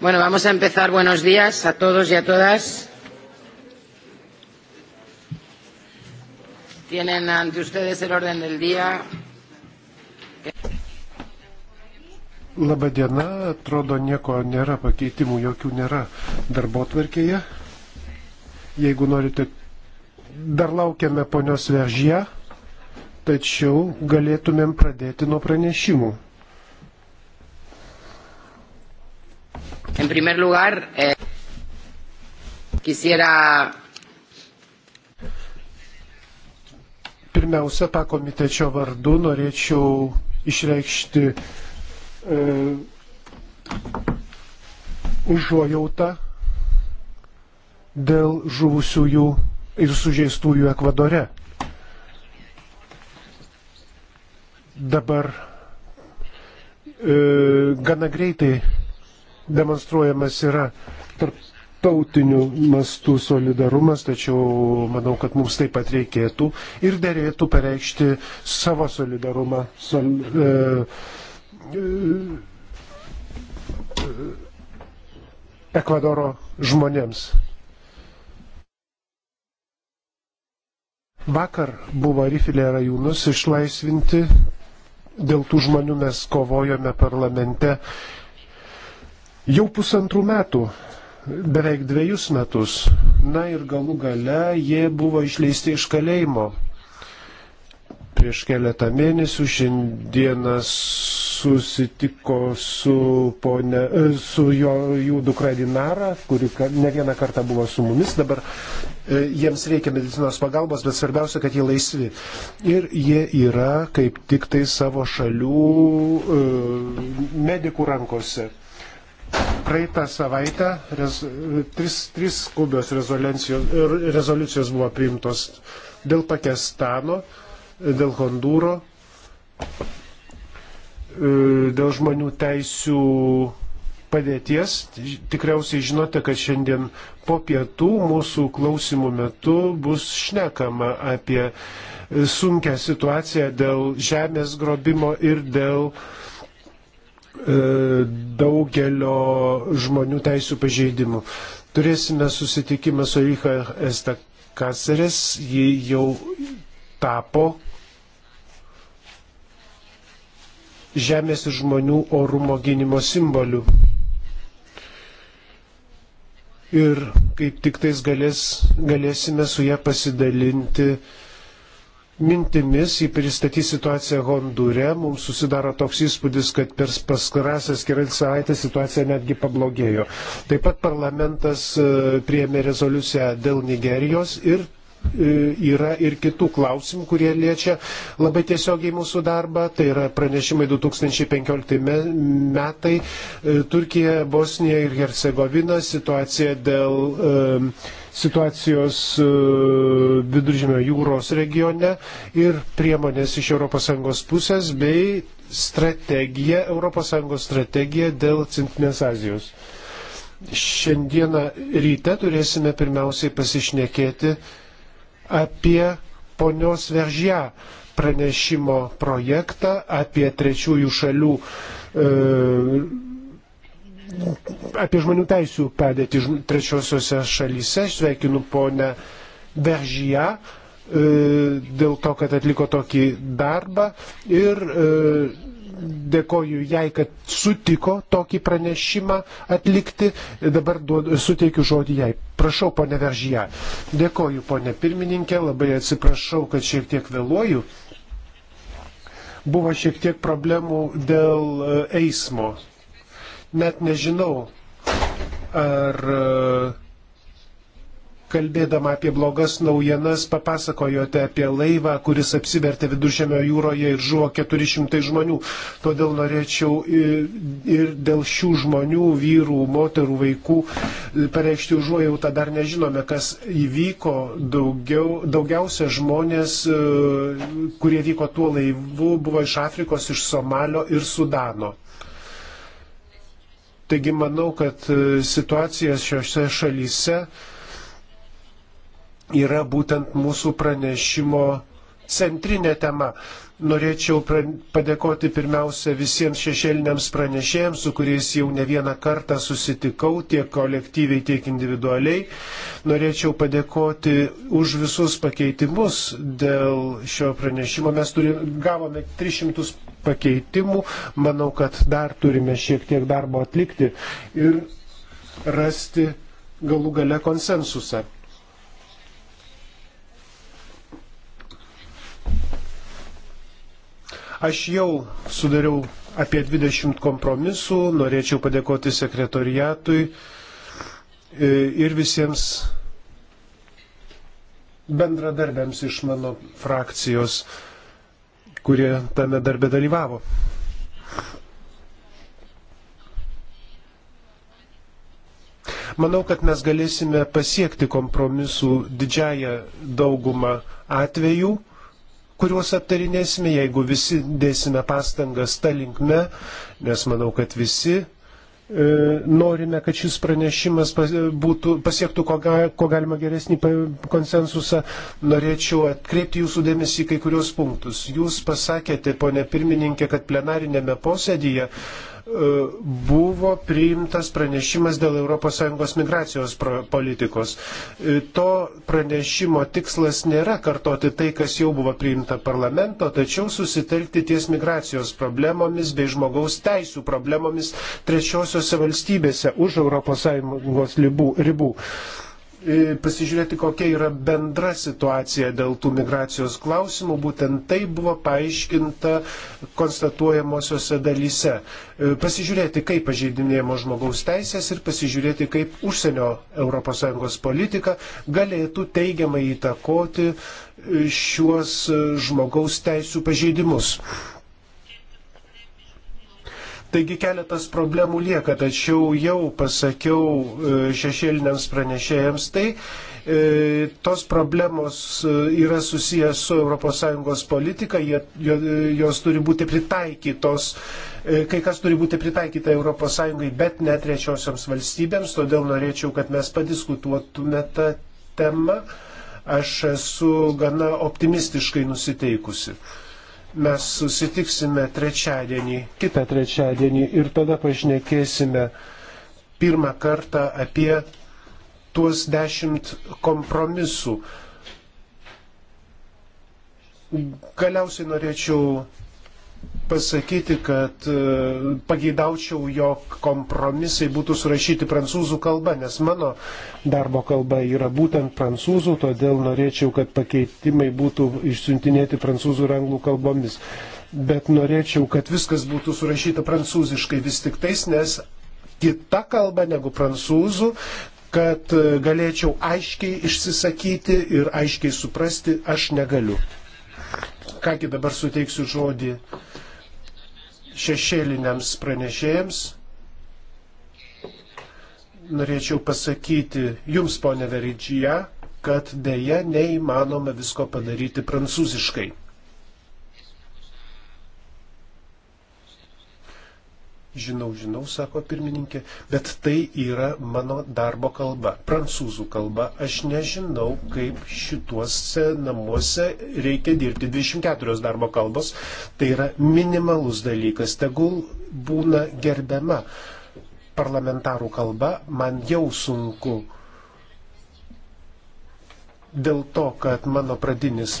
Bueno, vamos a empezar. Buenos días a todos y a todas. Tienen ante ustedes el orden del día. Labą dieną, atrodo nieko nėra, pakeitimų jokių nėra darbo tvarkėje. Jeigu norite, dar laukiame ponios vežė, tačiau galėtumėm pradėti nuo pranešimų. En primer lugar, eh, quisiera. Pirmiausia, pakomitečio vardu norėčiau išreikšti e, užuojautą dėl žuvusiųjų ir sužeistųjų Ekvadore. Dabar e, gana greitai demonstruojamas yra tarptautinių mastų solidarumas, tačiau manau, kad mums taip pat reikėtų ir dėrėtų pareikšti savo solidarumą. Sol, e, e, Ekvadoro žmonėms. Vakar buvo Rifilė Rajūnus išlaisvinti, dėl tų žmonių mes kovojome parlamente Jau pusantrų metų, beveik dviejus metus, na ir galų gale jie buvo išleisti iš kalėjimo. Prieš keletą mėnesių šiandieną susitiko su, ponė, e, su jo, jų dukra Dinara, kuri ne vieną kartą buvo su mumis, dabar e, jiems reikia medicinos pagalbos, bet svarbiausia, kad jie laisvi. Ir jie yra kaip tik tai savo šalių e, medikų rankose. Praeitą savaitę rez, tris, tris skubios er, rezoliucijos buvo priimtos dėl Pakistano, dėl Hondūro, e, dėl žmonių teisių padėties. Tikriausiai žinote, kad šiandien po pietų mūsų klausimų metu bus šnekama apie sunkę situaciją dėl žemės grobimo ir dėl uh, E, daugelio žmonių teisų pažeidimų. Turėsime susitikimą su Iha Estakaseres, ji jau tapo žemės ir žmonių orumo gynimo simboliu. Ir kaip tik tais galės, galėsime su ją pasidalinti uh, mintimis, jį pristatys situaciją Hondūre, mums susidaro toks įspūdis, kad per paskarasias kelias savaitės situacija netgi pablogėjo. Taip pat parlamentas e, priėmė rezoliuciją dėl Nigerijos ir E, yra ir kitų klausimų, kurie liečia labai tiesiogiai mūsų darbą. Tai yra pranešimai 2015 metai, e, Turkija, Bosnija ir Hercegovina, situacija dėl e, situacijos viduržymio jūros regione ir priemonės iš ES pusės bei strategija, ES strategija dėl Centrinės Azijos. Šiandieną ryte turėsime pirmiausiai pasišnekėti apie ponios Veržia pranešimo projektą apie trečiųjų šalių, e, apie žmonių teisų padėtį trečiosiuose šalyse. Sveikinu ponę Veržia E, dėl to, kad atliko tokį darbą ir e, dėkoju jai, kad sutiko tokį pranešimą atlikti. Dabar duodu, suteikiu žodį jai. Prašau, ponė Veržyje. Dėkoju, ponė pirmininkė, labai atsiprašau, kad šiek tiek vėluoju. Buvo šiek tiek problemų dėl e, eismo. Net nežinau, ar. Uh, kalbėdama apie blogas naujienas, papasakojote apie laivą, kuris apsivertė viduržėmio jūroje ir žuvo 400 žmonių. Todėl norėčiau ir dėl šių žmonių, vyrų, moterų, vaikų pareikšti užuojautą. Dar nežinome, kas įvyko. Daugiau, daugiausia žmonės, e, kurie vyko tuo laivu, buvo iš Afrikos, iš Somalio ir Sudano. Taigi manau, kad e, situacija šiuose šalyse uh, yra būtent mūsų pranešimo centrinė tema. Norėčiau padėkoti pirmiausia visiems šešėliniams pranešėjams, su kuriais jau ne vieną kartą susitikau tiek kolektyviai, tiek individualiai. Norėčiau padėkoti už visus pakeitimus dėl šio pranešimo. Mes turi, gavome 300 pakeitimų. Manau, kad dar turime šiek tiek darbo atlikti ir rasti galų gale konsensusą. Aš jau sudariau apie 20 kompromisų, norėčiau padėkoti sekretoriatui e, ir visiems bendradarbiams iš mano frakcijos, kurie tame darbe dalyvavo. Manau, kad mes galėsime pasiekti kompromisų didžiąją daugumą atvejų kuriuos aptarinėsime, jeigu visi dėsime pastangas tą linkme, nes manau, kad visi e, norime, kad šis pranešimas e, būtų, pasiektų ko, ga, ko galima geresnį konsensusą, norėčiau atkreipti jūsų dėmesį į kai kurios punktus. Jūs pasakėte, ponė pirmininkė, kad plenarinėme posėdyje E, buvo priimtas pranešimas dėl ES migracijos politikos. E, to pranešimo tikslas nėra kartoti tai, kas jau buvo priimta parlamento, tačiau susitelkti ties migracijos problemomis bei žmogaus teisų problemomis trečiosiose valstybėse už ES ribų. E, pasižiūrėti, kokia yra bendra situacija dėl tų migracijos klausimų. Būtent tai buvo paaiškinta konstatuojamosiose dalyse. E, pasižiūrėti, kaip pažeidinėjamos žmogaus teisės ir pasižiūrėti, kaip užsienio ES politika galėtų teigiamai įtakoti e, šiuos žmogaus teisų pažeidimus. Taigi keletas problemų lieka, tačiau jau pasakiau e, šešėliniams pranešėjams, tai e, tos problemos e, yra susijęs su ES politika, jie, e, jos turi būti pritaikytos, e, kai kas turi būti pritaikyta ES, bet ne trečiosioms valstybėms, todėl norėčiau, kad mes padiskutuotume tą temą. Aš esu gana optimistiškai nusiteikusi mes susitiksime trečiadienį, kitą trečiadienį ir tada pašnekėsime pirmą kartą apie tuos dešimt kompromisų. Galiausiai norėčiau pasakyti, kad e, pageidaučiau, jog kompromisai būtų surašyti prancūzų kalba, nes mano darbo kalba yra būtent prancūzų, todėl norėčiau, kad pakeitimai būtų išsiuntinėti prancūzų ir anglų kalbomis. Bet norėčiau, kad viskas būtų surašyta prancūziškai vis tik tais, nes kita kalba negu prancūzų, kad e, galėčiau aiškiai išsisakyti ir aiškiai suprasti, aš negaliu. Kągi dabar suteiksiu žodį uh, šešėliniams pranešėjams. Norėčiau pasakyti jums, ponė Veridžija, kad dėja neįmanoma visko padaryti prancūziškai. Žinau, žinau, sako pirmininkė, bet tai yra mano darbo kalba, prancūzų kalba. Aš nežinau, kaip šituose namuose reikia dirbti 24 darbo kalbos. Tai yra minimalus dalykas, tegul būna gerbiama parlamentarų kalba, man jau sunku dėl to, kad mano pradinis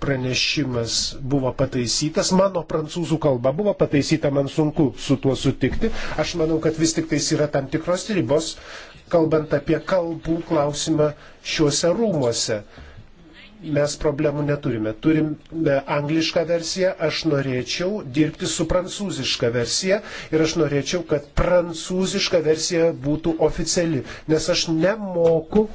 pranešimas buvo pataisytas, mano prancūzų kalba buvo pataisyta, man sunku su tuo sutikti. Aš manau, kad vis tik tais yra tam tikros ribos, kalbant apie kalbų klausimą šiuose rūmuose. Mes problemų neturime. Turime anglišką versiją, aš norėčiau dirbti su prancūziška versija ir aš norėčiau, kad prancūziška versija būtų oficiali, nes aš nemoku,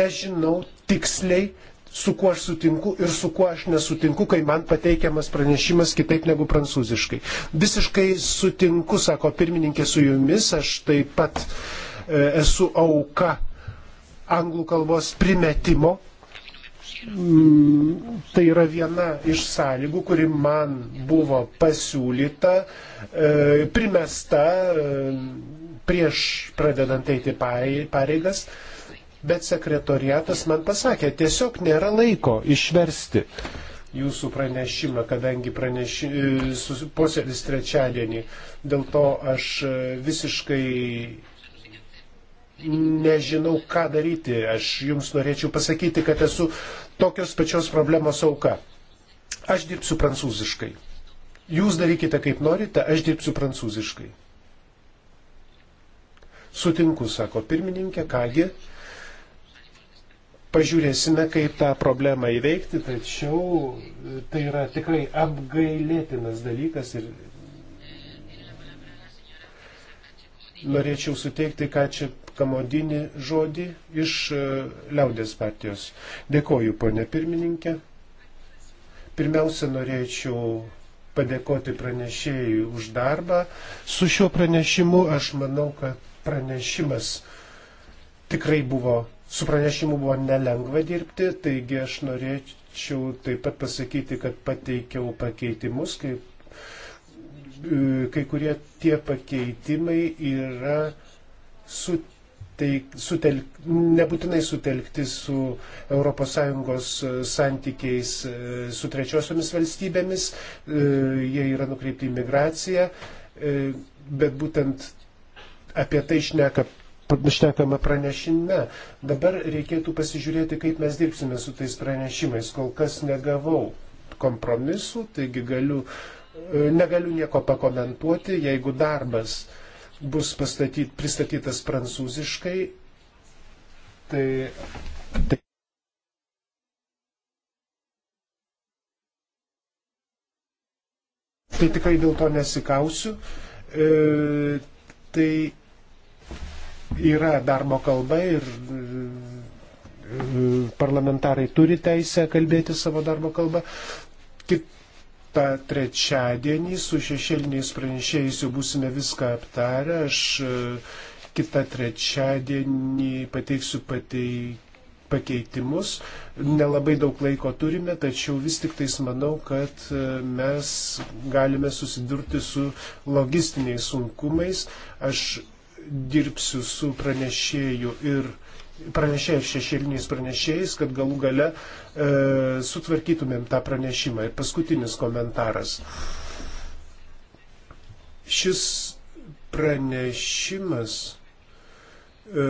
nežinau tiksliai su kuo aš sutinku ir su kuo aš nesutinku, kai man pateikiamas pranešimas kitaip negu prancūziškai. Visiškai sutinku, sako pirmininkė su jumis, aš taip pat e, esu auka anglų kalbos primetimo. Mm, tai yra viena iš sąlygų, kuri man buvo pasiūlyta, e, primesta e, prieš pradedant eiti pareigas. Pare, bet sekretoriatas man pasakė, tiesiog nėra laiko išversti jūsų pranešimą, kadangi praneši, e, posėdis trečiadienį. Dėl to aš e, visiškai nežinau, ką daryti. Aš jums norėčiau pasakyti, kad esu tokios pačios problemos auka. Aš dirbsiu prancūziškai. Jūs darykite kaip norite, aš dirbsiu prancūziškai. Sutinku, sako pirmininkė, kągi, pažiūrėsime, kaip tą problemą įveikti, tačiau e, tai yra tikrai apgailėtinas dalykas ir norėčiau suteikti, ką čia kamodinį žodį iš e, liaudės partijos. Dėkoju, ponė pirmininkė. Pirmiausia, norėčiau padėkoti pranešėjui už darbą. Su šiuo pranešimu aš manau, kad pranešimas tikrai buvo Su pranešimu buvo nelengva dirbti, taigi aš norėčiau taip pat pasakyti, kad pateikiau pakeitimus, kai, e, kai kurie tie pakeitimai yra sutikti tai sutel, nebūtinai sutelkti su ES santykiais e, su trečiosiomis valstybėmis, e, jie yra nukreipti į migraciją, bet būtent apie tai šneka šnekama pranešime. Dabar reikėtų pasižiūrėti, kaip mes dirbsime su tais pranešimais. Kol kas negavau kompromisų, taigi galiu, e, negaliu nieko pakomentuoti, jeigu darbas bus pastatyt, pristatytas prancūziškai, tai. tai Tai tikrai dėl to nesikausiu. E, tai yra darbo kalba ir e, parlamentarai turi teisę kalbėti savo darbo kalbą. Kita trečiadienį su šešėliniais pranešėjais jau būsime viską aptarę. Aš e, kitą trečiadienį pateiksiu pateik pakeitimus. Nelabai daug laiko turime, tačiau vis tik tais manau, kad e, mes galime susidurti su logistiniais sunkumais. Aš dirbsiu su pranešėju ir pranešėjais šešėliniais pranešėjais, kad galų gale e, sutvarkytumėm tą pranešimą. Ir paskutinis komentaras. Šis pranešimas e,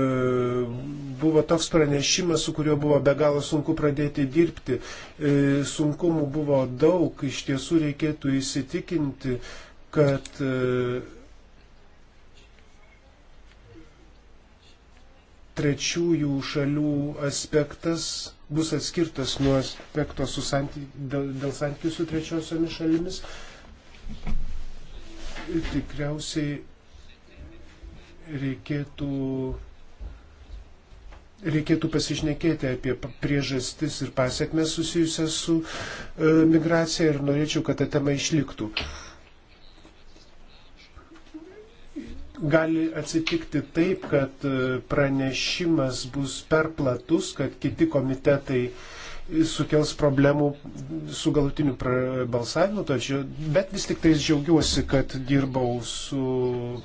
buvo toks pranešimas, su kuriuo buvo be galo sunku pradėti dirbti. E, sunkumų buvo daug, iš tiesų reikėtų įsitikinti, kad e, trečiųjų šalių aspektas bus atskirtas nuo aspekto santy, dėl, dėl santykių su trečiosiomis šalimis. Tikriausiai reikėtų, reikėtų pasišnekėti apie priežastis ir pasiekmes susijusias su e, migracija ir norėčiau, kad ta tema išliktų. E, gali atsitikti taip, kad e, pranešimas bus per platus, kad kiti komitetai sukels problemų su galutiniu balsavimu, tačiau, bet vis tik tais džiaugiuosi, kad dirbau su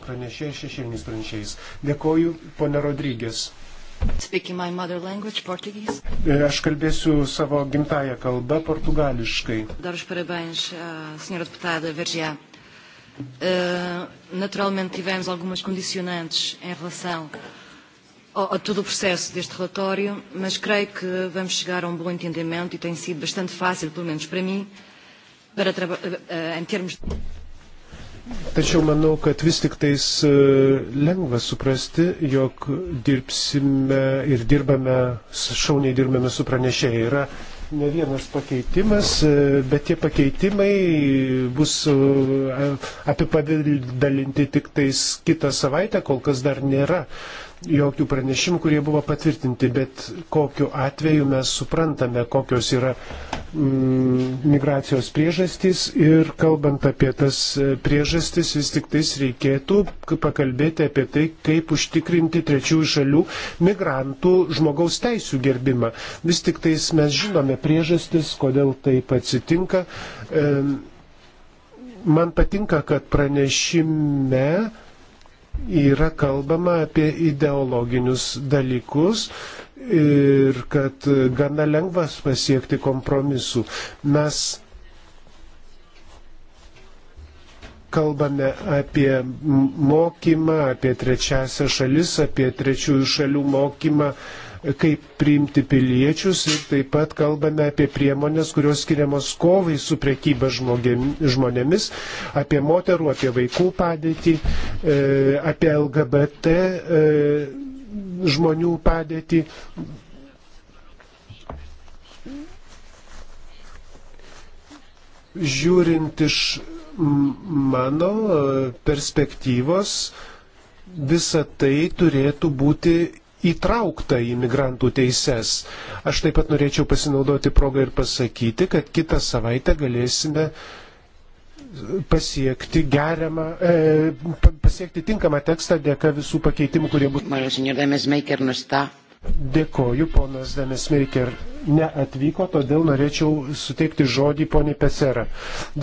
pranešėjais, šešėliniais pranešėjais. Dėkoju, ponė Rodrygės. E, aš kalbėsiu savo gimtają kalbą portugališkai. Dar aš parebens, eh, senjora deputada Veržė. Uh, naturalmente tivemos algumas condicionantes em relação a, a todo o processo deste relatório, mas creio que vamos chegar a um bom entendimento e tem sido bastante fácil, pelo menos para mim, para uh, em termos de... Tačiau manau, kad vis tik tais eh, lengva suprasti, jog e dirbsime ir dirbame, šauniai dirbame su pranešėjai. Yra ne vienas pakeitimas, e, bet tie pakeitimai bus e, apipavydalinti tik tais kitą savaitę, kol kas dar nėra jokių pranešimų, kurie buvo patvirtinti, bet kokiu atveju mes suprantame, kokios yra mm, migracijos priežastys ir kalbant apie tas e, priežastys, vis tik tais reikėtų pakalbėti apie tai, kaip užtikrinti trečiųjų šalių migrantų žmogaus teisų gerbimą. Vis tik tais mes žinome priežastis, kodėl taip atsitinka. E, man patinka, kad pranešime yra kalbama apie ideologinius dalykus ir kad gana lengvas pasiekti kompromisų. Mes kalbame apie mokymą, apie trečiasią šalis, apie trečiųjų šalių mokymą, uh, kaip priimti piliečius ir taip pat kalbame apie priemonės, kurios skiriamos kovai su priekyba žmonėmis, apie moterų, apie vaikų padėtį, e, apie LGBT e, žmonių padėtį. Žiūrint iš mano e, perspektyvos, visa tai turėtų būti įtraukta į migrantų teises. Aš taip pat norėčiau pasinaudoti progą ir pasakyti, kad kitą savaitę galėsime pasiekti geriamą, e, pasiekti tinkamą tekstą dėka visų pakeitimų, kurie bus. Dėkoju, ponas Demesmirker neatvyko, todėl norėčiau suteikti žodį poniai Pesera.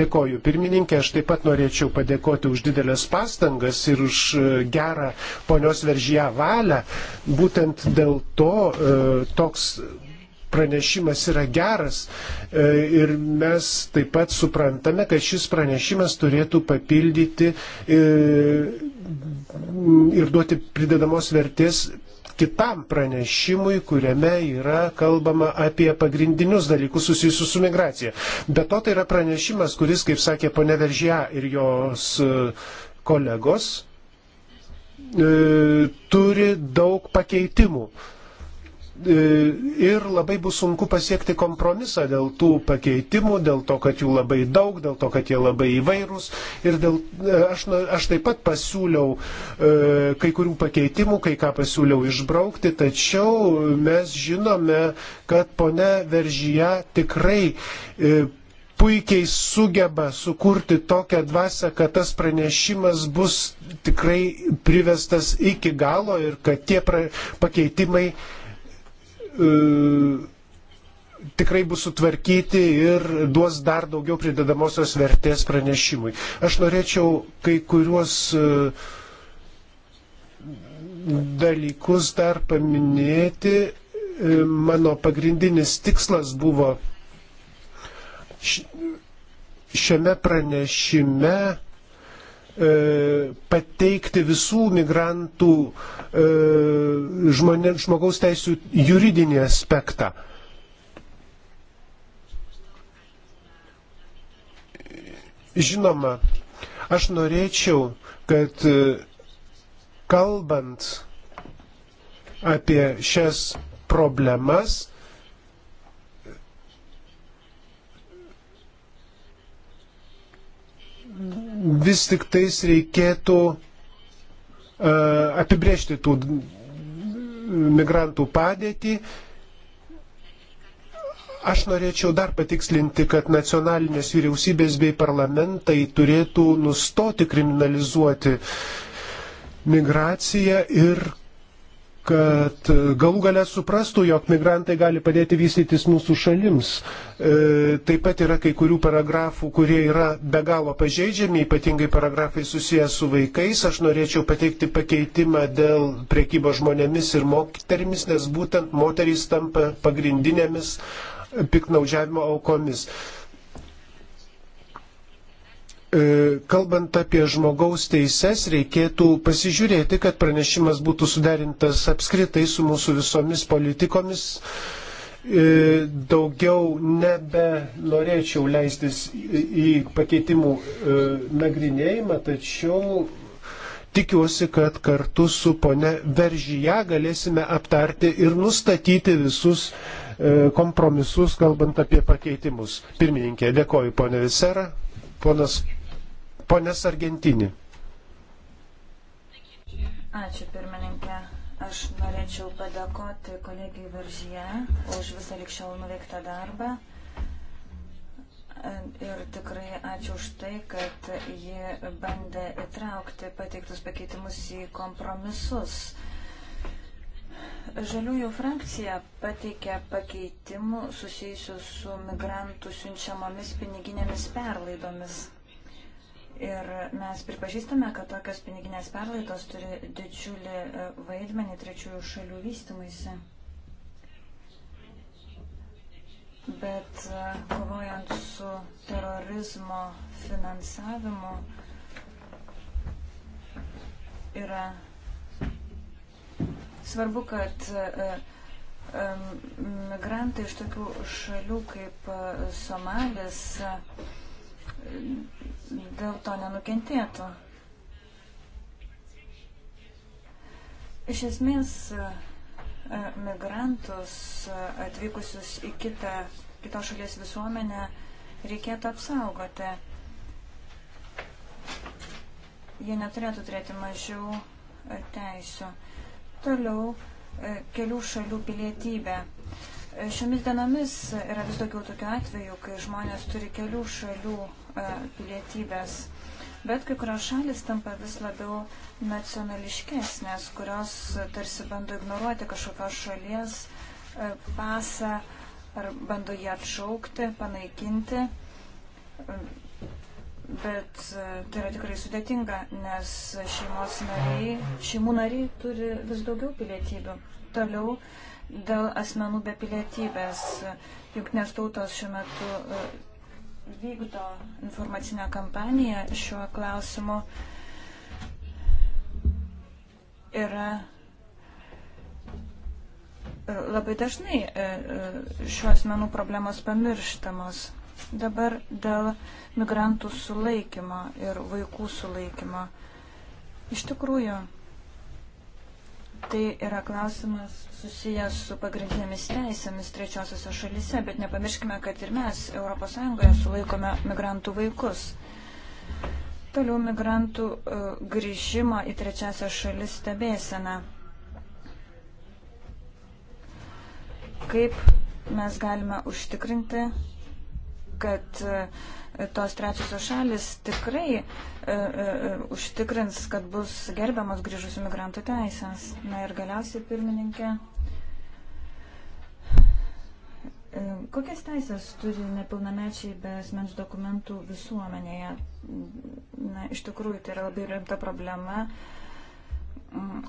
Dėkoju, pirmininkė, aš taip pat norėčiau padėkoti už didelės pastangas ir už e, gerą ponios veržiją valią. Būtent dėl to e, toks pranešimas yra geras e, ir mes taip pat suprantame, kad šis pranešimas turėtų papildyti e, ir duoti pridedamos vertės kitam pranešimui, kuriame yra kalbama apie pagrindinius dalykus susijusius su migracija. Be to tai yra pranešimas, kuris, kaip sakė pone Veržia ir jos e, kolegos, e, turi daug pakeitimų. E, ir labai bus sunku pasiekti kompromisą dėl tų pakeitimų, dėl to, kad jų labai daug, dėl to, kad jie labai įvairūs. Ir dėl, e, aš, aš taip pat pasiūliau e, kai kurių pakeitimų, kai ką pasiūliau išbraukti, tačiau mes žinome, kad ponia Veržyje tikrai puikiai sugeba sukurti tokią dvasę, kad tas pranešimas bus tikrai privestas iki galo ir kad tie pra, pakeitimai E, tikrai bus sutvarkyti ir duos dar daugiau pridedamosios vertės pranešimui. Aš norėčiau kai kuriuos e, dalykus dar paminėti. E, mano pagrindinis tikslas buvo šiame pranešime E, pateikti visų migrantų e, žmonė, žmogaus teisų juridinį aspektą. Žinoma, aš norėčiau, kad e, kalbant apie šias problemas, vis tik tais reikėtų e, apibriežti tų migrantų padėtį. Aš norėčiau dar patikslinti, kad nacionalinės vyriausybės bei parlamentai turėtų nustoti kriminalizuoti migraciją ir kad e, galų gale suprastų, jog migrantai gali padėti vystytis mūsų šalims. E, taip pat yra kai kurių paragrafų, kurie yra be galo pažeidžiami, ypatingai paragrafai susijęs su vaikais. Aš norėčiau pateikti pakeitimą dėl priekybo žmonėmis ir moterimis, nes būtent moterys tampa pagrindinėmis piknaudžiavimo aukomis. E, kalbant apie žmogaus teises, reikėtų pasižiūrėti, kad pranešimas būtų suderintas apskritai su mūsų visomis politikomis. E, daugiau nebenorėčiau leistis į pakeitimų e, nagrinėjimą, tačiau tikiuosi, kad kartu su pone Veržyje galėsime aptarti ir nustatyti visus kompromisus, kalbant apie pakeitimus. Pirmininkė, dėkoju, ponė Visera. Ponas Pones Argentinį. Ačiū pirmininkė. Aš norėčiau padėkoti kolegijai Varžyje už visą likščiau nuveiktą darbą. Ir tikrai ačiū už tai, kad ji bandė įtraukti pateiktus pakeitimus į kompromisus. Žaliųjų frakcija pateikė pakeitimų susijusių su migrantų siunčiamomis piniginėmis perlaidomis. Ir mes pripažįstame, kad tokios piniginės perlaidos turi didžiulį e, vaidmenį trečiųjų šalių vystimuisi. Bet e, kovojant su terorizmo finansavimu yra svarbu, kad e, migrantai iš tokių šalių kaip Somalis dėl to nenukentėtų. Iš esmės, e, migrantus e, atvykusius į kitą, kitos šalies visuomenę reikėtų apsaugoti. Jie neturėtų turėti mažiau e, teisų. Toliau kelių šalių pilietybė. Šiomis dienomis yra vis daugiau tokių atvejų, kai žmonės turi kelių šalių E, pilietybės. Bet kai kurios šalis tampa vis labiau nacionališkesnės, kurios tarsi bando ignoruoti kažkokios šalies e, pasą ar bando jį atšaukti, panaikinti. Bet e, tai yra tikrai sudėtinga, nes šeimos nariai, šeimų nariai turi vis daugiau pilietybių. Toliau dėl asmenų be pilietybės. Juk nes tautos šiuo metu vykdo informacinę kampaniją šiuo klausimu, yra e, labai dažnai e, e, šiuo asmenų problemos pamirštamos. Dabar dėl migrantų sulaikymo ir vaikų sulaikymo. Iš tikrųjų, tai yra klausimas susijęs su pagrindinėmis teisėmis trečiosiose šalise, bet nepamirškime, kad ir mes ES sulaikome migrantų vaikus. Toliau migrantų e, grįžimo į trečiasią šalis stebėsena. Kaip mes galime užtikrinti, kad uh, tos trečiosios šalis tikrai e, e, e užtikrins, kad bus gerbiamas grįžusių migrantų teisės. Na ir galiausiai, pirmininkė, e, kokias teisės turi nepilnamečiai be asmens dokumentų visuomenėje? Na, iš tikrųjų, tai yra labai rimta problema. E,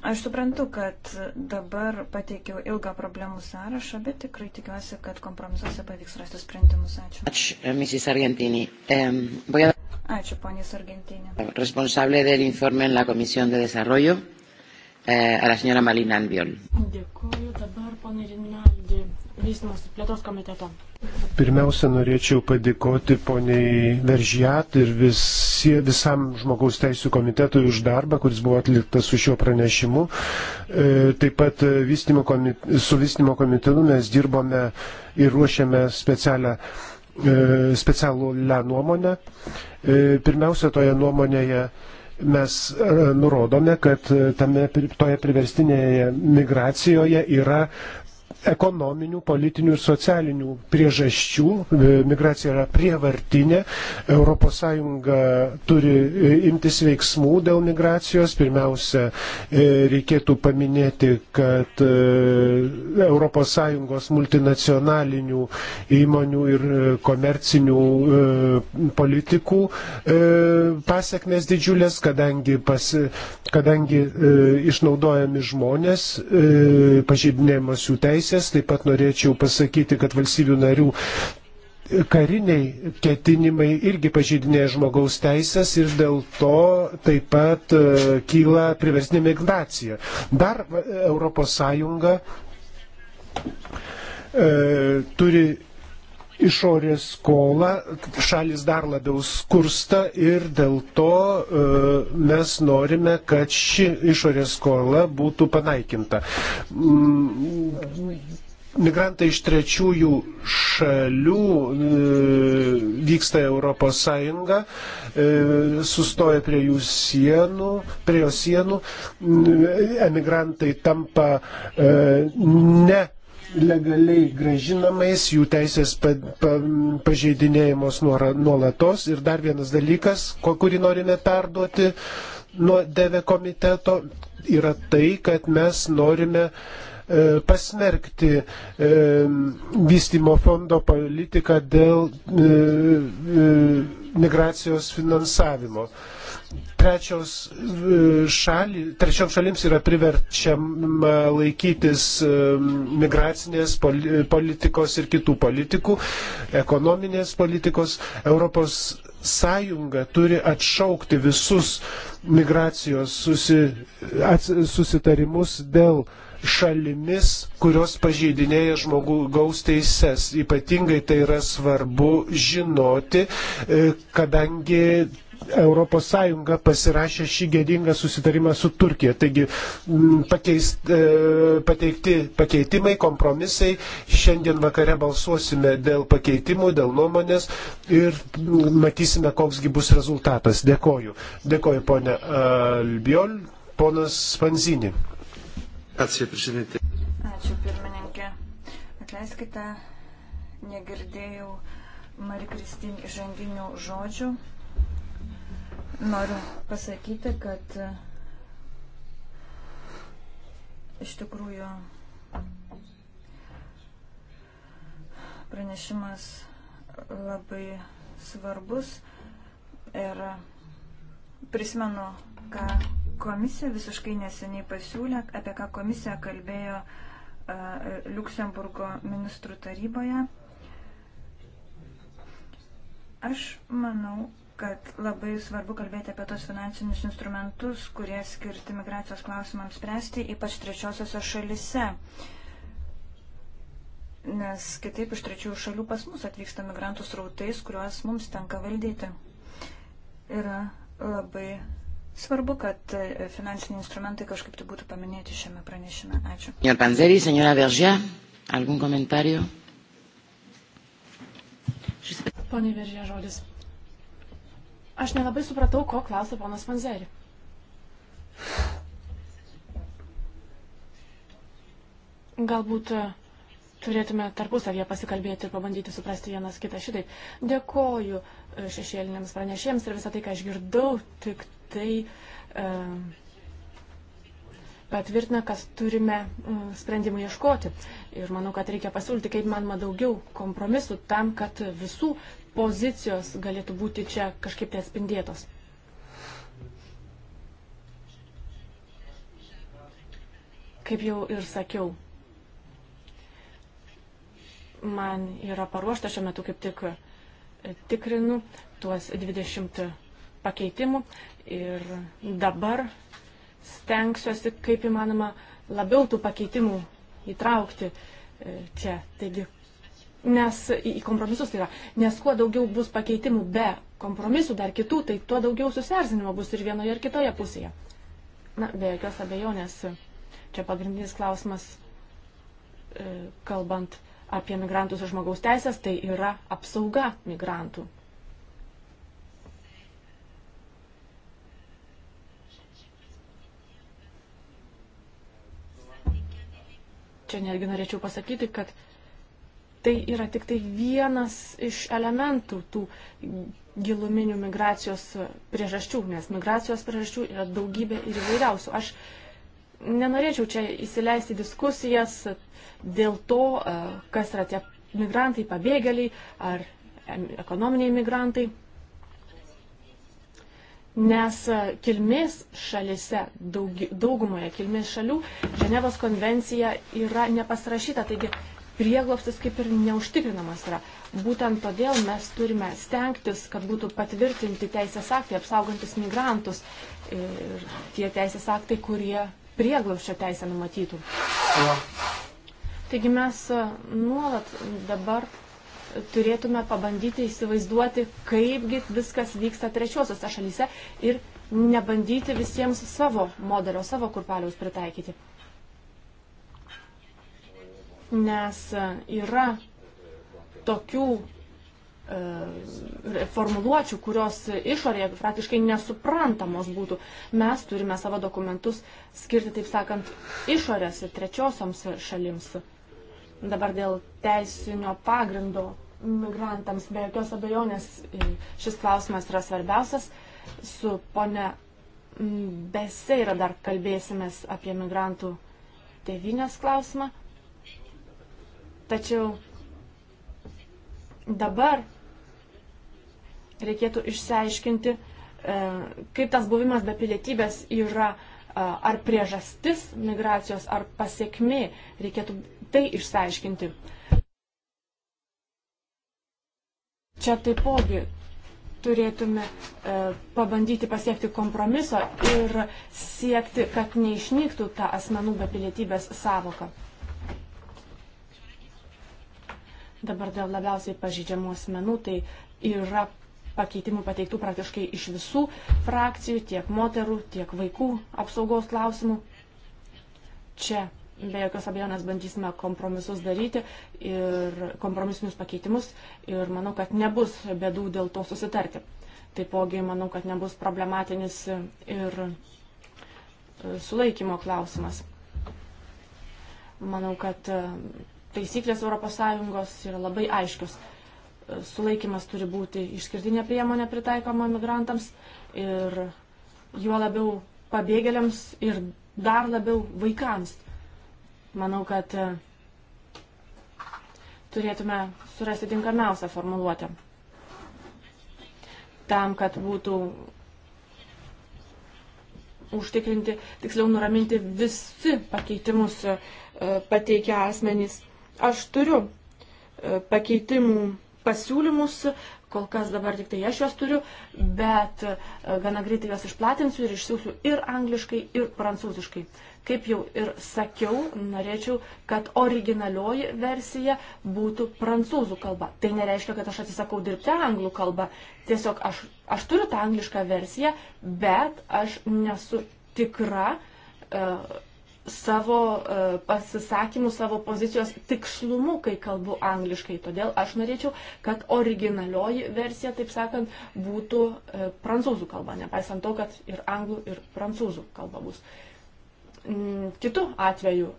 Aš suprantu, kad dabar pateikiau ilgą problemų sąrašą, bet tikrai tikiuosi, kad kompromisuose pavyks rasti sprendimus. Ačiū. Ačiū, Mrs. Argentini. Um, voy a... Ačiū, ponės Argentinė. Responsable del informe en la Comisión de Desarrollo, eh, a la señora Malina Albiol. Dėkuoju dabar, ponė Rinaldi vystimosi plėtros komiteto. Pirmiausia, norėčiau padėkoti poniai Veržijat ir visie, visam žmogaus teisų komitetui už darbą, kuris buvo atliktas su šiuo pranešimu. E, taip pat e, vystimo komit, su vystimo komitetu mes dirbome ir ruošėme specialią e, specialų le nuomonę. E, pirmiausia, toje nuomonėje mes e, nurodome, kad e, tame, toje priverstinėje migracijoje yra ekonominių, politinių ir socialinių priežasčių. E, migracija yra prievartinė. ES turi e, imtis veiksmų dėl migracijos. Pirmiausia, e, reikėtų paminėti, kad ES multinacionalinių įmonių ir komercinių politikų pasiekmes didžiulės, kadangi, pas, kadangi išnaudojami žmonės, pažydinėjimas jų teisės teisės. Taip pat norėčiau pasakyti, kad valstybių narių kariniai ketinimai irgi pažydinėja žmogaus teisės ir dėl to taip pat e, kyla priversnė migracija. Dar ES e, turi išorės skolą, šalis dar labiau skursta ir dėl to e, mes norime, kad ši išorės skola būtų panaikinta. Mm, migrantai iš trečiųjų šalių e, vyksta Europos Sąjunga, e, sustoja prie jų sienų, prie jos sienų, mm, emigrantai tampa e, ne legaliai gražinamais, jų teisės pa, pa, pažeidinėjimos nuolatos. Ir dar vienas dalykas, kurį norime perduoti nuo DV komiteto, yra tai, kad mes norime e, pasmerkti e, vystimo fondo politiką dėl e, e, migracijos finansavimo. E, trečios e, šalį, trečiom šalims yra priverčiama laikytis e, migracinės politikos ir kitų politikų, ekonominės politikos. Europos Sąjunga turi atšaukti visus migracijos susi, ats, susitarimus dėl šalimis, kurios pažeidinėja žmogaus teises. Ypatingai tai yra svarbu žinoti, e, kadangi ES pasirašė šį gėdingą susitarimą su Turkija. Taigi pakeist, e, pateikti pakeitimai, kompromisai. Šiandien vakare balsuosime dėl pakeitimų, dėl nuomonės ir matysime, koksgi bus rezultatas. Dėkoju. Dėkoju, ponė Albiol, ponas Panzini. Ačiū, pirmininkė. Ačiū, pirmininkė. Atleiskite, negirdėjau Mari Kristin įžanginių žodžių. Noriu pasakyti, kad e, iš tikrųjų pranešimas labai svarbus ir prisimenu, ką komisija visiškai neseniai pasiūlė, apie ką komisija kalbėjo uh, Luksemburgo ministrų taryboje. Aš manau, kad labai svarbu kalbėti apie tos finansinius instrumentus, kurie skirti migracijos klausimams spręsti, ypač trečiosiose šalise. Nes kitaip iš trečiųjų šalių pas mus atvyksta migrantų srautais, kuriuos mums tenka valdyti. Yra labai svarbu, kad finansiniai instrumentai kažkaip tai būtų paminėti šiame pranešime. Ačiū. Senor Panzeri, senora Veržia, algún comentario? Pone Veržia, žodis. Aš nelabai supratau, ko klausė ponas Panzeri. Galbūt e, turėtume tarpusavėje pasikalbėti ir pabandyti suprasti vienas kitą šitaip. Dėkoju e, šešėliniams pranešėjams ir visą tai, ką išgirdau, tik tai e, patvirtina, kas turime sprendimų ieškoti. Ir manau, kad reikia pasiūlyti, kaip manoma, daugiau kompromisų tam, kad visų pozicijos galėtų būti čia kažkaip tai atspindėtos. Kaip jau ir sakiau, man yra paruošta šiuo metu kaip tik e, tikrinu tuos 20 pakeitimų ir dabar stengsiuosi kaip įmanoma labiau tų pakeitimų įtraukti e, čia. Taigi nes į kompromisus tai yra, nes kuo daugiau bus pakeitimų be kompromisų dar kitų, tai tuo daugiau susierzinimo bus ir vienoje ir kitoje pusėje. Na, be jokios abejonės, čia pagrindinis klausimas, e, kalbant apie migrantus ir žmogaus teisės, tai yra apsauga migrantų. Čia netgi norėčiau pasakyti, kad Tai yra tik tai vienas iš elementų tų giluminių migracijos priežasčių, nes migracijos priežasčių yra daugybė ir įvairiausių. Aš nenorėčiau čia įsileisti diskusijas dėl to, e, kas yra tie migrantai, pabėgėliai ar ekonominiai migrantai, nes e, kilmės šalise, daug, daugumoje kilmės šalių, Ženevos konvencija yra nepasirašyta, taigi prieglopstis kaip ir neužtikrinamas yra. Būtent todėl mes turime stengtis, kad būtų patvirtinti teisės aktai apsaugantis migrantus ir tie teisės aktai, kurie prieglopščio teisę numatytų. Taigi mes e, nuolat dabar turėtume pabandyti įsivaizduoti, kaipgi viskas vyksta trečiosiuose šalyse ir nebandyti visiems savo modelio, savo kurpaliaus pritaikyti nes e, yra tokių e, formuluočių, kurios išorėje praktiškai nesuprantamos būtų. Mes turime savo dokumentus skirti, taip sakant, išorės trečiosioms šalims. Dabar dėl teisinio pagrindo migrantams be jokios abejonės e, šis klausimas yra svarbiausias. Su pone Beseira dar kalbėsimės apie migrantų tevinės klausimą. Tačiau dabar reikėtų išsiaiškinti, e, kaip tas buvimas be pilietybės yra e, ar priežastis migracijos, ar pasiekmi, reikėtų tai išsiaiškinti. Čia taipogi turėtume e, pabandyti pasiekti kompromiso ir siekti, kad neišnyktų ta asmenų be pilietybės savoka. Dabar dėl labiausiai pažydžiamų asmenų, tai yra pakeitimų pateiktų praktiškai iš visų frakcijų, tiek moterų, tiek vaikų apsaugos klausimų. Čia be jokios abejonės bandysime kompromisus daryti ir kompromisinius pakeitimus ir manau, kad nebus bėdų dėl to susitarti. Taipogi manau, kad nebus problematinis ir e, sulaikymo klausimas. Manau, kad e, taisyklės ES yra labai aiškios. E, Sulaikimas turi būti išskirtinė priemonė pritaikoma migrantams ir juo labiau pabėgėliams ir dar labiau vaikams. Manau, kad e, turėtume surasti tinkamiausią formuluotę. Tam, kad būtų užtikrinti, tiksliau nuraminti visi pakeitimus e, pateikę asmenys Aš turiu e, pakeitimų pasiūlymus, kol kas dabar tik tai aš juos turiu, bet e, gana greitai juos išplatinsiu ir išsiųsiu ir angliškai, ir prancūziškai. Kaip jau ir sakiau, norėčiau, kad originalioji versija būtų prancūzų kalba. Tai nereiškia, kad aš atsisakau dirbti anglų kalbą. Tiesiog aš, aš turiu tą anglišką versiją, bet aš nesu tikra, uh, savo e, pasisakymų, savo pozicijos tikslumu, kai kalbu angliškai. Todėl aš norėčiau, kad originalioji versija, taip sakant, būtų e, prancūzų kalba, nepaisant to, kad ir anglų, ir prancūzų kalba bus. Mm, kitu atveju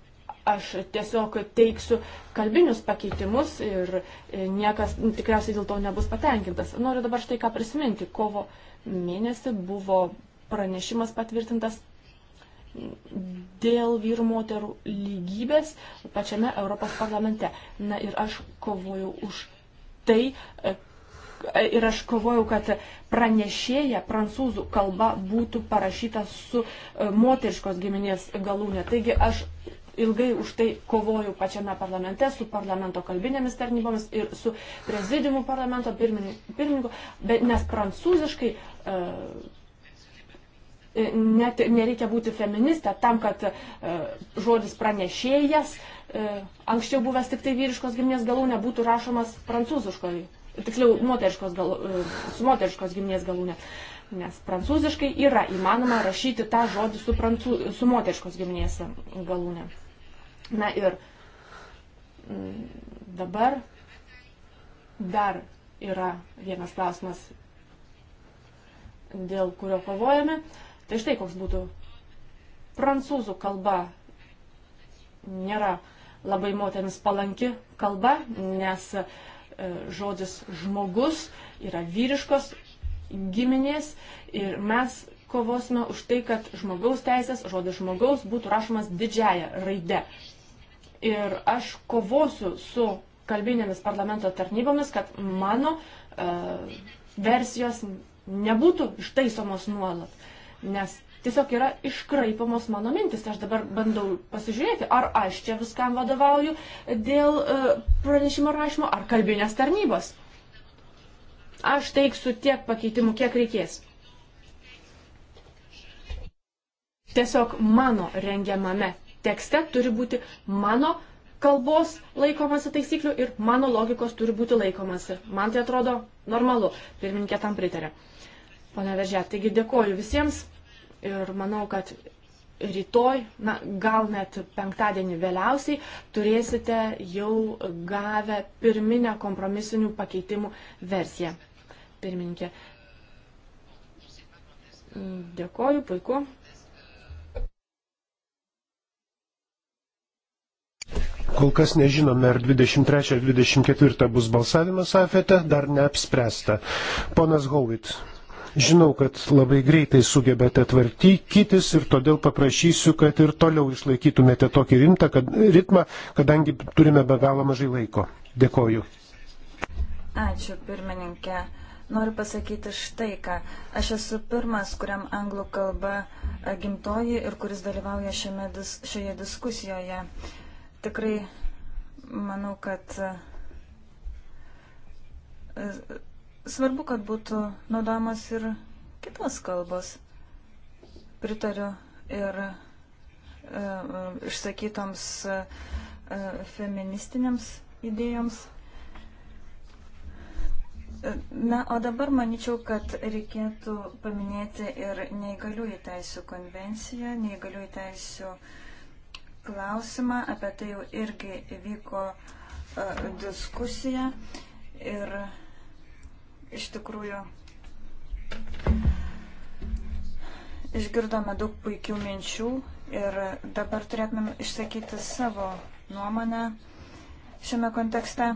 aš tiesiog teiksiu kalbinius pakeitimus ir e, niekas tikriausiai dėl to nebus patenkintas. Noriu dabar štai ką prisiminti. Kovo mėnesį buvo pranešimas patvirtintas dėl vyrų moterų lygybės pačiame Europos parlamente. Na ir aš kovojau už tai, e, ir aš kovojau, kad pranešėja prancūzų kalba būtų parašyta su e, moteriškos giminės galūnė. Taigi aš ilgai už tai kovojau pačiame parlamente su parlamento kalbinėmis tarnybomis ir su prezidiumu parlamento pirmininku, bet nes prancūziškai uh, E, net nereikia būti feministė tam, kad e, žodis pranešėjas, e, anksčiau buvęs tik tai vyriškos giminės galų, nebūtų rašomas prancūziškoji, tiksliau moteriškos galų, su moteriškos giminės galūne. Nes prancūziškai yra įmanoma rašyti tą žodį su, prancū, su moteriškos giminės galūne. Na ir mm, dabar dar yra vienas klausimas, dėl kurio kovojame. Uh, Tai štai koks būtų. Prancūzų kalba nėra labai moteriams palanki kalba, nes e, žodis žmogus yra vyriškos giminės ir mes kovosime už tai, kad žmogaus teisės, žodis žmogaus būtų rašomas didžiaja raide. Ir aš kovosiu su kalbinėmis parlamento tarnybomis, kad mano uh, versijos nebūtų ištaisomos nuolat. Uh, nes tiesiog yra iškraipamos mano mintis. Aš dabar bandau pasižiūrėti, ar aš čia viskam vadovauju dėl e, pranešimo rašymo ar kalbinės tarnybos. Aš teiksiu tiek pakeitimų, kiek reikės. Tiesiog mano rengiamame tekste turi būti mano kalbos laikomasi taisyklių ir mano logikos turi būti laikomasi. Man tai atrodo normalu. Pirmininkė tam pritarė ponia Veržė. Taigi dėkoju visiems ir manau, kad rytoj, na, gal net penktadienį vėliausiai, turėsite jau gavę pirminę kompromisinių pakeitimų versiją. Pirmininkė. Dėkoju, puiku. Kol kas nežinome, ar 23 ar 24 bus balsavimas afete, dar neapspręsta. Ponas Gauvit. Žinau, kad labai greitai sugebėte tvarkytis ir todėl paprašysiu, kad ir toliau išlaikytumėte tokį rimtą kad, ritmą, kadangi turime be galo mažai laiko. Dėkoju. Ačiū, pirmininkė. Noriu pasakyti štai ką. Aš esu pirmas, kuriam anglų kalba gimtoji ir kuris dalyvauja šiame, šioje diskusijoje. Tikrai manau, kad Svarbu, kad būtų naudojamas ir kitos kalbos. Pritariu ir e, e išsakytoms e, e, feministinėms idėjoms. E, na, o dabar manyčiau, kad reikėtų paminėti ir neįgaliųjų teisų konvenciją, neįgaliųjų teisų klausimą. Apie tai jau irgi vyko uh, diskusija. Ir uh, Iš tikrųjų, išgirdome daug puikių minčių ir dabar turėtumėm išsakyti savo nuomonę šiame kontekste.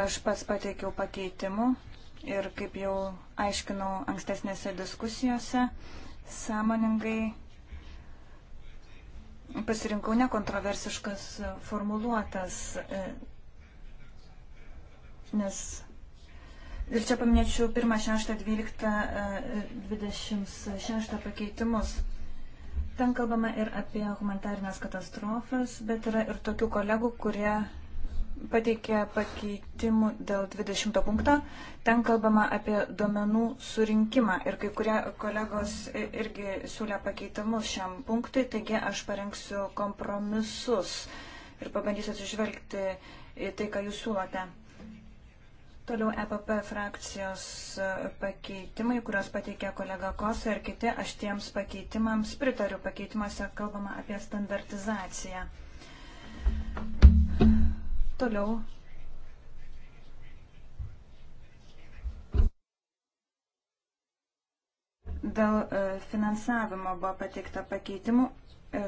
Aš pats pateikiau pakeitimų ir kaip jau aiškinau ankstesnėse diskusijose, sąmoningai pasirinkau nekontroversiškas formuluotas, e, nes Ir čia paminėčiau 1, 6, 12, 26 pakeitimus. Ten kalbama ir apie humanitarinės katastrofas, bet yra ir tokių kolegų, kurie pateikė pakeitimų dėl 20 punkto. Ten kalbama apie duomenų surinkimą ir kai kurie kolegos irgi siūlė pakeitimus šiam punktui, taigi aš parengsiu kompromisus ir pabandysiu atsižvelgti į tai, ką jūs siūlote. Toliau EPP frakcijos e, pakeitimai, kuriuos pateikė kolega Kosa ir kiti, aš tiems pakeitimams pritariu. Pakeitimuose kalbama apie standartizaciją. Toliau. Dėl e, finansavimo buvo pateikta pakeitimų, e,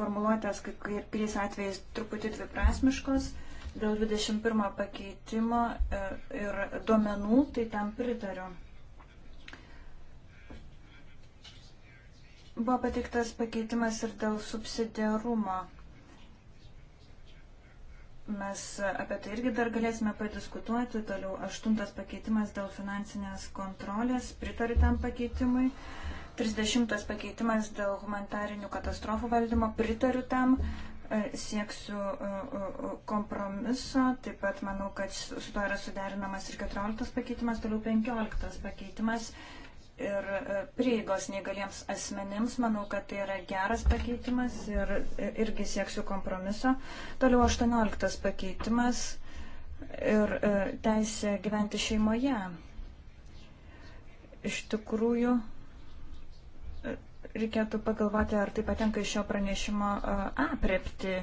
formuluotės kai kuriais atvejais truputį dviprasmiškos. prasmiškos. Dėl 21 pakeitimo e, ir duomenų, tai tam pritariu. Buvo patiktas pakeitimas ir dėl subsidiarumo. Mes apie tai irgi dar galėsime padiskutuoti. Toliau aštuntas pakeitimas dėl finansinės kontrolės. Pritariu tam pakeitimui. 30 pakeitimas dėl humanitarinių katastrofų valdymo. Pritariu tam. Uh, E, sieksiu e, e, kompromiso. Taip pat manau, kad su to yra suderinamas ir 14 pakeitimas, toliau 15 pakeitimas ir prieigos neįgaliems asmenims. Manau, kad tai yra geras pakeitimas ir irgi sieksiu kompromiso. Toliau 18 pakeitimas ir teisė gyventi šeimoje. Iš tikrųjų, reikėtų pagalvoti, ar tai patenka iš šio pranešimo aprepti.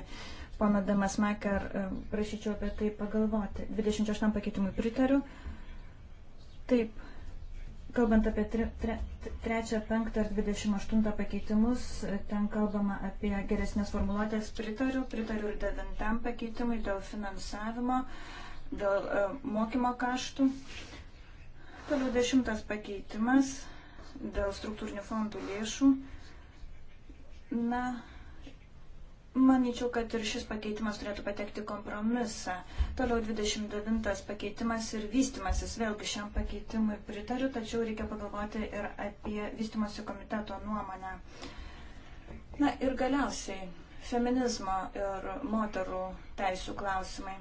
Pana Damas Mekar, prašyčiau apie tai pagalvoti. 28 pakeitimui pritariu. Taip, kalbant apie 3, 3, 5 ir 28 pakeitimus, ten kalbama apie geresnės formuluotės, pritariu, pritariu ir 9 pakeitimui dėl finansavimo, dėl mokymo kaštų. Toliau 10 pakeitimas dėl struktūrinių fondų lėšų. Na, manyčiau, kad ir šis pakeitimas turėtų patekti kompromisą. Toliau 29 pakeitimas ir vystimasis. Vėlgi šiam pakeitimui pritariu, tačiau reikia pagalvoti ir apie vystimosi komiteto nuomonę. Na ir galiausiai feminizmo ir moterų teisų klausimai.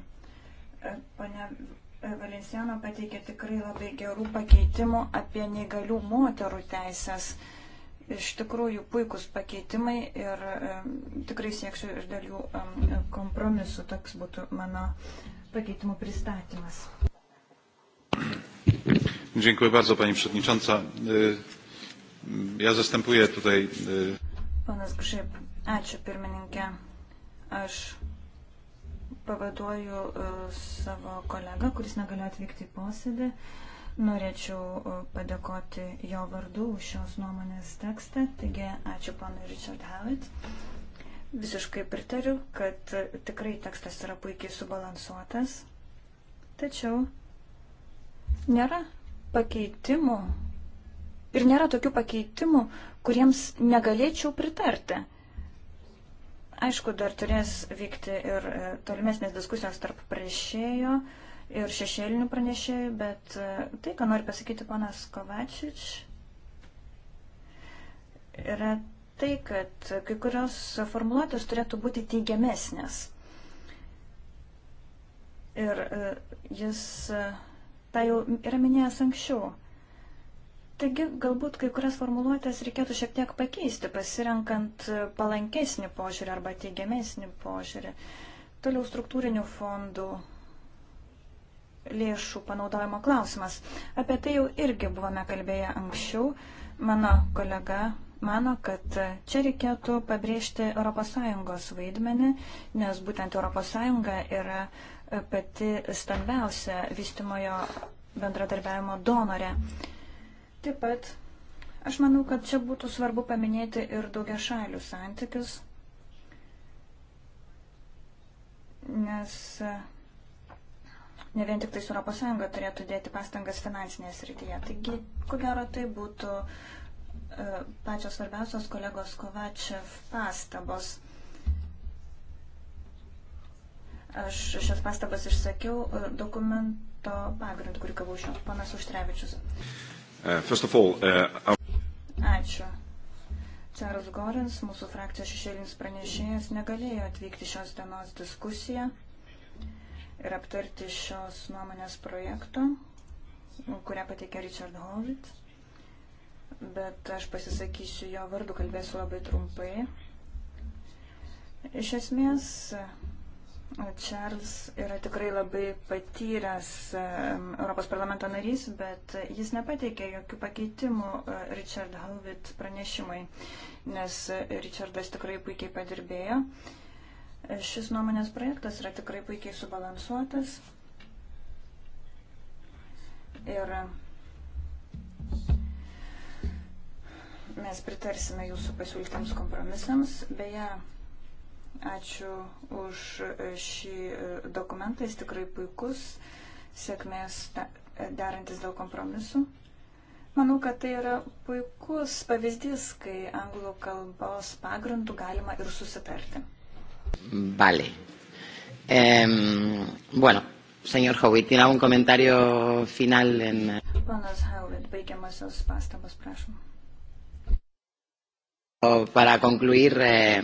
Pane E, Valensiano pateikė tikrai labai gerų pakeitimų apie neįgalių moterų teisės. Iš tikrųjų puikus pakeitimai ir e, tikrai sieksiu ir dėl jų kompromisų. Toks būtų mano pakeitimų pristatymas. Dziękuję bardzo Pani Przewodnicząca. E, ja zastępuję tutaj. Ponas Grzyb, ačiū pirmininkė. Aš pavaduoju e, savo kolegą, kuris negalėjo atvykti į posėdį. Norėčiau e, padėkoti jo vardu už šios nuomonės tekstą. Taigi, ačiū panui Richard Howitt. Visiškai pritariu, kad tikrai tekstas yra puikiai subalansuotas. Tačiau nėra pakeitimų ir nėra tokių pakeitimų, kuriems negalėčiau pritarti. Aišku, dar turės vykti ir e, tolimesnės diskusijos tarp pranešėjo ir šešėlinių pranešėjų, bet e, tai, ką nori pasakyti panas Kovačič, yra tai, kad kai kurios formuluotės turėtų būti teigiamesnės. Ir e, jis tą jau yra minėjęs anksčiau. Taigi, galbūt kai kurias formuluotės reikėtų šiek tiek pakeisti, pasirenkant palankesnį požiūrį arba teigiamesnį požiūrį. Toliau struktūrinių fondų lėšų panaudojimo klausimas. Apie tai jau irgi buvome kalbėję anksčiau. Mano kolega mano, kad čia reikėtų pabrėžti ES vaidmenį, nes būtent ES yra pati stambiausia vystimojo bendradarbiavimo donorė. Taip pat aš manau, kad čia būtų svarbu paminėti ir daugia šalių santykius, nes ne vien tik tai su ES turėtų dėti pastangas finansinėje srityje. Taigi, ko gero, tai būtų e, pačios svarbiausios kolegos Kovačev pastabos. Aš šias pastabas išsakiau e, dokumento pagrindu, kurį gavau šios panas Užtrevičius. Uh, first of all, uh, Ačiū. Čarlis Gorins, mūsų frakcijos šešėlinis pranešėjas, negalėjo atvykti šios dienos diskusiją ir aptarti šios nuomonės projekto, kurią pateikė Richard Hovitt. Bet aš pasisakysiu jo vardu, kalbėsiu labai trumpai. Iš esmės, Čarls yra tikrai labai patyręs Europos parlamento narys, bet jis nepateikė jokių pakeitimų e, Richard Halvit pranešimui, nes Richardas tikrai puikiai padirbėjo. E, šis nuomonės projektas yra tikrai puikiai subalansuotas. Ir mes pritarsime jūsų pasiūlytams kompromisams. Beje, Ačiū už šį e, dokumentą, jis tikrai puikus, sėkmės derantis dėl kompromisų. Manau, kad tai yra puikus pavyzdys, kai anglų kalbos pagrindų galima ir susitarti. Vale. Um, bueno, señor Howitt, ¿tiene algún comentario final? En... Ponas Howitt, baigiamasios pastabos, prašom. Para concluir eh,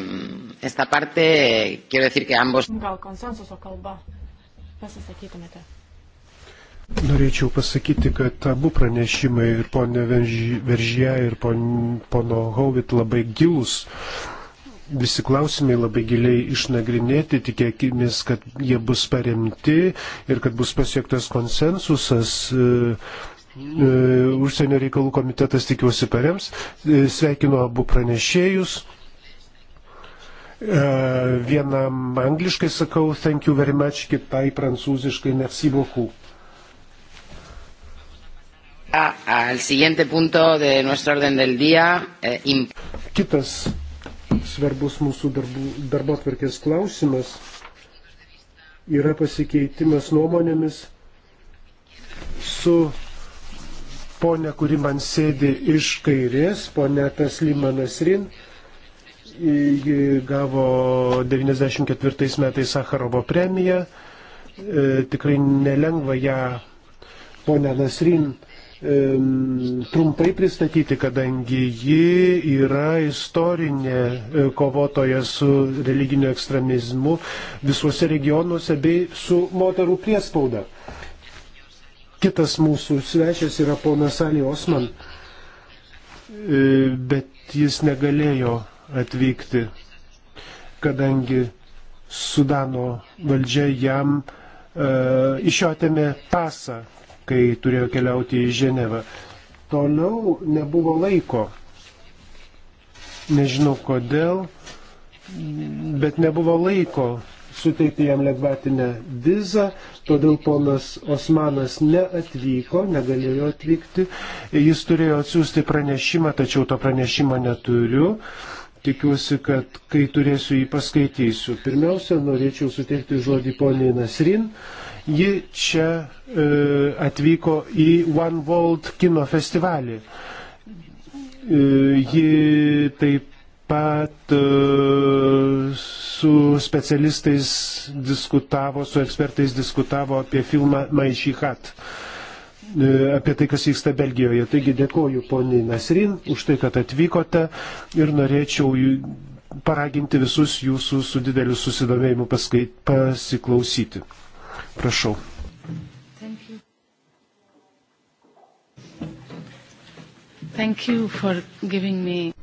esta parte, eh, quiero decir que ambos. Gal konsensuso kalba pasisakytumėte? Norėčiau pasakyti, kad abu pranešimai ir ponė Veržė ir pon, pono Hauvit labai gilus. Visi klausimai labai giliai išnagrinėti, tikėkimės, kad jie bus paremti ir kad bus pasiektas konsensusas. E, E, užsienio reikalų komitetas tikiuosi parems. E, sveikinu abu pranešėjus. E, vienam angliškai sakau thank you very much, kitai prancūziškai merci beaucoup. Al siguiente punto de nuestro orden del día. Eh, Kitas svarbus mūsų darbų, darbo atvarkės klausimas yra pasikeitimas nuomonėmis su ponę, kuri man sėdi iš kairės, ponę Taslimanas Rin. Ji gavo 94 metais Sakarovo premiją. E, tikrai nelengva ją, ponę Nasrin, e, trumpai pristatyti, kadangi ji yra istorinė e, kovotoja su religiniu ekstremizmu visuose regionuose bei su moterų priespauda. E, Kitas mūsų svečias yra ponas Ali Osman, e, bet jis negalėjo atvykti, kadangi Sudano valdžia jam e, iš jo atėmė pasą, kai turėjo keliauti į Ženevą. Toliau nebuvo laiko. Nežinau kodėl, bet nebuvo laiko suteikti jam lengvatinę vizą, todėl ponas Osmanas neatvyko, negalėjo atvykti. Jis turėjo atsiųsti pranešimą, tačiau to pranešimo neturiu. Tikiuosi, kad kai turėsiu jį paskaitysiu. Pirmiausia, norėčiau suteikti žodį poniai Nasrin. Ji čia e, atvyko į One World kino festivalį. E, ji taip pat e, su specialistais diskutavo, su ekspertais diskutavo apie filmą Maišyhat, e, apie tai, kas vyksta Belgijoje. Taigi dėkoju poniai Nasrin už tai, kad atvykote ir norėčiau paraginti visus jūsų su dideliu susidomėjimu paskait, pasiklausyti. Prašau. Thank you. Thank you for giving me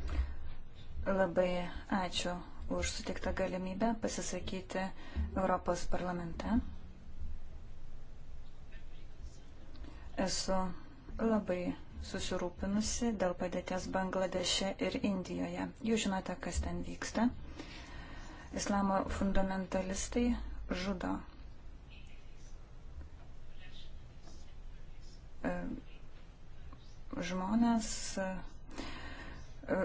Labai ačiū už sutiktą galimybę pasisakyti Europos parlamente. Esu labai susirūpinusi dėl padėties Bangladeše ir Indijoje. Jūs žinote, kas ten vyksta. Islamo fundamentalistai žudo e, žmonės,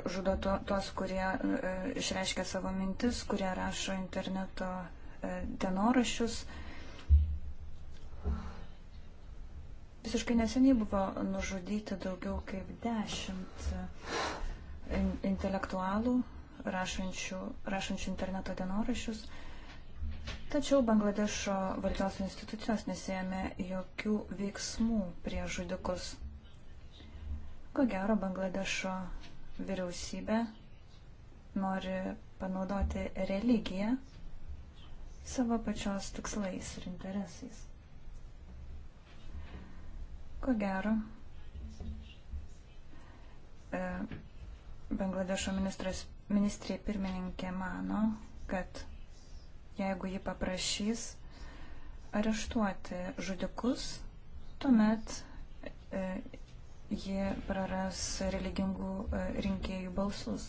žudo to, tos, kurie e, išreiškia savo mintis, kurie rašo interneto e, dienoraščius. Visiškai neseniai buvo nužudyti daugiau kaip dešimt e, intelektualų, rašančių, rašančių interneto dienoraščius. Tačiau Bangladešo valdžios institucijos nesėmė jokių veiksmų prie žudikus. Ko gero, Bangladešo vyriausybė nori panaudoti religiją savo pačios tikslais ir interesais. Ko gero, e, Bangladešo ministrė pirmininkė mano, kad jeigu ji paprašys areštuoti žudikus, tuomet e, ji praras religingų e, rinkėjų balsus.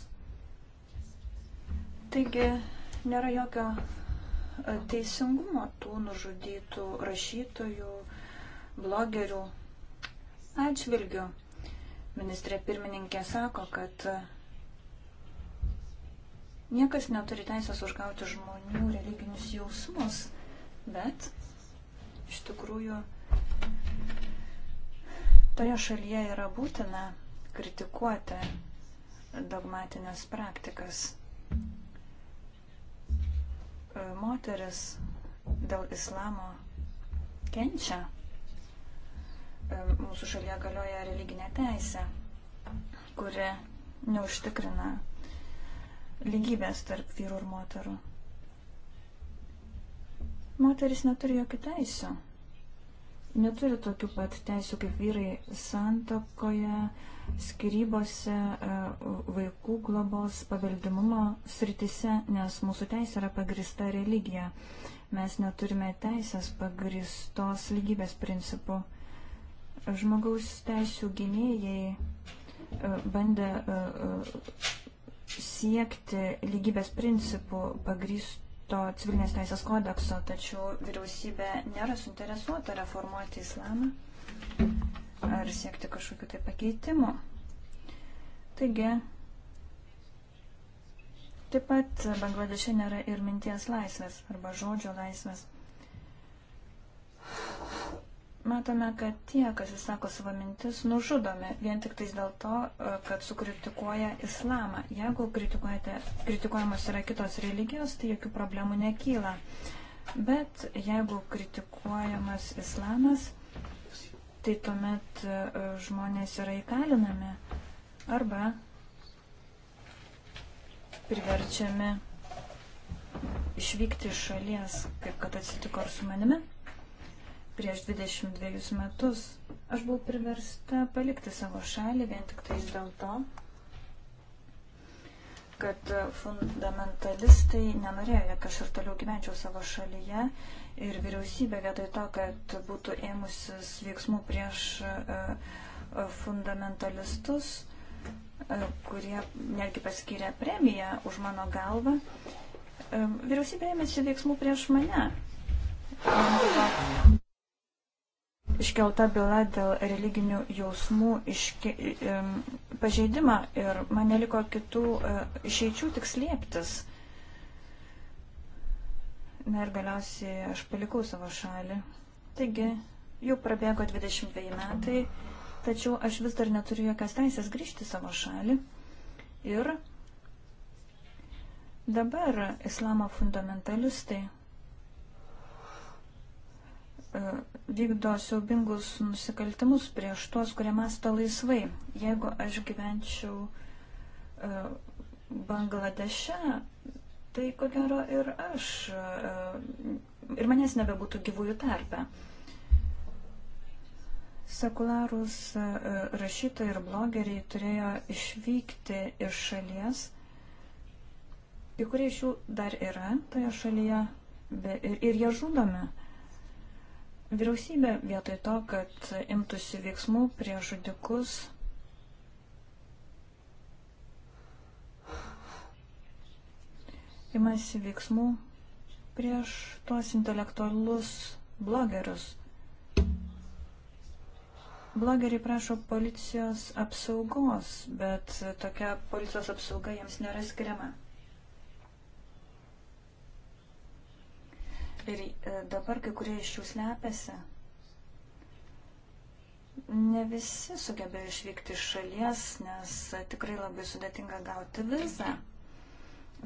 Taigi nėra jokio e, teisingumo tų nužudytų rašytojų, blogerių atžvilgių. Ministrė pirmininkė sako, kad e, niekas neturi teisės užgauti žmonių religinius jausmus, bet iš tikrųjų Toje šalyje yra būtina kritikuoti dogmatinės praktikas. E, moteris dėl islamo kenčia. E, mūsų šalyje galioja religinė teisė, kuri neužtikrina lygybės tarp vyrų ir moterų. Moteris neturi jokių teisų neturi tokių pat teisų kaip vyrai santokoje, skirybose, e, vaikų globos, paveldimumo sritise, nes mūsų teisė yra pagrista religija. Mes neturime teisės pagristos lygybės principų. Žmogaus teisų gynėjai e, bandė e, siekti lygybės principų pagrįstų to civilinės teisės kodekso, tačiau vyriausybė nėra suinteresuota reformuoti islamą ar siekti kažkokiu tai pakeitimu. Taigi, taip pat Bangladeše nėra ir minties laisvės arba žodžio laisvės matome, kad tie, kas įsako savo mintis, nužudomi vien tik tais dėl to, e, kad sukritikuoja islamą. Jeigu kritikuojamos yra kitos religijos, tai jokių problemų nekyla. Bet jeigu kritikuojamas islamas, tai tuomet e, žmonės yra įkalinami arba priverčiami išvykti iš šalies, kaip kad atsitiko ir su manimi prieš 22 metus. Aš buvau priversta palikti savo šalį vien tik tais dėl to, kad fundamentalistai nenorėjo, kad aš ir toliau gyvenčiau savo šalyje ir vyriausybė vietoj to, kad būtų ėmusis veiksmų prieš e, fundamentalistus, e, kurie netgi paskyrė premiją už mano galvą, e, vyriausybė ėmėsi veiksmų prieš mane iškelta byla dėl religinių jausmų iške, pažeidimą ir man neliko kitų e, išeičių tik slėptis. Na ir galiausiai aš palikau savo šalį. Taigi, jau prabėgo 22 metai, tačiau aš vis dar neturiu jokios teisės grįžti savo šalį. Ir dabar islamo fundamentalistai E, vykdo siaubingus nusikaltimus prieš tuos, kurie mąsto laisvai. Jeigu aš gyvenčiau e, Bangladeše, tai ko gero ir aš, e, ir manęs nebebūtų gyvųjų tarpe. Sekularus rašytojai ir blogeriai turėjo išvykti iš šalies. Kai kurie iš jų dar yra toje šalyje be, ir, ir jie žudomi. Vyriausybė vietoj to, kad imtųsi veiksmų prieš žudikus, imasi veiksmų prieš tuos intelektualus blogerius. Blogeriai prašo policijos apsaugos, bet tokia policijos apsauga jiems nėra skiriama. Ir e, dabar kai kurie iš jų slepiasi. Ne visi sugebėjo išvykti iš šalies, nes tikrai labai sudėtinga gauti vizą,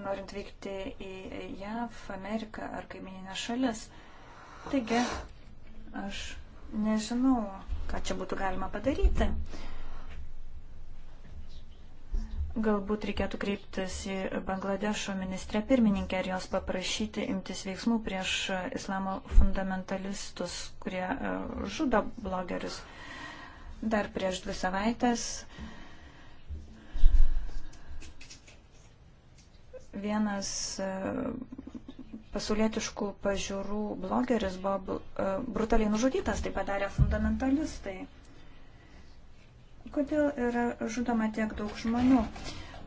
norint vykti į JAV, Ameriką ar kaimininę šalis. Taigi, aš nežinau, ką čia būtų galima padaryti. Galbūt reikėtų kreiptis į Bangladešo ministrę pirmininkę ir jos paprašyti imtis veiksmų prieš islamo fundamentalistus, kurie e, žudo blogerius. Dar prieš dvi savaitės vienas e, pasaulietiškų pažiūrų blogeris buvo e, brutaliai nužudytas, tai padarė fundamentalistai. Kodėl yra žudoma tiek daug žmonių?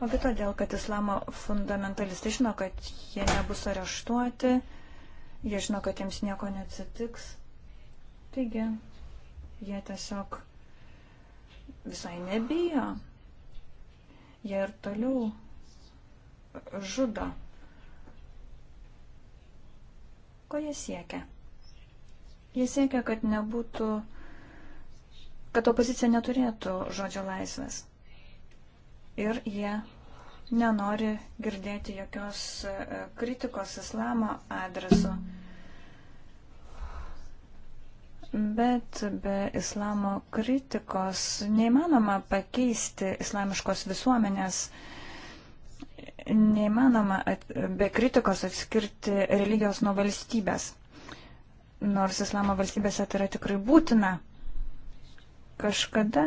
Ogi todėl, kad islamo fundamentalistai žino, kad jie nebus areštuoti, jie žino, kad jiems nieko neatsitiks. Taigi, jie tiesiog visai nebijo. Jie ir toliau žudo. Ko jie siekia? Jie siekia, kad nebūtų uh, kad opozicija neturėtų žodžio laisvės. Ir jie nenori girdėti jokios e, kritikos islamo adresu. Bet be islamo kritikos neįmanoma pakeisti islamiškos visuomenės, neįmanoma at, be kritikos atskirti religijos nuo valstybės. Nors islamo valstybėse tai yra tikrai būtina. Kažkada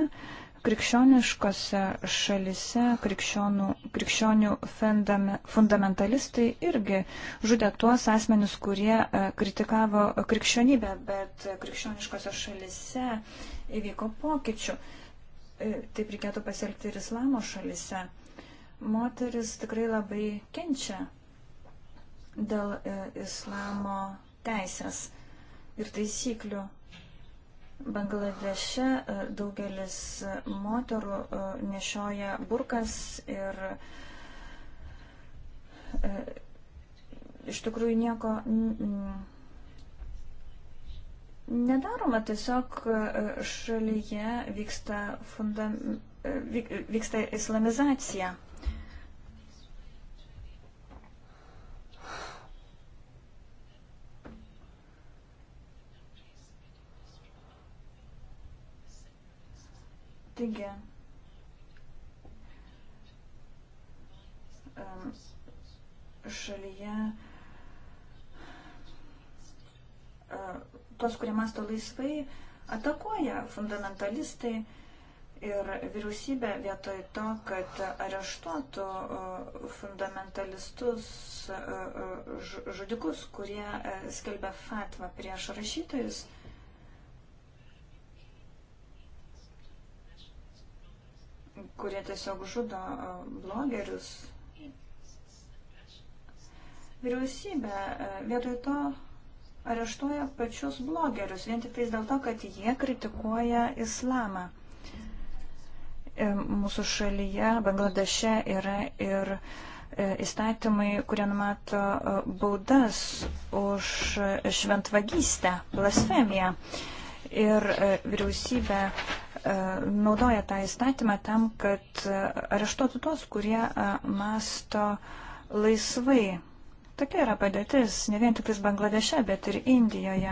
krikščioniškose šalise krikščionių fundamentalistai irgi žudė tuos asmenius, kurie e, kritikavo krikščionybę, bet krikščioniškose šalise įvyko pokyčių. E, taip reikėtų pasielgti ir islamo šalise. Moteris tikrai labai kenčia dėl e, islamo teisės ir taisyklių Bangladeše e, daugelis moterų e, nešioja burkas ir e, iš tikrųjų nieko nedaroma, tiesiog šalyje vyksta, fundam, vyksta islamizacija. Taigi, šalyje e, tos, kurie masto laisvai, atakuoja fundamentalistai ir vyriausybė vietoj to, kad areštuotų e, fundamentalistus e, žudikus, kurie skelbia fatvą prieš rašytojus, kurie tiesiog žudo blogerius. Vyriausybė vietoj to areštuoja pačius blogerius, vien tik tais dėl to, kad jie kritikuoja islamą. E, mūsų šalyje, Bangladeše, yra ir e, įstatymai, kurie numato baudas už šventvagystę, blasfemiją. Ir vyriausybė E, naudoja tą įstatymą tam, kad areštuotų tos, kurie e, masto laisvai. Tokia yra padėtis ne vien tik Bangladeše, bet ir Indijoje.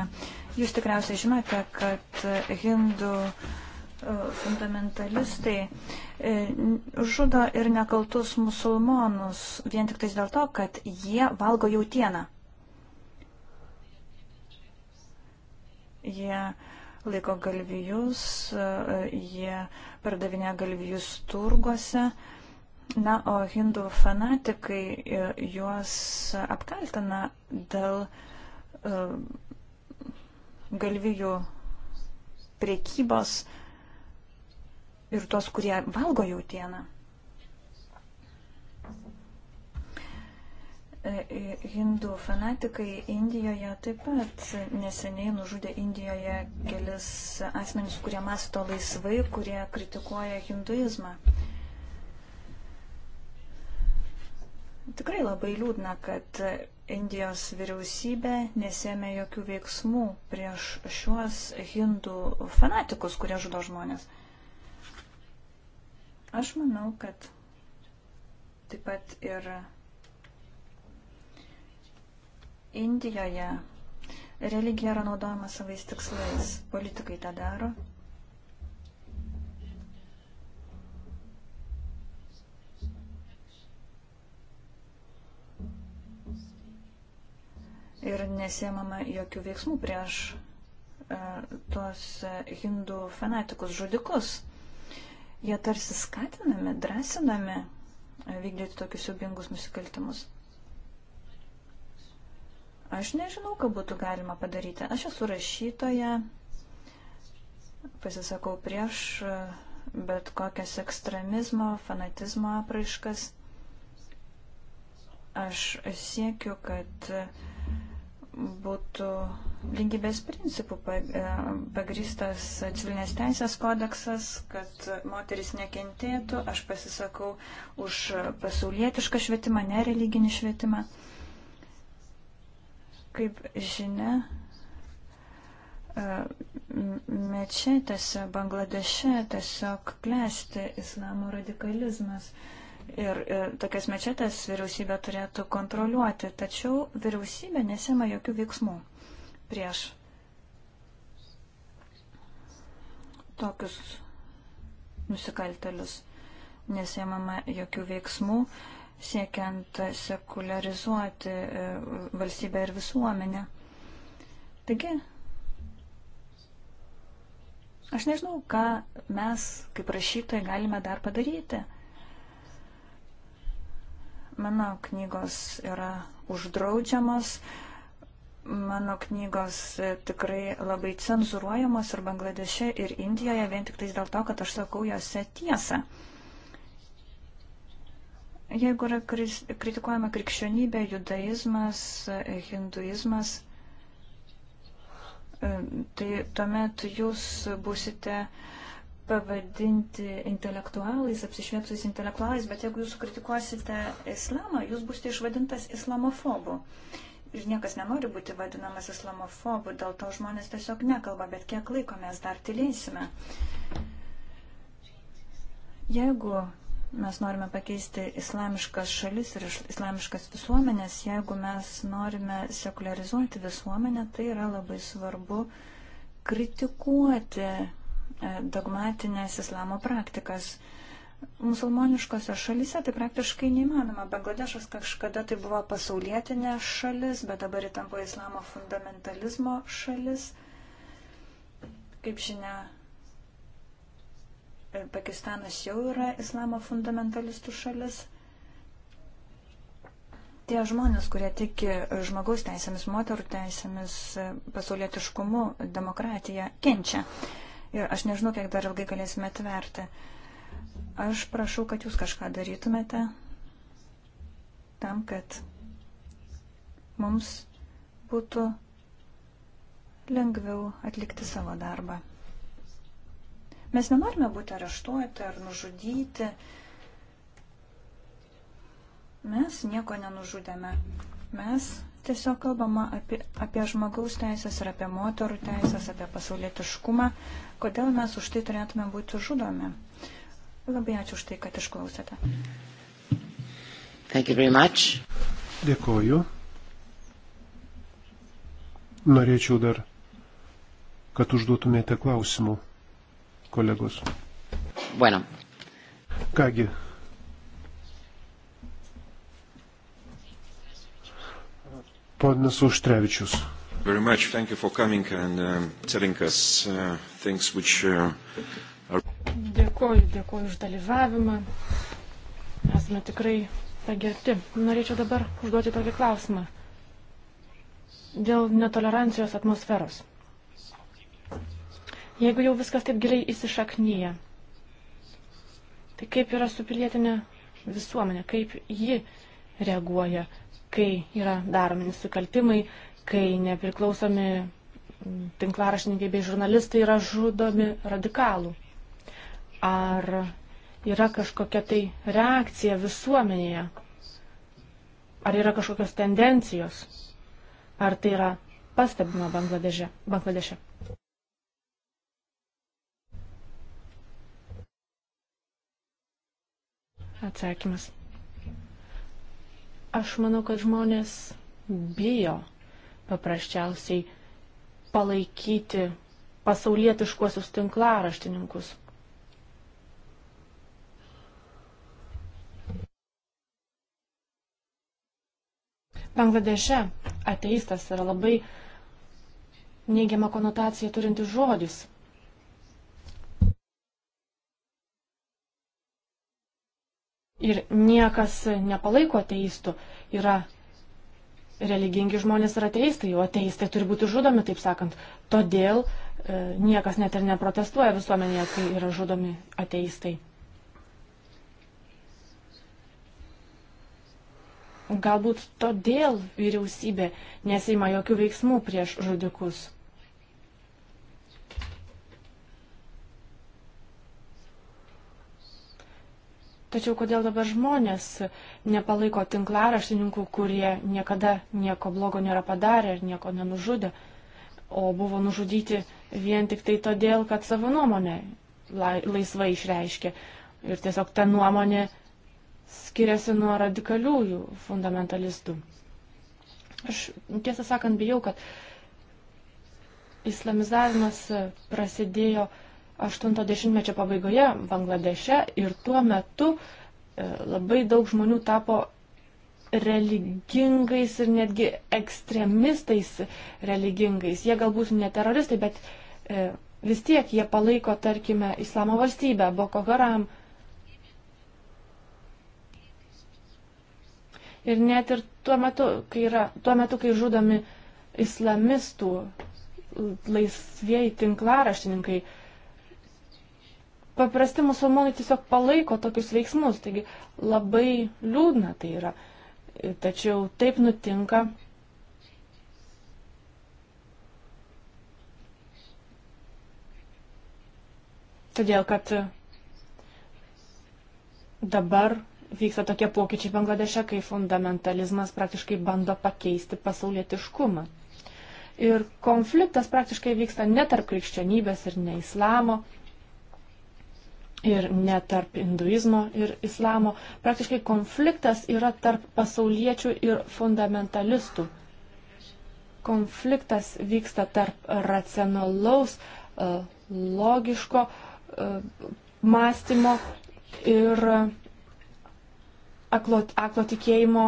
Jūs tikriausiai žinote, kad hindų e, fundamentalistai žudo ir nekaltus musulmonus vien tik tais dėl to, kad jie valgo jautieną. Jie yeah laiko galvijus, e, jie pardavinė galvijus turguose. Na, o hindų fanatikai e, juos apkaltina dėl e, galvijų priekybos ir tuos, kurie valgo jautieną. E, hindų fanatikai Indijoje taip pat neseniai nužudė Indijoje kelis asmenys, kurie masto laisvai, kurie kritikuoja hinduizmą. Tikrai labai liūdna, kad Indijos vyriausybė nesėmė jokių veiksmų prieš šiuos hindų fanatikus, kurie žudo žmonės. Aš manau, kad taip pat ir. Yra Indijoje religija yra naudojama savais tikslais, politikai tą daro. Ir nesiemama jokių veiksmų prieš uh, tuos hindų fanatikus žudikus. Jie tarsi skatinami, drąsinami vykdyti tokius siubingus nusikaltimus. Aš nežinau, ką būtų galima padaryti. Aš esu rašytoja, pasisakau prieš e, bet kokias ekstremizmo, fanatizmo apraiškas. Aš siekiu, kad būtų lygybės principų e, pagrįstas civilinės teisės kodeksas, kad moteris nekentėtų. Aš pasisakau už pasaulietišką švietimą, nereliginį švietimą. švietimą. Kaip žinia, e, mečetėse Bangladeše tiesiog klesti islamo radikalizmas. Ir, ir e, tokias mečetės vyriausybė turėtų kontroliuoti, tačiau vyriausybė nesima jokių veiksmų prieš tokius nusikaltelius. Nesėmama jokių veiksmų. Uh, siekiant sekularizuoti e, valstybę ir visuomenę. Taigi, aš nežinau, ką mes kaip rašytojai galime dar padaryti. Mano knygos yra uždraudžiamos, mano knygos e, tikrai labai cenzuruojamos ir Bangladeše, ir Indijoje vien tik tais dėl to, kad aš sakau jose tiesą. Uh, Jeigu yra kritikuojama krikščionybė, judaizmas, hinduizmas, e, tai tuomet jūs būsite pavadinti intelektualais, apsišvietusiais intelektualais, bet jeigu jūs kritikuosite islamą, jūs būsite išvadintas islamofobu. Ir niekas nenori būti vadinamas islamofobu, dėl to žmonės tiesiog nekalba, bet kiek laiko mes dar tylėsime. Jeigu mes norime pakeisti islamiškas šalis ir islamiškas visuomenės, jeigu mes norime sekularizuoti visuomenę, tai yra labai svarbu kritikuoti e, dogmatinės islamo praktikas. Musulmoniškose šalise tai praktiškai neįmanoma. Bangladešas kažkada tai buvo pasaulietinė šalis, bet dabar įtampo islamo fundamentalizmo šalis. Kaip žinia, Pakistanas jau yra islamo fundamentalistų šalis. Tie žmonės, kurie tiki žmogaus teisėmis, moterų teisėmis, pasaulietiškumu, demokratija, kenčia. Ir aš nežinau, kiek dar ilgai galėsime tverti. Aš prašau, kad jūs kažką darytumėte tam, kad mums būtų lengviau atlikti savo darbą. Mes nenorime būti areštuoti ar nužudyti. Mes nieko nenužudėme. Mes tiesiog kalbama apie, apie žmogaus teisės ir apie moterų teisės, apie pasaulietiškumą. Kodėl mes už tai turėtume būti žudomi? Labai ačiū už tai, kad išklausėte. Dėkoju. Norėčiau dar, kad užduotumėte klausimų kolegos. Bueno. Kągi. Ponas Užtrevičius. Very much. Thank you for coming and uh, telling us uh, things which uh, are. Dėkoju, dėkoju už dalyvavimą. Esame tikrai pagerti. Norėčiau dabar užduoti tokį klausimą dėl netolerancijos atmosferos. Jeigu jau viskas taip giliai įsišaknyja, tai kaip yra su pilietinė visuomenė, kaip ji reaguoja, kai yra daromi nusikaltimai, kai nepriklausomi mm, tinklaraštininkai bei žurnalistai yra žudomi radikalų. Ar yra kažkokia tai reakcija visuomenėje? Ar yra kažkokios tendencijos? Ar tai yra pastebima Bangladeše? Bangladeše? Atsakymas. Aš manau, kad žmonės bijo paprasčiausiai palaikyti pasaulietiškuosius tinklaraštininkus. Bangladeše ateistas yra labai neigiamą konotaciją turintis žodis. ir niekas nepalaiko ateistų. Yra religingi žmonės yra ateistai, o ateistai turi būti žudomi, taip sakant. Todėl e, niekas net ir neprotestuoja visuomenėje, kai yra žudomi ateistai. Galbūt todėl vyriausybė nesima jokių veiksmų prieš žudikus. Tačiau kodėl dabar žmonės nepalaiko tinklaraštininkų, kurie niekada nieko blogo nėra padarę ir nieko nenužudė, o buvo nužudyti vien tik tai todėl, kad savo nuomonę laisvai išreiškė. Ir tiesiog ta nuomonė skiriasi nuo radikaliųjų fundamentalistų. Aš tiesą sakant bijau, kad islamizavimas prasidėjo uh, 80-mečio pabaigoje Bangladeše ir tuo metu e, labai daug žmonių tapo religingais ir netgi ekstremistais religingais. Jie galbūt ne teroristai, bet e, vis tiek jie palaiko, tarkime, islamo valstybę, Boko Haram. Ir net ir tuo metu, kai, yra, tuo metu, kai žudomi islamistų laisvėjai tinklaraštininkai, paprasti musulmonai tiesiog palaiko tokius veiksmus, taigi labai liūdna tai yra. Tačiau taip nutinka. Todėl, kad dabar vyksta tokie pokyčiai Bangladeše, kai fundamentalizmas praktiškai bando pakeisti pasaulietiškumą. Ir konfliktas praktiškai vyksta ne tarp krikščionybės ir ne islamo, ir ne tarp hinduizmo ir islamo. Praktiškai konfliktas yra tarp pasauliečių ir fundamentalistų. Konfliktas vyksta tarp racionalaus, e, logiško e, mąstymo ir aklo, aklo tikėjimo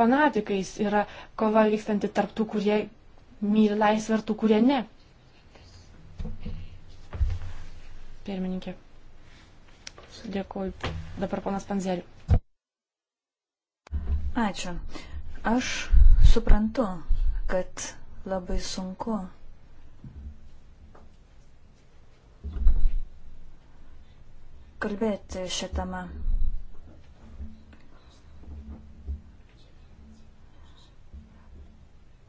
fanatikais yra kova vykstanti tarp tų, kurie myli laisvę ir tų, kurie ne. pirmininkė. Dėkuoju. Dabar ponas Panzerį. Ačiū. Aš suprantu, kad labai sunku. Kalbėti šią temą.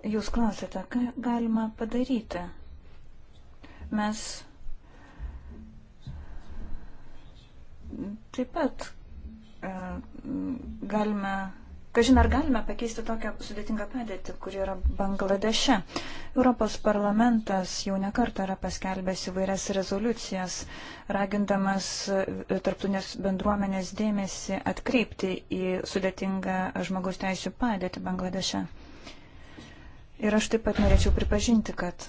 Jūs klausėte, ką galima padaryti. Mes taip pat e, galime, kažin ar galime pakeisti tokią sudėtingą padėtį, kuri yra Bangladeše. Europos parlamentas jau nekartą yra paskelbęs įvairias rezoliucijas, ragindamas e, tarptautinės bendruomenės dėmesį atkreipti į sudėtingą žmogaus teisų padėtį Bangladeše. Ir aš taip pat norėčiau pripažinti, kad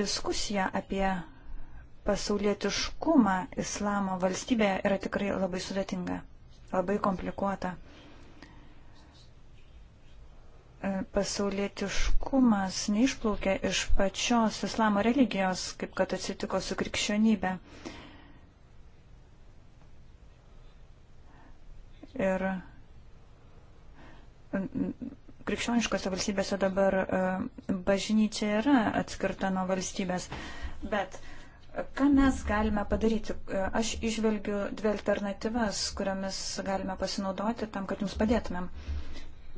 diskusija apie pasaulietiškumą islamo valstybėje yra tikrai labai sudėtinga, labai komplikuota. E, pasaulietiškumas neišplaukia iš pačios islamo religijos, kaip kad atsitiko su krikščionybė. Ir krikščioniškose valstybėse dabar e, bažnyčia yra atskirta nuo valstybės, bet uh, Ką mes galime padaryti? Aš išvelgiu dvi alternatyvas, kuriamis galime pasinaudoti tam, kad jums padėtumėm.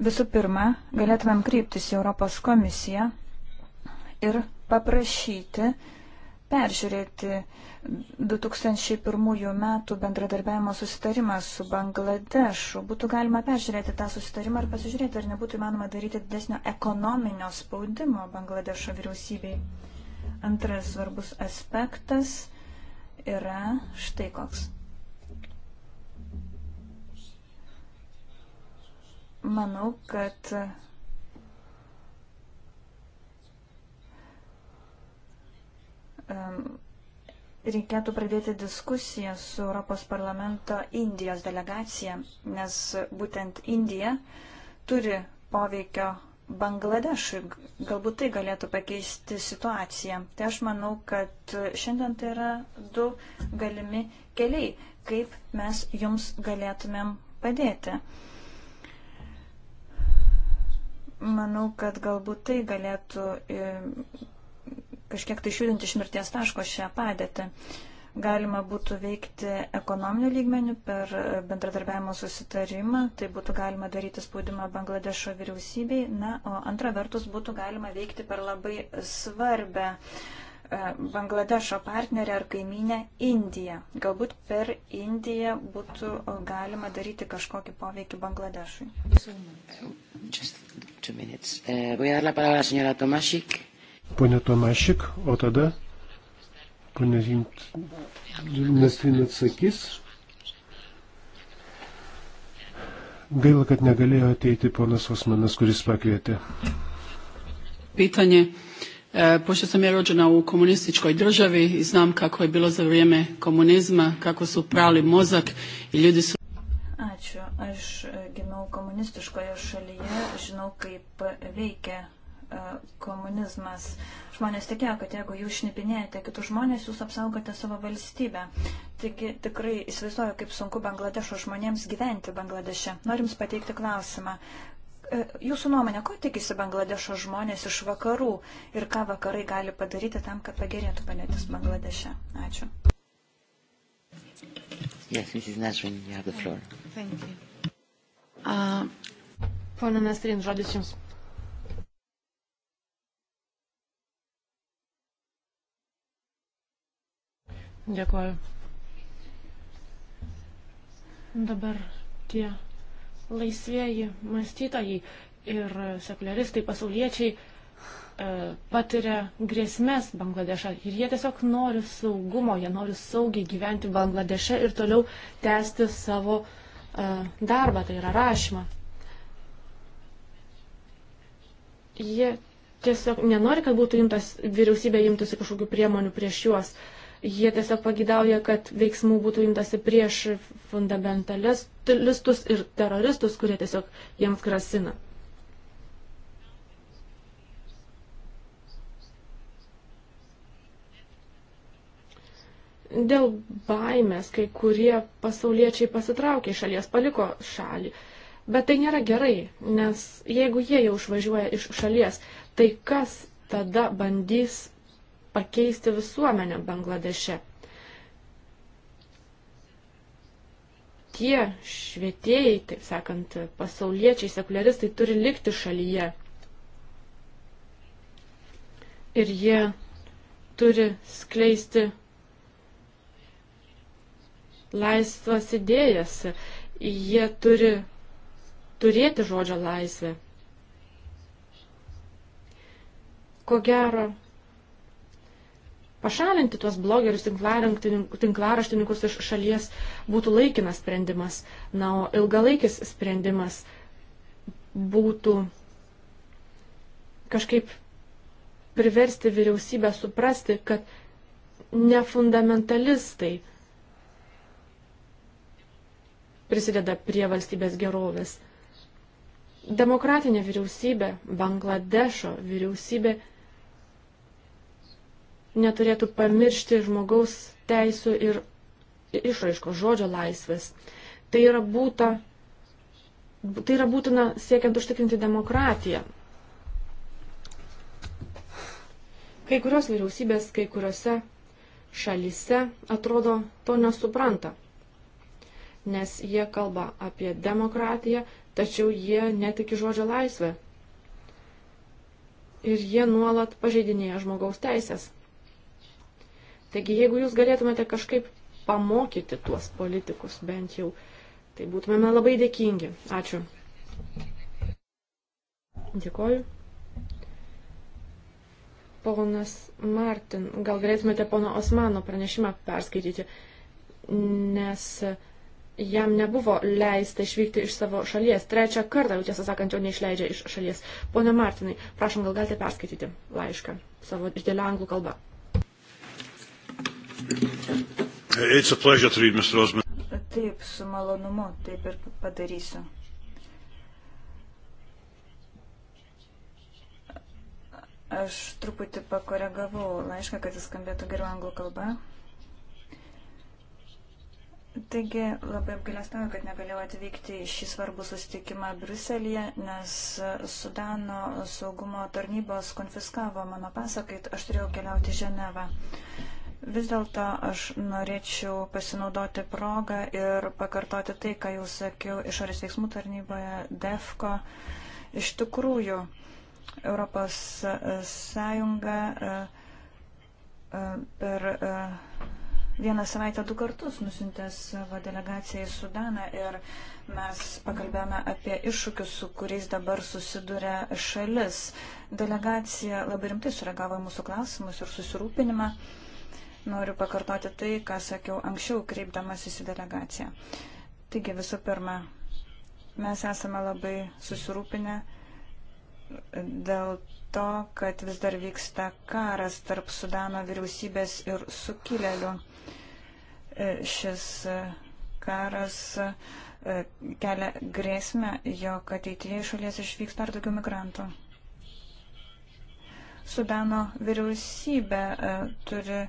Visų pirma, galėtumėm kryptis į Europos komisiją ir paprašyti peržiūrėti 2001 metų bendradarbiavimo susitarimą su Bangladešu. Būtų galima peržiūrėti tą susitarimą ir pasižiūrėti, ar nebūtų įmanoma daryti didesnio ekonominio spaudimo Bangladešo vyriausybei. Antras svarbus aspektas yra štai koks. Manau, kad um, reikėtų pradėti diskusiją su Europos parlamento Indijos delegacija, nes būtent Indija turi poveikio Bangladešui. Galbūt tai galėtų pakeisti situaciją. Tai aš manau, kad šiandien tai yra du galimi keliai, kaip mes jums galėtumėm padėti. Manau, kad galbūt tai galėtų e, kažkiek tai išjudinti iš mirties taško šią padėtį. Uh, galima būtų veikti ekonominių lygmenių per bendradarbiavimo susitarimą, tai būtų galima daryti spaudimą Bangladešo vyriausybei, na, o antra vertus būtų galima veikti per labai svarbę e, Bangladešo partnerę ar kaiminę Indiją. Galbūt per Indiją būtų galima daryti kažkokį poveikį Bangladešui. Eh, Pone Tomašik, o tada Pane Rimt, mes jin tai atsakys. Gaila, kad negalėjo ateiti ponas Osmanas, kuris pakvietė. Pitanje. E, pošto sam ja rođena u komunističkoj državi i znam kako je bilo za vrijeme komunizma, kako su prali mozak i ljudi su... Ačiū. Aš gimiau komunistiškoje šalyje, žinau, kaip veikia E, komunizmas. Žmonės tikėjo, kad jeigu jūs šnipinėjate kitus žmonės, jūs apsaugote savo valstybę. Taigi tikrai įsivaizduoju, kaip sunku Bangladešo žmonėms gyventi Bangladeše. Norim pateikti klausimą. E, Jūsų nuomonė, ko tikisi Bangladešo žmonės iš vakarų ir ką vakarai gali padaryti tam, kad pagerėtų padėtis Bangladeše? Ačiū. Yes, Mrs. Nasrin, you have the floor. Thank you. Uh, Pone Nasrin, žodis Jums. Dėkuoju. Dabar tie laisvieji mąstytojai ir sekuliaristai, pasauliečiai e, patiria grėsmės Bangladešą ir jie tiesiog nori saugumo, jie nori saugiai gyventi Bangladeše ir toliau tęsti savo e, darbą, tai yra rašymą. Jie tiesiog nenori, kad būtų imtas, vyriausybė imtųsi kažkokių priemonių prieš juos. Uh, Jie tiesiog pagidauja, kad veiksmų būtų imtasi prieš fundamentalistus ir teroristus, kurie tiesiog jiems grasina. Dėl baimės kai kurie pasauliečiai pasitraukė iš šalies, paliko šalį. Bet tai nėra gerai, nes jeigu jie jau išvažiuoja iš šalies, tai kas tada bandys pakeisti visuomenę Bangladeše. Tie švietėjai, taip sakant, pasauliečiai, sekuliaristai turi likti šalyje. Ir jie turi skleisti laisvas idėjas. Jie turi turėti žodžio laisvę. Ko gero, pašalinti tuos blogerius tinklaraštininkus iš šalies būtų laikinas sprendimas. Na, o ilgalaikis sprendimas būtų kažkaip priversti vyriausybę suprasti, kad ne fundamentalistai prisideda prie valstybės gerovės. Demokratinė vyriausybė, Bangladešo vyriausybė neturėtų pamiršti žmogaus teisų ir išraiškos žodžio laisvės. Tai yra, būta, tai yra būtina siekiant užtikrinti demokratiją. Kai kurios vyriausybės, kai kuriuose šalyse atrodo to nesupranta, nes jie kalba apie demokratiją, tačiau jie netiki žodžio laisvę. Ir jie nuolat pažeidinėja žmogaus teisės. Taigi, jeigu jūs galėtumėte kažkaip pamokyti tuos politikus bent jau, tai būtumėme labai dėkingi. Ačiū. Dėkoju. Ponas Martin, gal galėtumėte pono Osmano pranešimą perskaityti, nes jam nebuvo leista išvykti iš savo šalies. Trečią kartą, jau tiesą sakant, jau neišleidžia iš šalies. Pone Martinai, prašom, gal galite perskaityti laišką savo didelę anglų kalbą. It's a pleasure to read, Mr. Osman. Taip, su malonumu, taip ir padarysiu. Aš truputį pakoregavau laišką, kad jis skambėtų geriau anglų kalba. Taigi labai apgailestauju, kad negalėjau atvykti į šį svarbų susitikimą Bruselėje, nes Sudano saugumo tarnybos konfiskavo mano pasą, kai aš turėjau keliauti į Ženevą. Vis dėlto aš norėčiau pasinaudoti progą ir pakartoti tai, ką jau sakiau išorės veiksmų tarnyboje DEFCO. Iš tikrųjų, Europos Sąjunga e, e, per e, vieną savaitę du kartus nusintė savo delegaciją į Sudaną ir mes pakalbėjome apie iššūkius, su kuriais dabar susiduria šalis. Delegacija labai rimtai sureagavo į mūsų klausimus ir susirūpinimą. Noriu pakartoti tai, ką sakiau anksčiau, kreipdamas į delegaciją. Taigi visų pirma, mes esame labai susirūpinę dėl to, kad vis dar vyksta karas tarp Sudano vyriausybės ir sukilėlių. E, šis e, karas e, kelia grėsmę, jog ateityje iš šalies išvyks dar daugiau migrantų. Sudano vyriausybė turi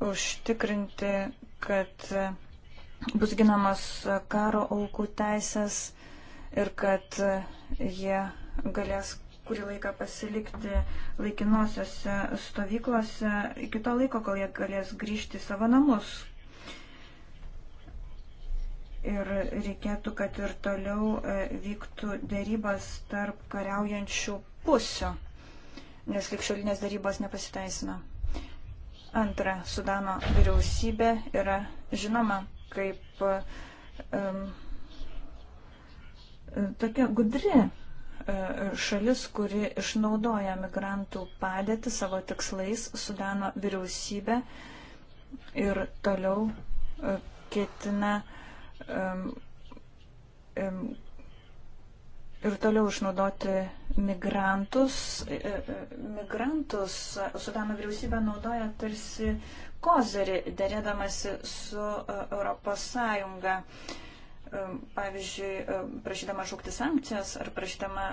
užtikrinti, kad bus ginamas karo aukų teisės ir kad jie galės kurį laiką pasilikti laikinosiose stovyklose iki to laiko, kol jie galės grįžti į savo namus. Ir reikėtų, kad ir toliau e, vyktų dėrybas tarp kariaujančių pusių, nes likšalinės dėrybos nepasiteisina. Antra, Sudano vyriausybė yra žinoma kaip um, tokia gudri e, šalis, kuri išnaudoja migrantų padėtį savo tikslais, Sudano vyriausybė ir toliau e, ketina um, um, ir toliau išnaudoti migrantus. E, e, migrantus Sudano vyriausybė naudoja tarsi kozerį, dėrėdamasi su e, Europos Sąjunga. Pavyzdžiui, prašydama šaukti sankcijas ar prašydama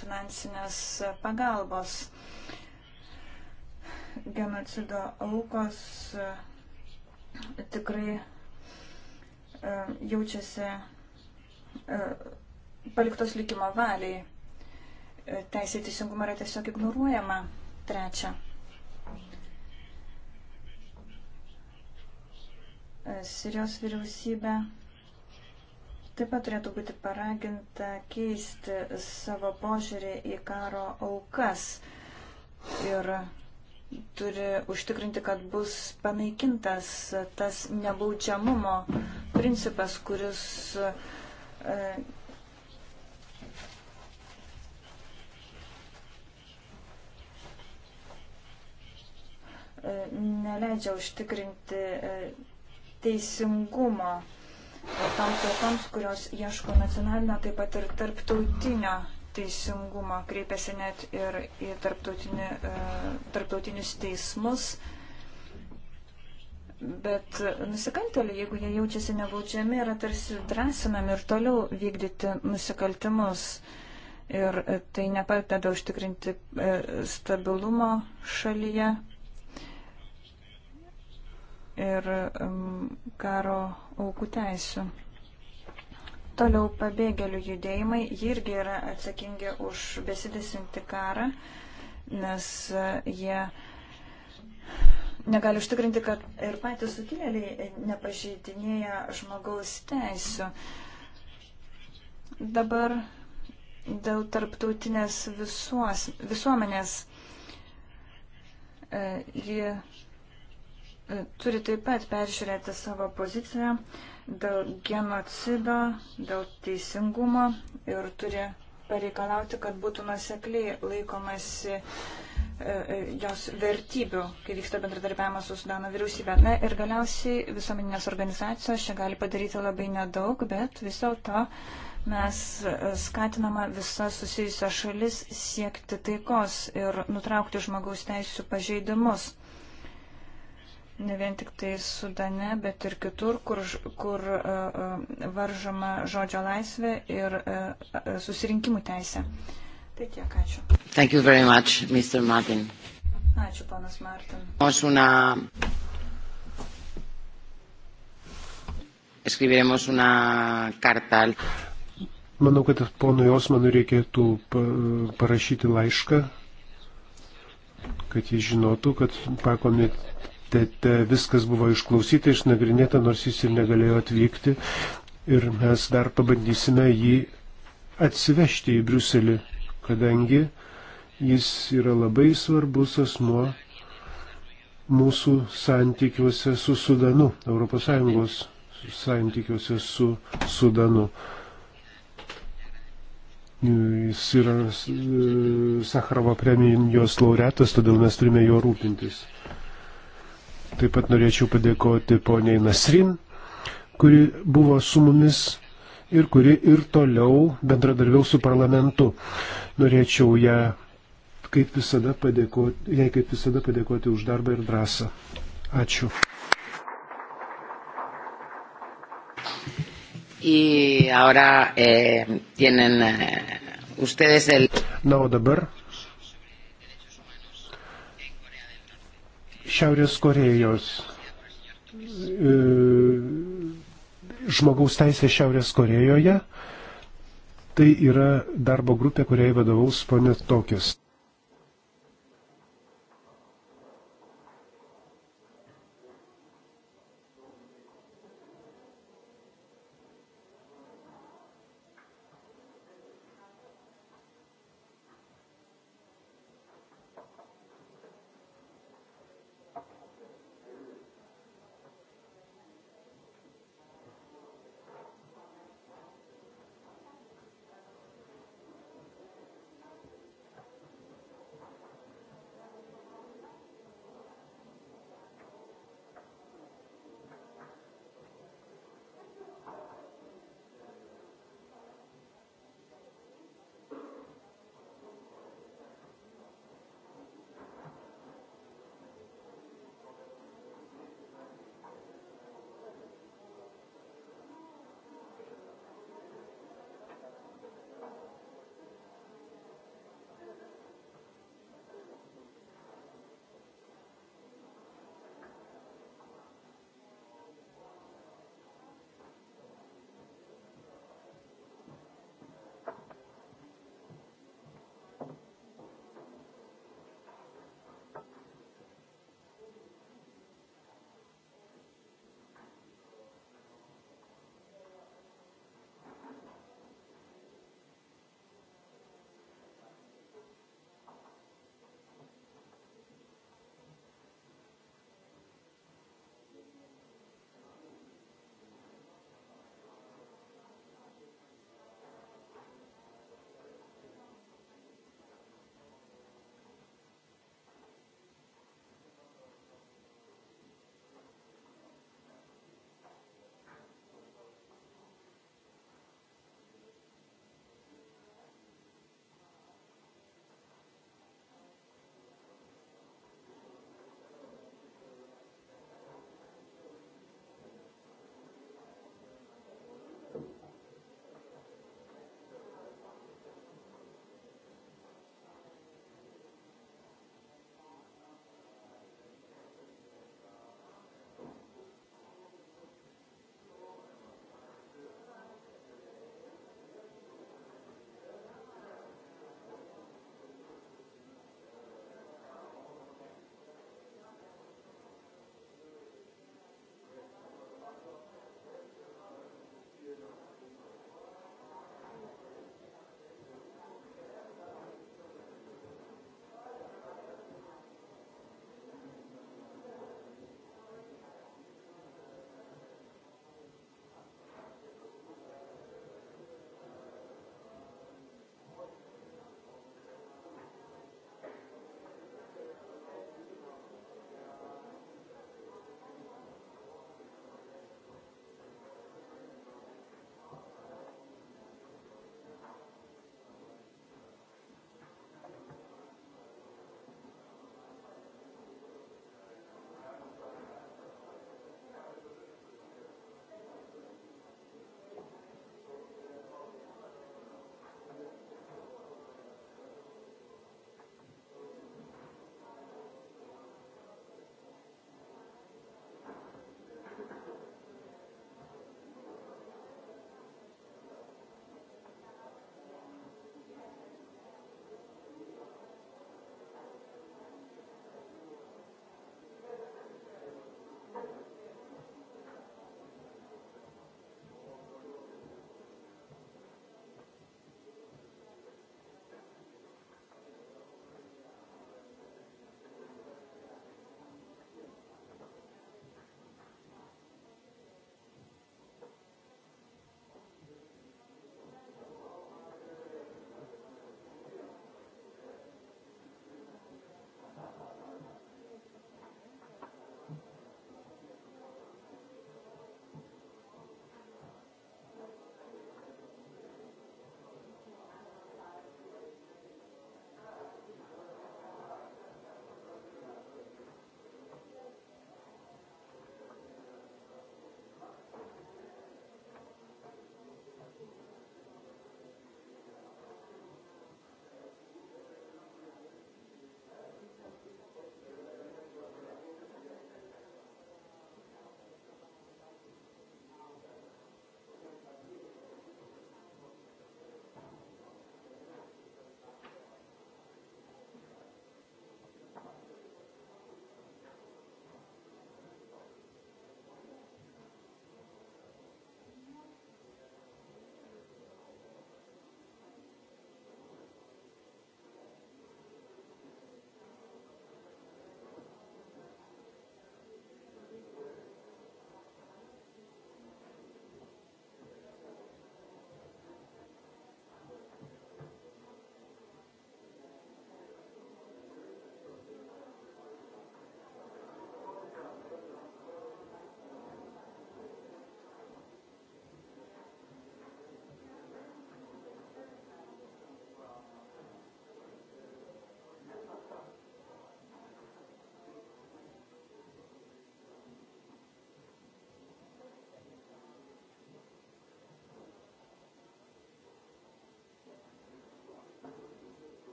finansinės pagalbos. Genocido aukos tikrai jaučiasi paliktos likimo valiai. E, Teisė į teisingumą yra tiesiog ignoruojama. Trečia. E, Sirijos vyriausybė taip pat turėtų būti paraginta keisti savo požiūrį į karo aukas ir turi užtikrinti, kad bus panaikintas tas nebaudžiamumo principas, kuris e, E, neleidžia užtikrinti e, teisingumo e, toms tautoms, kurios ieško nacionalinio, taip pat ir tarptautinio teisingumo, kreipiasi net ir į tarptautinį, tarptautinius teismus. Bet nusikaltėliai, jeigu jie jaučiasi nebaudžiami, yra tarsi drąsinami ir toliau vykdyti nusikaltimus. Ir tai nepadeda užtikrinti stabilumo šalyje ir karo aukų teisų. Toliau pabėgėlių judėjimai, jie irgi yra atsakingi už besidesinti karą, nes e, jie negali užtikrinti, kad ir patys sukilėliai e, nepažeidinėja žmogaus teisų. Dabar dėl tarptautinės visuos, visuomenės. E, jie turi taip pat peržiūrėti savo poziciją dėl genocido, dėl teisingumo ir turi pareikalauti, kad būtų nusekliai laikomasi e, e, jos vertybių, kai vyksta bendradarbiavimas su Sudano vyriausybė. Na ir galiausiai visuomeninės organizacijos čia gali padaryti labai nedaug, bet vis dėlto mes e, skatinama visas susijusias šalis siekti taikos ir nutraukti žmogaus teisų pažeidimus ne vien tik tai Sudane, bet ir kitur, kur, kur e, e, varžoma žodžio laisvė ir e, susirinkimų teisė. Tai tiek, ačiū. Thank you very much, Mr. Martin. Ačiū, panas Martin. Aš una... Escribiremos una carta al... Manau, kad ponui Osmanui reikėtų parašyti laišką, kad jis žinotų, kad pakomitė komitete viskas buvo išklausyta, išnagrinėta, nors jis ir negalėjo atvykti. Ir mes dar pabandysime jį atsivežti į Briuselį, kadangi jis yra labai svarbus asmuo mūsų santykiuose su Sudanu, ES santykiuose su Sudanu. Jis yra e, Sakharovo premijos laureatas, todėl mes turime juo rūpintis. Taip pat norėčiau padėkoti poniai Nasrin, kuri buvo su mumis ir kuri ir toliau bendradarbiau su parlamentu. Norėčiau ją, kaip visada, padėkoti, jai kaip visada padėkoti už darbą ir drąsą. Ačiū. Y ahora eh, tienen eh, ustedes el. Na, o dabar Šiaurės Korejos. E, žmogaus teisė Šiaurės Korejoje. Tai yra darbo grupė, kuriai vadovaus ponė Tokius.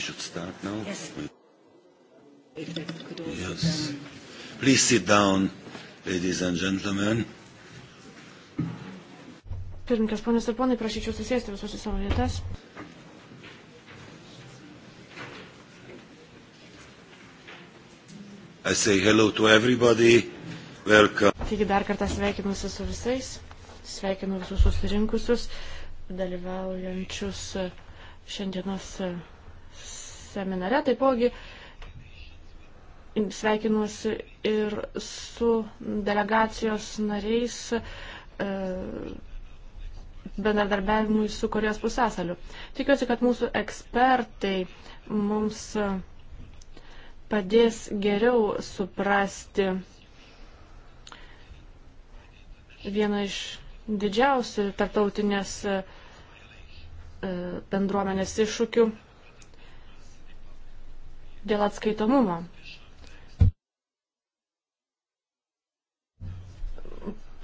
we should start now? Yes. Yes. Please sit down, ladies and gentlemen. Pirmininkas, ponės ir ponai, prašyčiau susėsti visus į savo vietas. I say hello to everybody. Welcome. Taigi dar kartą sveikinuosi su visais. Sveikinu visus susirinkusius, dalyvaujančius šiandienos seminare. Taipogi sveikinuosi ir su delegacijos nariais e, bendradarbiavimui su Korejos pusėsaliu. Tikiuosi, kad mūsų ekspertai mums padės geriau suprasti vieną iš didžiausių tarptautinės e, bendruomenės iššūkių dėl atskaitomumo.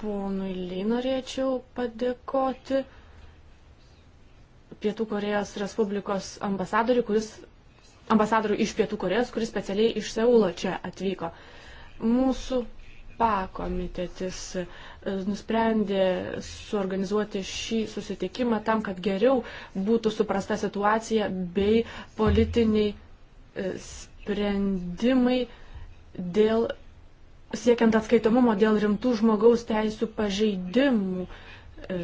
Ponui Ly norėčiau padėkoti Pietų Korejos Respublikos ambasadoriui, kuris ambasadorių iš Pietų Korejos, kuris specialiai iš Seulo čia atvyko. Mūsų pakomitetis e, nusprendė suorganizuoti šį susitikimą tam, kad geriau būtų suprasta situacija bei politiniai sprendimai dėl siekiant atskaitomumo dėl rimtų žmogaus teisų pažeidimų e,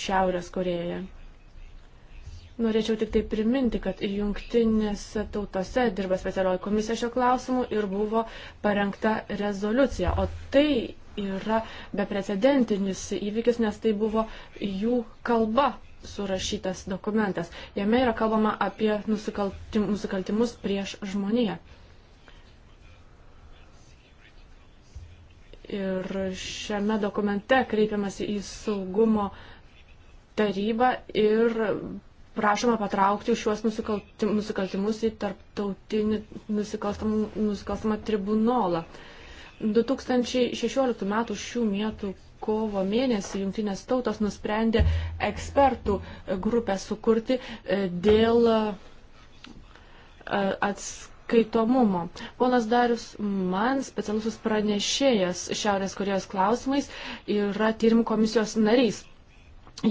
Šiaurės Korejoje. Norėčiau tik tai priminti, kad jungtinėse tautose dirba specialioji komisija šio klausimu ir buvo parengta rezoliucija. O tai yra beprecedentinis įvykis, nes tai buvo jų kalba surašytas dokumentas. Jame yra kalbama apie nusikaltimus prieš žmoniją. Ir šiame dokumente kreipiamas į saugumo tarybą ir prašoma patraukti už šiuos nusikaltimus į tarptautinį nusikalstamą tribunolą. 2016 m. šių metų kovo mėnesį jungtinės tautos nusprendė ekspertų grupę sukurti e, dėl e, atskaitomumo. Ponas Darius man, specialusis pranešėjas Šiaurės Korejos klausimais, yra tyrimų komisijos narys.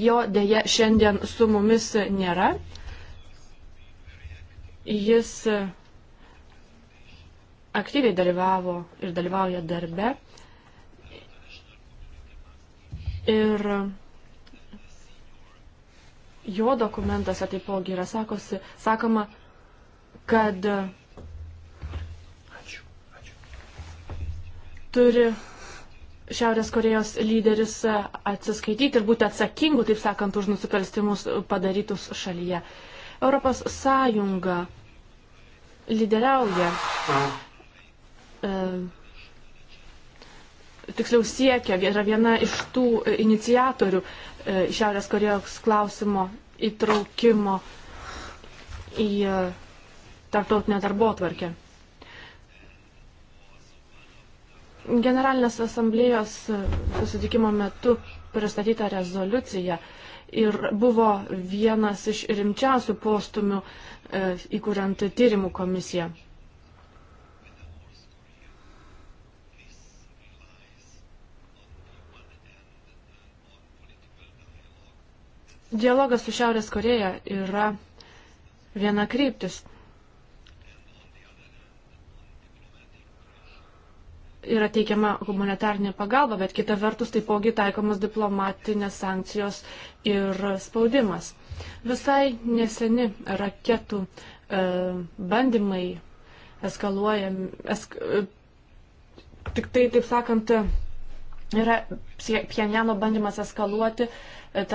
Jo dėja šiandien su mumis nėra. Jis e, aktyviai dalyvavo ir dalyvauja darbe Ir jo dokumentuose taipogi yra sakosi, sakoma, kad turi Šiaurės Korejos lyderis atsiskaityti ir būti atsakingu, taip sakant, už nusikalstimus padarytus šalyje. Europos Sąjunga lyderiauja. E, tiksliau siekia, yra viena iš tų e, inicijatorių e, Šiaurės Korejos klausimo įtraukimo į e, tarptautinę darbo tvarkę. Generalinės asamblėjos susitikimo metu pristatyta rezoliucija ir buvo vienas iš rimčiausių postumių įkuriant tyrimų komisiją. Dialogas su Šiaurės Koreja yra viena kryptis. Yra teikiama humanitarnė pagalba, bet kita vertus taipogi taikomos diplomatinės sankcijos ir spaudimas. Visai neseni raketų e, bandymai eskaluojam, esk, e, tik tai, taip sakant, yra Pjenjano bandymas eskaluoti e,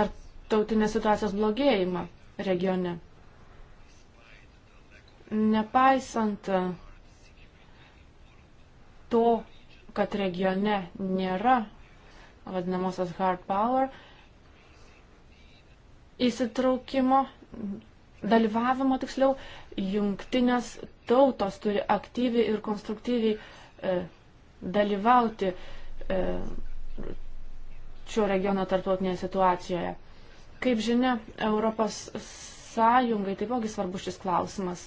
tarp tautinės situacijos blogėjimą regione. Nepaisant to, kad regione nėra vadinamosios hard power įsitraukimo, dalyvavimo tiksliau, jungtinės tautos turi aktyviai ir konstruktyviai e, dalyvauti e, šio regiono tarptautinėje situacijoje. Kaip žinia, Europos Sąjungai taipogi svarbus šis klausimas.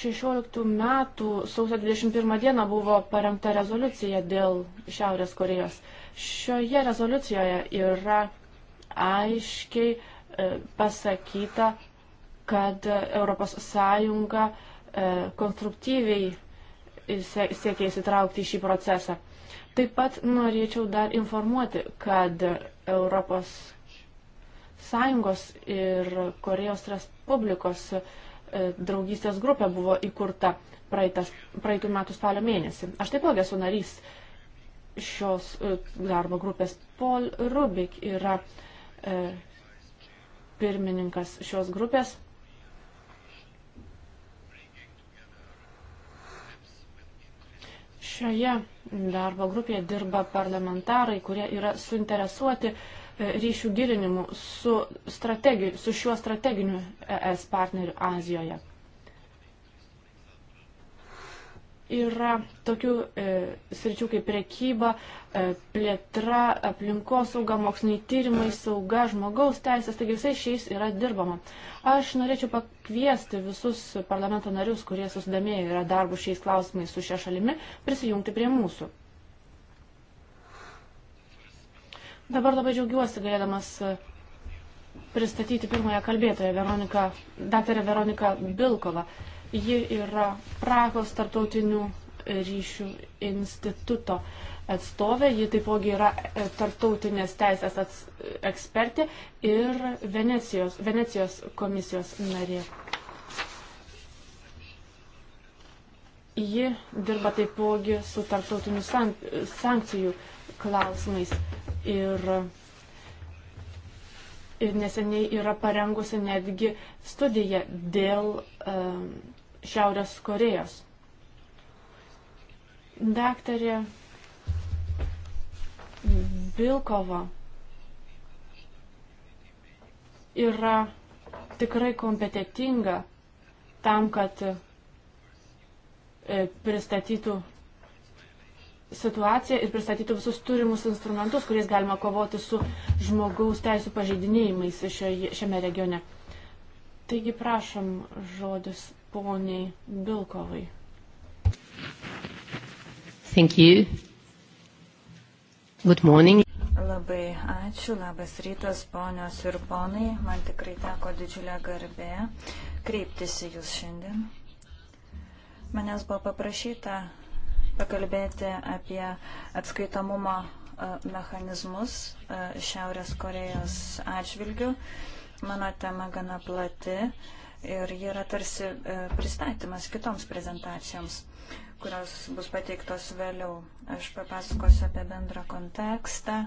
16 metų sausio 21 dieną buvo parengta rezoliucija dėl Šiaurės Korejos. Šioje rezoliucijoje yra aiškiai e, pasakyta, kad ES e, konstruktyviai siekia įsitraukti į šį procesą. Taip pat norėčiau dar informuoti, kad Europos Sąjungos ir Korejos Respublikos e, draugystės grupė buvo įkurta praeitas, praeitų metų spalio mėnesį. Aš taipogi esu narys šios e, darbo grupės. Paul Rubik yra e, pirmininkas šios grupės. Šioje darbo grupėje dirba parlamentarai, kurie yra suinteresuoti e, ryšių gilinimu su, strategi, su šiuo strateginiu e, ES partneriu Azijoje. yra tokių e, sričių kaip prekyba, e, plėtra, aplinkosauga, moksliniai tyrimai, sauga, žmogaus teisės, taigi visais šiais yra dirbama. Aš norėčiau pakviesti visus parlamento narius, kurie susidomėję yra darbų šiais klausimais su šia šalimi, prisijungti prie mūsų. Dabar labai džiaugiuosi galėdamas e, pristatyti pirmąją kalbėtoją, Veronika, daktarę Veroniką Bilkovą. E, Ji yra Prahos tarptautinių ryšių instituto atstovė, ji taipogi yra e, tarptautinės teisės ats, ekspertė ir Venecijos, Venecijos komisijos narė. Ji dirba taipogi su tarptautiniu sank, sankcijų klausimais ir ir neseniai yra parengusi netgi studiją dėl um, Šiaurės Korejos. Daktarė Vilkova yra tikrai kompetitinga tam, kad e, pristatytų situaciją ir pristatytų visus turimus instrumentus, kuriais galima kovoti su žmogaus teisų pažeidinėjimais šioje, šiame regione. Taigi prašom žodis poniai Bilkovai. Thank you. Good morning. Labai ačiū, labas rytas, ponios ir ponai. Man tikrai teko didžiulė garbė kreiptis į jūs šiandien. Manęs buvo paprašyta pakalbėti apie atskaitamumo e, mechanizmus e, Šiaurės Korejos atžvilgių. Mano tema gana plati ir ji yra tarsi e, pristatymas kitoms prezentacijoms, kurios bus pateiktos vėliau. Aš papasakosiu apie bendrą kontekstą,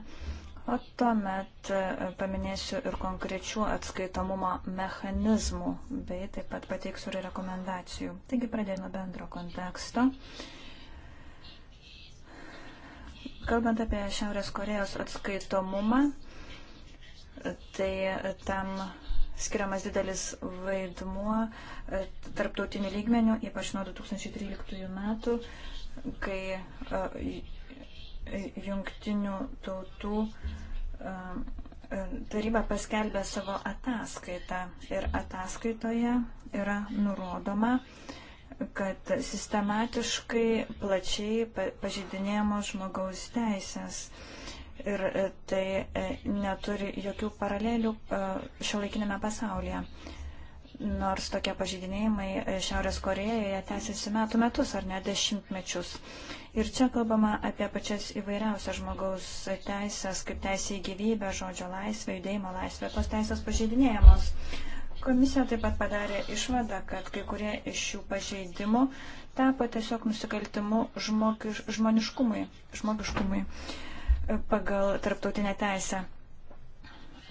o tuomet paminėsiu ir konkrečių atskaitomumo mechanizmų, bei taip pat pateiksiu ir rekomendacijų. Taigi pradėjome bendro konteksto. Uh, Kalbant apie Šiaurės Korejos atskaitomumą, tai tam skiriamas didelis vaidmuo e, tarptautinių lygmenių, ypač nuo 2013 metų, kai e, jungtinių tautų e, taryba paskelbė savo ataskaitą ir ataskaitoje yra nurodoma, kad sistematiškai plačiai pažeidinėjamos žmogaus teisės. Ir e, tai e, neturi jokių paralelių e, šiuolaikinėme pasaulyje. Nors tokie pažeidinėjimai Šiaurės Korejoje tęsiasi metų metus ar net dešimtmečius. Ir čia kalbama apie pačias įvairiausias žmogaus teisės, kaip teisė į gyvybę, žodžio laisvę, judėjimo laisvę. Tos teisės pažeidinėjamos. Komisija taip pat padarė išvadą, kad kai kurie iš šių pažeidimų tapo tiesiog nusikaltimu žmogiš, žmoniškumui, žmogiškumui e, pagal tarptautinę teisę.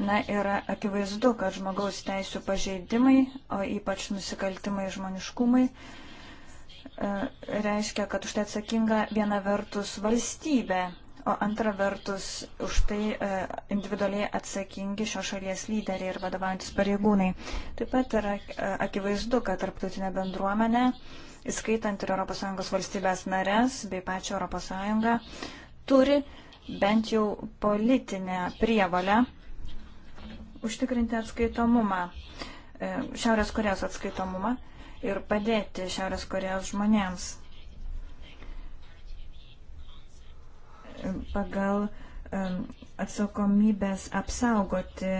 Na, yra akivaizdu, kad žmogaus teisų pažeidimai, o ypač nusikaltimai žmoniškumui, e, reiškia, kad už tai atsakinga viena vertus valstybė, o antra vertus už tai e, individualiai atsakingi šios šalies lyderiai ir vadovaujantis pareigūnai. Taip pat yra e, akivaizdu, kad tarptautinė bendruomenė, įskaitant ir ES valstybės narės bei pačią ES, turi bent jau politinę prievalę užtikrinti atskaitomumą, e, Šiaurės Korejos atskaitomumą ir padėti Šiaurės Korejos žmonėms. pagal atsakomybės apsaugoti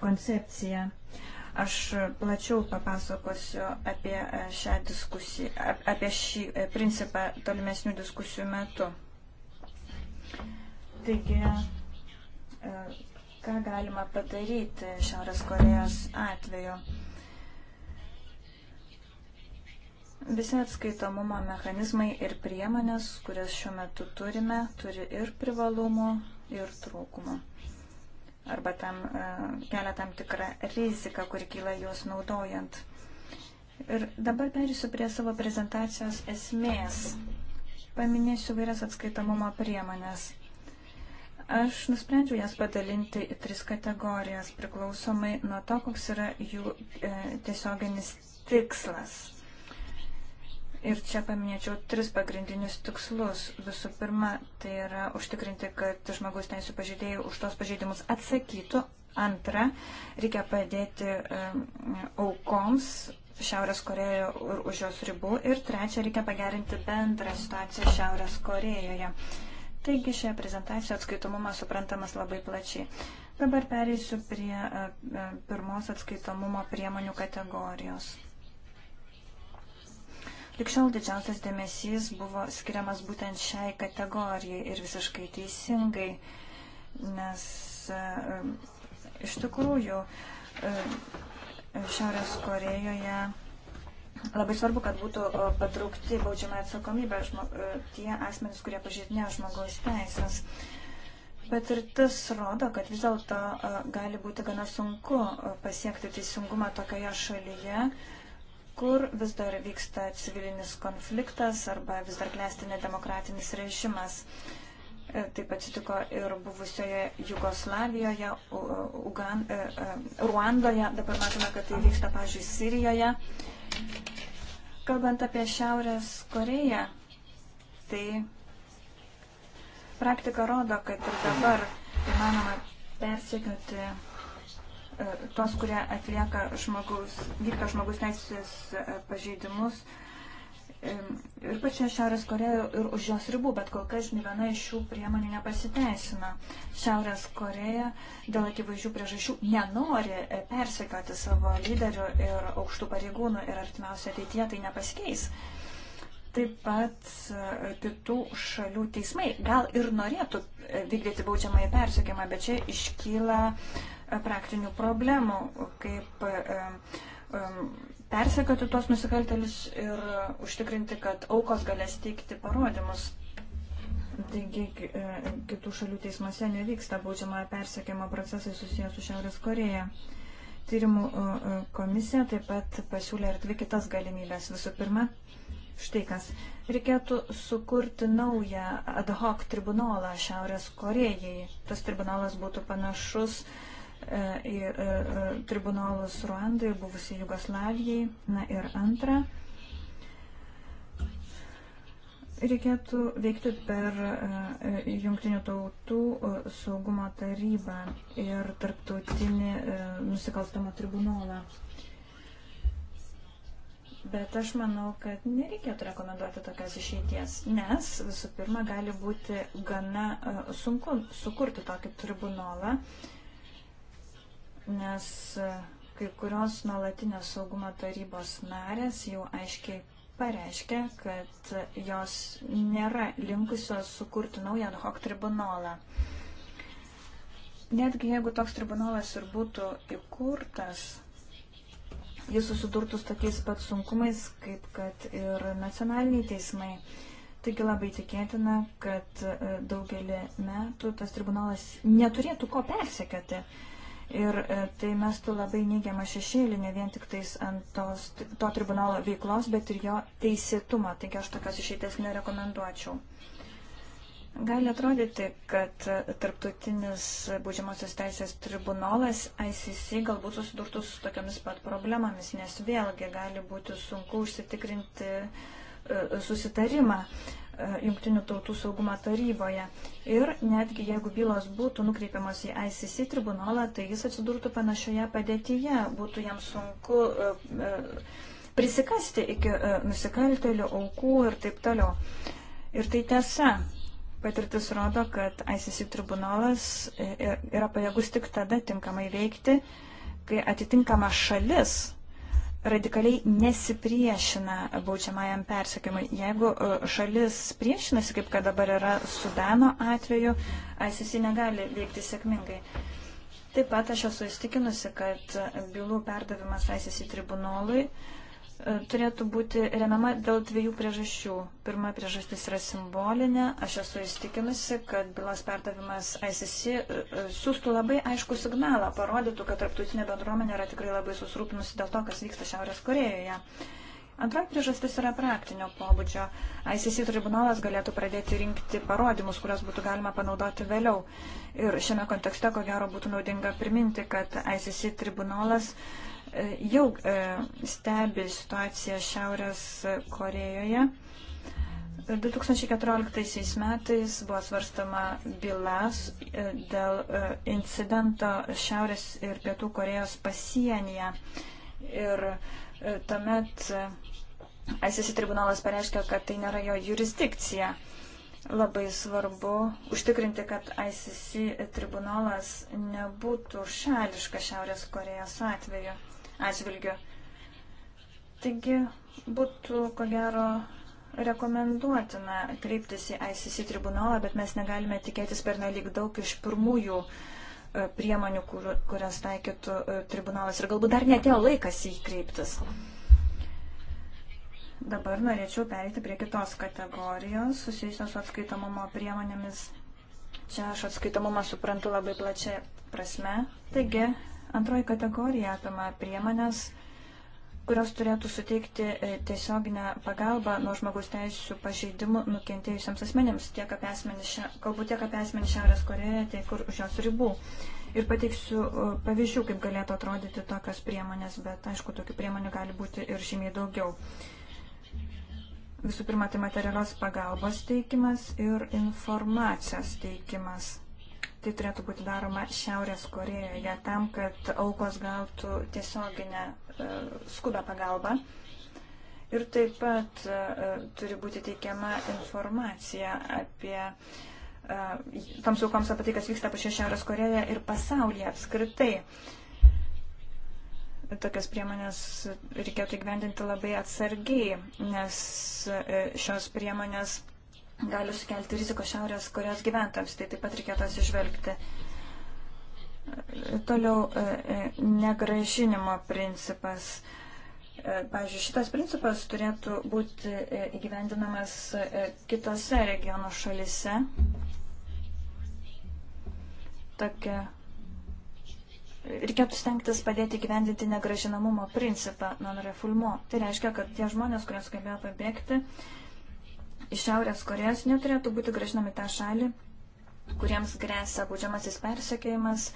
koncepciją. Aš plačiau papasakosiu apie e, šią diskusiją, apie šį e, principą tolimesnių diskusijų metu. Taigi, e, ką galima padaryti Šiaurės Korejos atveju? Visi atskaitomumo mechanizmai ir priemonės, kurias šiuo metu turime, turi ir privalumų, ir trūkumų. Arba tam, e, kelia tam tikrą riziką, kur kyla juos naudojant. Ir dabar perėsiu prie savo prezentacijos esmės. Paminėsiu vairias atskaitomumo priemonės. Aš nusprendžiau jas padalinti į tris kategorijas priklausomai nuo to, koks yra jų e, tiesioginis tikslas Ir čia paminėčiau tris pagrindinius tikslus. Visų pirma, tai yra užtikrinti, kad žmogaus teisų pažeidėjai už tos pažeidimus atsakytų. Antra, reikia padėti um, aukoms Šiaurės Korejoje ir už jos ribų. Ir trečia, reikia pagerinti bendrą situaciją Šiaurės Korejoje. Taigi šioje prezentacijoje atskaitomumas suprantamas labai plačiai. Dabar pereisiu prie pirmos atskaitomumo priemonių kategorijos. Likščiau didžiausias dėmesys buvo skiriamas būtent šiai kategorijai ir visiškai teisingai, nes e, iš tikrųjų e, Šiaurės Korejoje labai svarbu, kad būtų e, patraukti baudžiamą atsakomybę tie asmenys, kurie pažeidinėjo žmogaus teisės. Patirtis rodo, kad vis dėlto gali būti gana sunku pasiekti teisingumą tokioje šalyje, kur vis dar vyksta civilinis konfliktas arba vis dar klesti nedemokratinis režimas. E, taip atsitiko ir buvusioje Jugoslavijoje, Ugan, e, e, Ruandoje, dabar matome, kad tai vyksta, pažiūrėjau, Sirijoje. Kalbant apie Šiaurės Koreją, tai praktika rodo, kad ir dabar įmanoma persiekinti tos, kurie atlieka žmogus, vykdo žmogus teisės e, pažeidimus ir pačioje Šiaurės Korejoje ir už jos ribų, bet kol kas nei viena iš šių priemonių nepasiteisina. Šiaurės Koreja dėl akivaizdžių priežasčių nenori e, persekioti savo lyderių ir aukštų pareigūnų ir artimiausia ateityje tai nepasikeis. Taip pat e, kitų šalių teismai gal ir norėtų vykdyti baudžiamąjį persekiamą, bet čia iškyla uh, praktinių problemų, kaip persekoti tuos nusikaltelius ir užtikrinti, kad aukos galės teikti parodymus. Taigi e, kitų šalių teismuose nevyksta baudžiamojo persekiamo procesai susijęs su Šiaurės Koreja. Tyrimų e, e, komisija taip pat pasiūlė ir dvi kitas galimybės. Visų pirma, štai kas. Reikėtų sukurti naują ad hoc tribunolą Šiaurės Korejai. Tas tribunolas būtų panašus uh, E, į e, e, tribunolus Ruandai, buvusiai Jugoslavijai. Na ir antra, reikėtų veikti per Junktinių tautų saugumo tarybą ir tarptautinį nusikalstamą tribunolą. Bet aš manau, kad nereikėtų rekomenduoti tokios išeities, nes visų pirma gali būti gana sunku sukurti tokį tribunolą. Uh, nes e, kai kurios nuolatinės saugumo tarybos narės jau aiškiai pareiškė, kad jos nėra linkusios sukurti naują ad hoc tribunolą. Netgi jeigu toks tribunolas ir būtų įkurtas, jis susidurtų su tokiais pat sunkumais, kaip kad ir nacionaliniai teismai. Taigi labai tikėtina, kad e, daugelį metų tas tribunolas neturėtų ko persekioti. Uh, Ir e, tai mestų labai neigiamą šešėlį, ne vien tik tais ant tos, to tribunolo veiklos, bet ir jo teisėtumą. Taigi aš tokios išeities nerekomenduočiau. Gali atrodyti, kad e, tarptautinis būdžiamosios teisės tribunolas ICC galbūt susidurtų su tokiamis pat problemomis, nes vėlgi gali būti sunku užsitikrinti e, susitarimą. E, Junktinių tautų saugumo taryboje. Ir netgi jeigu bylos būtų nukreipiamos į ICC tribunolą, tai jis atsidurtų panašioje padėtyje. Būtų jam sunku e, e, prisikasti iki nusikaltelių, aukų ir taip toliau. Ir tai tiesa. Patirtis rodo, kad ICC tribunolas yra pajėgus tik tada tinkamai veikti, kai atitinkama šalis radikaliai nesipriešina baudžiamajam persekimui. Jeigu e, šalis priešinasi, kaip kad dabar yra Sudano atveju, ICC negali veikti sėkmingai. Taip pat aš esu įstikinusi, kad bylų perdavimas ICC tribunolui uh, E, turėtų būti remiama dėl dviejų priežasčių. Pirma priežastis yra simbolinė. Aš esu įstikinusi, kad bylos perdavimas ICC e, e, siūstų labai aišku signalą, parodytų, kad tarptautinė bendruomenė yra tikrai labai susirūpinusi dėl to, kas vyksta Šiaurės Korejoje. Antra priežastis yra praktinio pobūdžio. ICC tribunolas galėtų pradėti rinkti parodymus, kuriuos būtų galima panaudoti vėliau. Ir šiame kontekste, ko gero, būtų naudinga priminti, kad ICC tribunolas uh, jau e, stebi situaciją Šiaurės Korejoje. 2014 metais buvo svarstama bylas e, dėl e, incidento Šiaurės ir Pietų Korejos pasienyje. Ir tuomet ICC tribunolas pareiškė, kad tai nėra jo jurisdikcija. Labai svarbu užtikrinti, kad ICC tribunolas nebūtų šališka Šiaurės Korejos atveju atžvilgiu. Taigi būtų, ko gero, rekomenduotina kreiptis į ICC tribunolą, bet mes negalime tikėtis per nelik daug iš pirmųjų e, priemonių, kur, kurias taikytų e, tribunolas. Ir galbūt dar netėjo laikas į jį kreiptis. Dabar norėčiau pereiti prie kitos kategorijos, susijusios su atskaitomumo priemonėmis. Čia aš atskaitomumą suprantu labai plačia prasme. Taigi, Antroji kategorija apima priemonės, kurios turėtų suteikti e, tiesioginę pagalbą nuo žmogaus teisų pažeidimų nukentėjusiems asmenėms, tiek apie asmenį, kalbu tiek apie asmenį Šiaurės Korejoje, tiek ir už jos ribų. Ir pateiksiu e, pavyzdžių, kaip galėtų atrodyti tokios priemonės, bet aišku, tokių priemonių gali būti ir žymiai daugiau. Visų pirma, tai materialios pagalbos teikimas ir informacijos teikimas tai turėtų būti daroma Šiaurės Korejoje tam, kad aukos gautų tiesioginę e, skubę pagalbą. Ir taip pat e, turi būti teikiama informacija apie e, toms aukoms apie tai, kas vyksta pačioje Šiaurės Korejoje ir pasaulyje apskritai. Tokias priemonės reikėtų įgyvendinti labai atsargiai, nes šios priemonės gali sukelti riziko Šiaurės Korejos gyventojams. Tai taip pat reikėtų atsižvelgti. Toliau e, e, negražinimo principas. E, pavyzdžiui, šitas principas turėtų būti įgyvendinamas kitose regiono šalise. Tokia. Reikėtų stengtis padėti gyvendinti negražinamumo principą non-refulmo. Tai reiškia, kad tie žmonės, kurios galėjo pabėgti, uh, iš Šiaurės Korejos neturėtų būti gražinami tą šalį, kuriems grėsia baudžiamasis persekėjimas,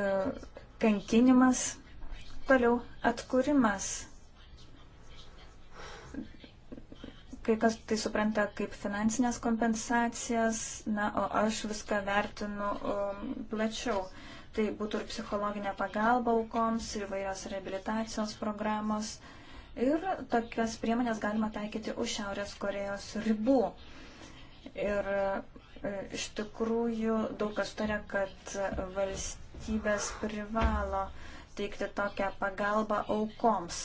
e, kankinimas, toliau atkūrimas. Kai kas tai supranta kaip finansinės kompensacijas, na, o aš viską vertinu um, plačiau. Tai būtų ir psichologinė pagalba aukoms, ir vairios rehabilitacijos programos. Uh, ir tokias priemonės galima taikyti už Šiaurės Korejos ribų. Ir e, iš tikrųjų daug kas turi, kad valstybės privalo teikti tokią pagalbą aukoms.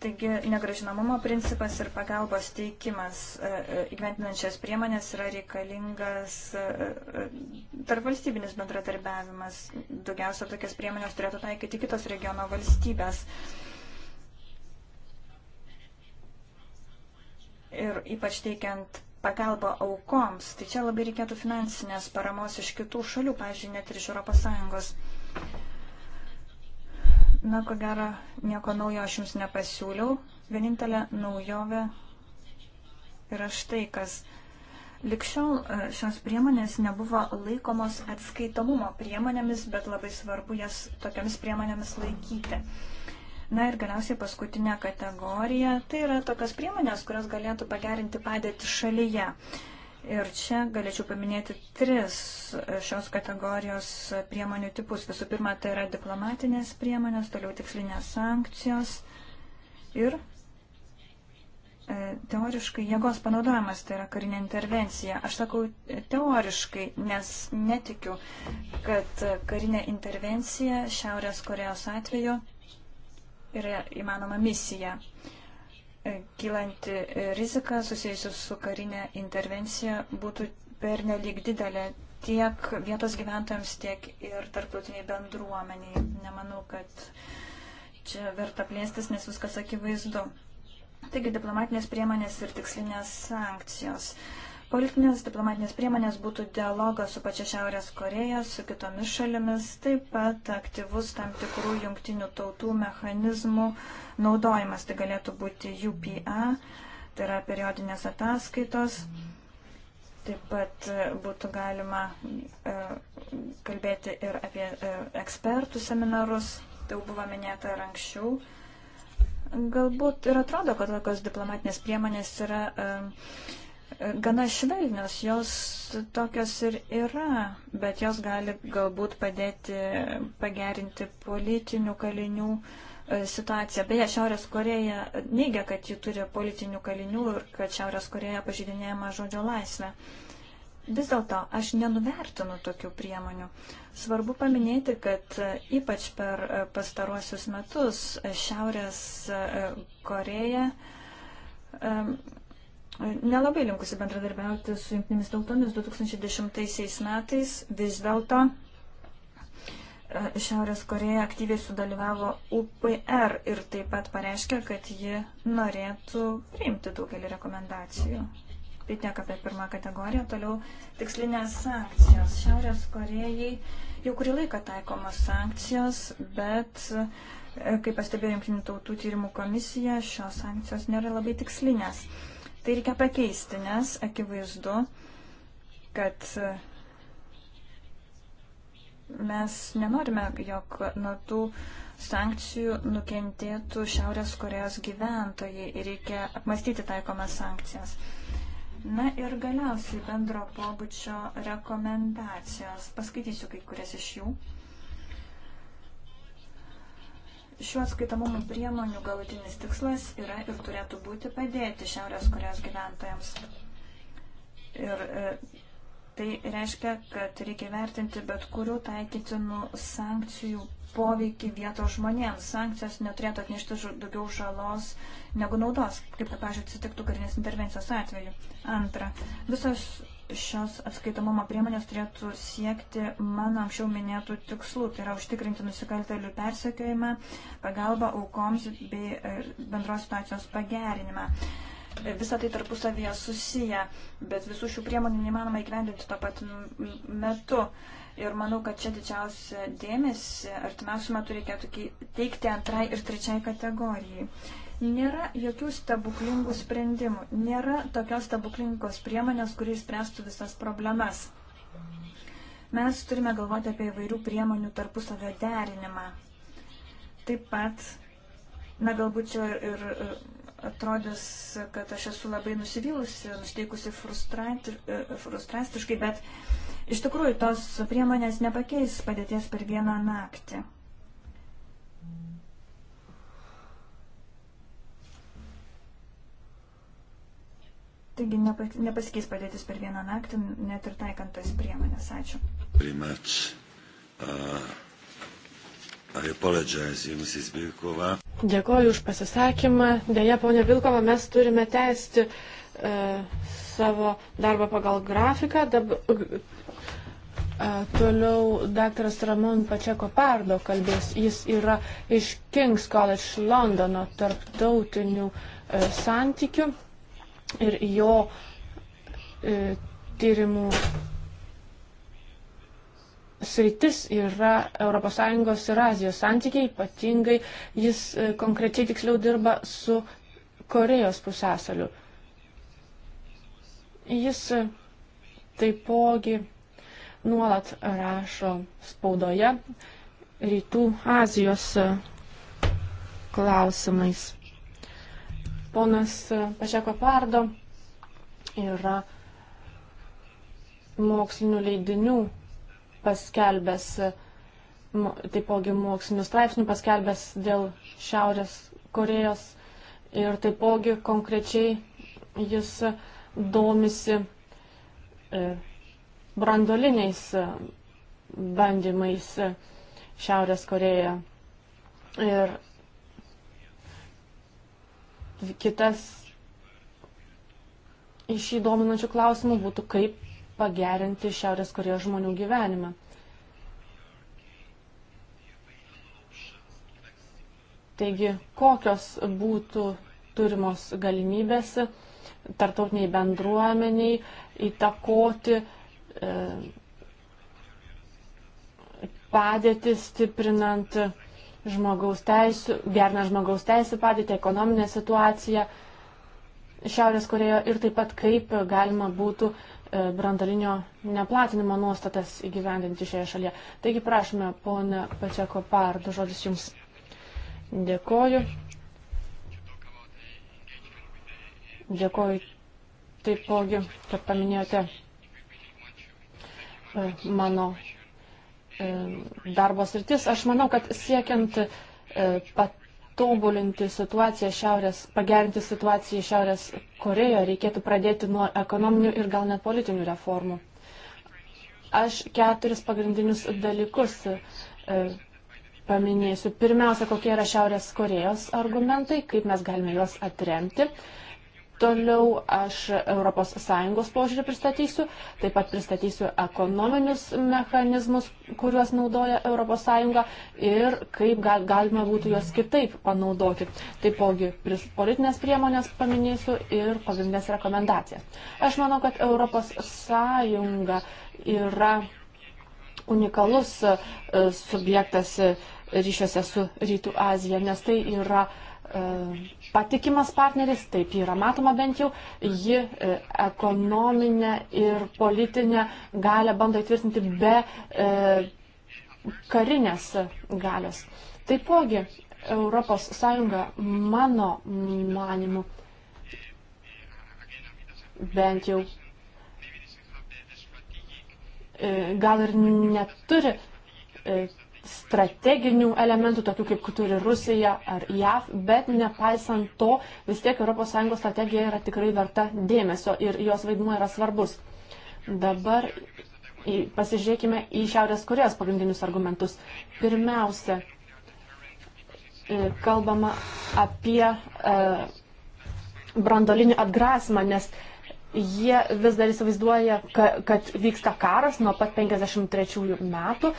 Taigi negražinamumo principas ir pagalbos teikimas e, e, įgyventinančias priemonės yra reikalingas tarpvalstybinis bendradarbiavimas. Daugiausia tokias priemonės turėtų taikyti kitos regiono valstybės. ir ypač teikiant pagalbą aukoms, tai čia labai reikėtų finansinės paramos iš kitų šalių, pažiūrėjau, net ir iš ES. Na, ko gero, nieko naujo aš jums nepasiūliau. Vienintelė naujovė yra štai kas. Likščiau e, šios priemonės nebuvo laikomos atskaitomumo priemonėmis, bet labai svarbu jas tokiamis priemonėmis laikyti. Na ir galiausiai paskutinė kategorija - tai yra tokios priemonės, kurios galėtų pagerinti padėtį šalyje. Ir čia galėčiau paminėti tris šios kategorijos priemonių tipus. Visų pirma, tai yra diplomatinės priemonės, toliau tikslinės sankcijos ir e, teoriškai jėgos panaudojimas, tai yra karinė intervencija. Aš sakau teoriškai, nes netikiu, kad karinė intervencija Šiaurės Korejos atveju yra įmanoma misija. E, kylanti rizika susijusi su karinė intervencija būtų per nelik didelė tiek vietos gyventojams, tiek ir tarptautiniai bendruomeniai. Nemanau, kad čia verta plėstis, nes viskas akivaizdu. Taigi diplomatinės priemonės ir tikslinės sankcijos. Uh, Politinės diplomatinės priemonės būtų dialogas su pačia Šiaurės Koreja, su kitomis šalimis, taip pat aktyvus tam tikrų jungtinių tautų mechanizmų naudojimas. Tai galėtų būti UPA, tai yra periodinės ataskaitos. Taip pat e, būtų galima e, kalbėti ir apie e, ekspertų seminarus, tai jau buvo minėta ir anksčiau. Galbūt ir atrodo, kad tokios diplomatinės priemonės yra uh, gana švelnios, jos tokios ir yra, bet jos gali galbūt padėti pagerinti politinių kalinių e, situaciją. Beje, Šiaurės Koreja neigia, kad ji turi politinių kalinių ir kad Šiaurės Koreja pažydinėjama žodžio laisvę. Vis dėlto aš nenuvertinu tokių priemonių. Svarbu paminėti, kad e, ypač per e, pastaruosius metus Šiaurės Koreja nelabai linkusi bendradarbiauti su jungtinėmis tautomis 2010 metais. Vis dėlto e, Šiaurės Koreja aktyviai sudalyvavo UPR ir taip pat pareiškė, kad ji norėtų priimti daugelį rekomendacijų. Tai tiek apie pirmą kategoriją. Toliau tikslinės sankcijos. Šiaurės Korejai jau kurį laiką taikomos sankcijos, bet, e, kaip pastebėjo Junktinių tautų tyrimų komisija, šios sankcijos nėra labai tikslinės. Tai reikia pakeisti, nes akivaizdu, kad mes nenorime, jog nuo tų sankcijų nukentėtų Šiaurės Korejos gyventojai ir reikia apmastyti taikomas sankcijas. Na ir galiausiai bendro pobūdžio rekomendacijos. Paskaitysiu kai kurias iš jų. Šiuo atskaitamumo priemonių galutinis tikslas yra ir turėtų būti padėti Šiaurės Korejos gyventojams. Ir e, tai reiškia, kad reikia vertinti bet kurių taikytinų sankcijų poveikį vietos žmonėms. Sankcijos neturėtų atnešti daugiau žalos negu naudos, kaip, pavyzdžiui, atsitiktų karinės intervencijos atveju. Antra, visos šios atskaitomumo priemonės turėtų siekti mano anksčiau minėtų tikslų, tai yra užtikrinti nusikaltelių persekiojimą, pagalbą aukoms bei e, bendros situacijos pagerinimą. Visą tai tarpusavyje susiję, bet visų šių priemonių neįmanoma įgyvendinti tuo pat metu. Ir manau, kad čia didžiausia dėmesį artimiausiu metu reikėtų teikti antrai ir trečiai kategorijai. Nėra jokių stebuklingų sprendimų, nėra tokios stebuklingos priemonės, kuriais spręstų visas problemas. Mes turime galvoti apie įvairių priemonių tarpusavio derinimą. Taip pat, na galbūt čia ir atrodys, kad aš esu labai nusivylusi, nusteikusi frustrastiškai, bet iš tikrųjų tos priemonės nepakeis padėties per vieną naktį. Taigi nepasikeis padėtis per vieną naktį, net ir taikant tas priemonės. Ačiū. Uh, Dėkoju už pasisakymą. Deja, ponia Vilkova, mes turime tęsti uh, savo darbą pagal grafiką. Dab, uh, Toliau daktaras Ramon Pačeko Pardo kalbės. Jis yra iš King's College Londono tarptautinių e, santykių ir jo e, tyrimų sritis yra ES ir Azijos santykiai, ypatingai jis e, konkrečiai tiksliau dirba su Korejos pusėsaliu. Jis e, taipogi nuolat rašo spaudoje rytų Azijos e, klausimais. Ponas Pašeko Pardo yra mokslinių leidinių paskelbęs, taipogi mokslinių straipsnių paskelbęs dėl Šiaurės Korejos ir taipogi konkrečiai jis domisi e, brandoliniais e, bandymais Šiaurės Korejoje. Ir kitas iš įdominančių klausimų būtų, kaip pagerinti Šiaurės Korejos žmonių gyvenimą. Taigi, kokios būtų turimos galimybės tartautiniai bendruomeniai įtakoti e, padėtį stiprinant žmogaus teisų, gerina žmogaus teisų padėtį, ekonominę situaciją Šiaurės Korejoje ir taip pat kaip galima būtų e, brandalinio neplatinimo nuostatas įgyvendinti šioje šalyje. Taigi prašome, ponė Pačiako Pardu, žodis jums. Dėkoju. Dėkoju taipogi, kad paminėjote e, mano E, darbos rytis. Aš manau, kad siekiant e, patobulinti situaciją šiaurės, pagerinti situaciją Šiaurės Korejoje, reikėtų pradėti nuo ekonominių ir gal net politinių reformų. Aš keturis pagrindinius dalykus e, paminėsiu. Pirmiausia, kokie yra Šiaurės Korejos argumentai, kaip mes galime juos atremti. Toliau aš ES požiūrį pristatysiu, taip pat pristatysiu ekonominius mechanizmus, kuriuos naudoja ES ir kaip gal, galima būtų juos kitaip panaudoti. Taipogi politinės priemonės paminėsiu ir pagrindinės rekomendacijas. Aš manau, kad ES yra unikalus e, subjektas e, ryšiuose su Rytų Azija, nes tai yra. Uh, patikimas partneris, taip yra matoma bent jau, ji e, ekonominę ir politinę galę bando įtvirtinti be e, karinės galios. Taipogi, ES mano manimu bent jau e, gal ir neturi e, strateginių elementų, tokių kaip turi Rusija ar JAV, bet nepaisant to, vis tiek ES strategija yra tikrai verta dėmesio ir jos vaidmuo yra svarbus. Dabar pasižiūrėkime į Šiaurės Korejos pagrindinius argumentus. Pirmiausia, e, kalbama apie e, brandolinį atgrasimą, nes jie vis dar įsivaizduoja, kad vyksta karas nuo pat 53 metų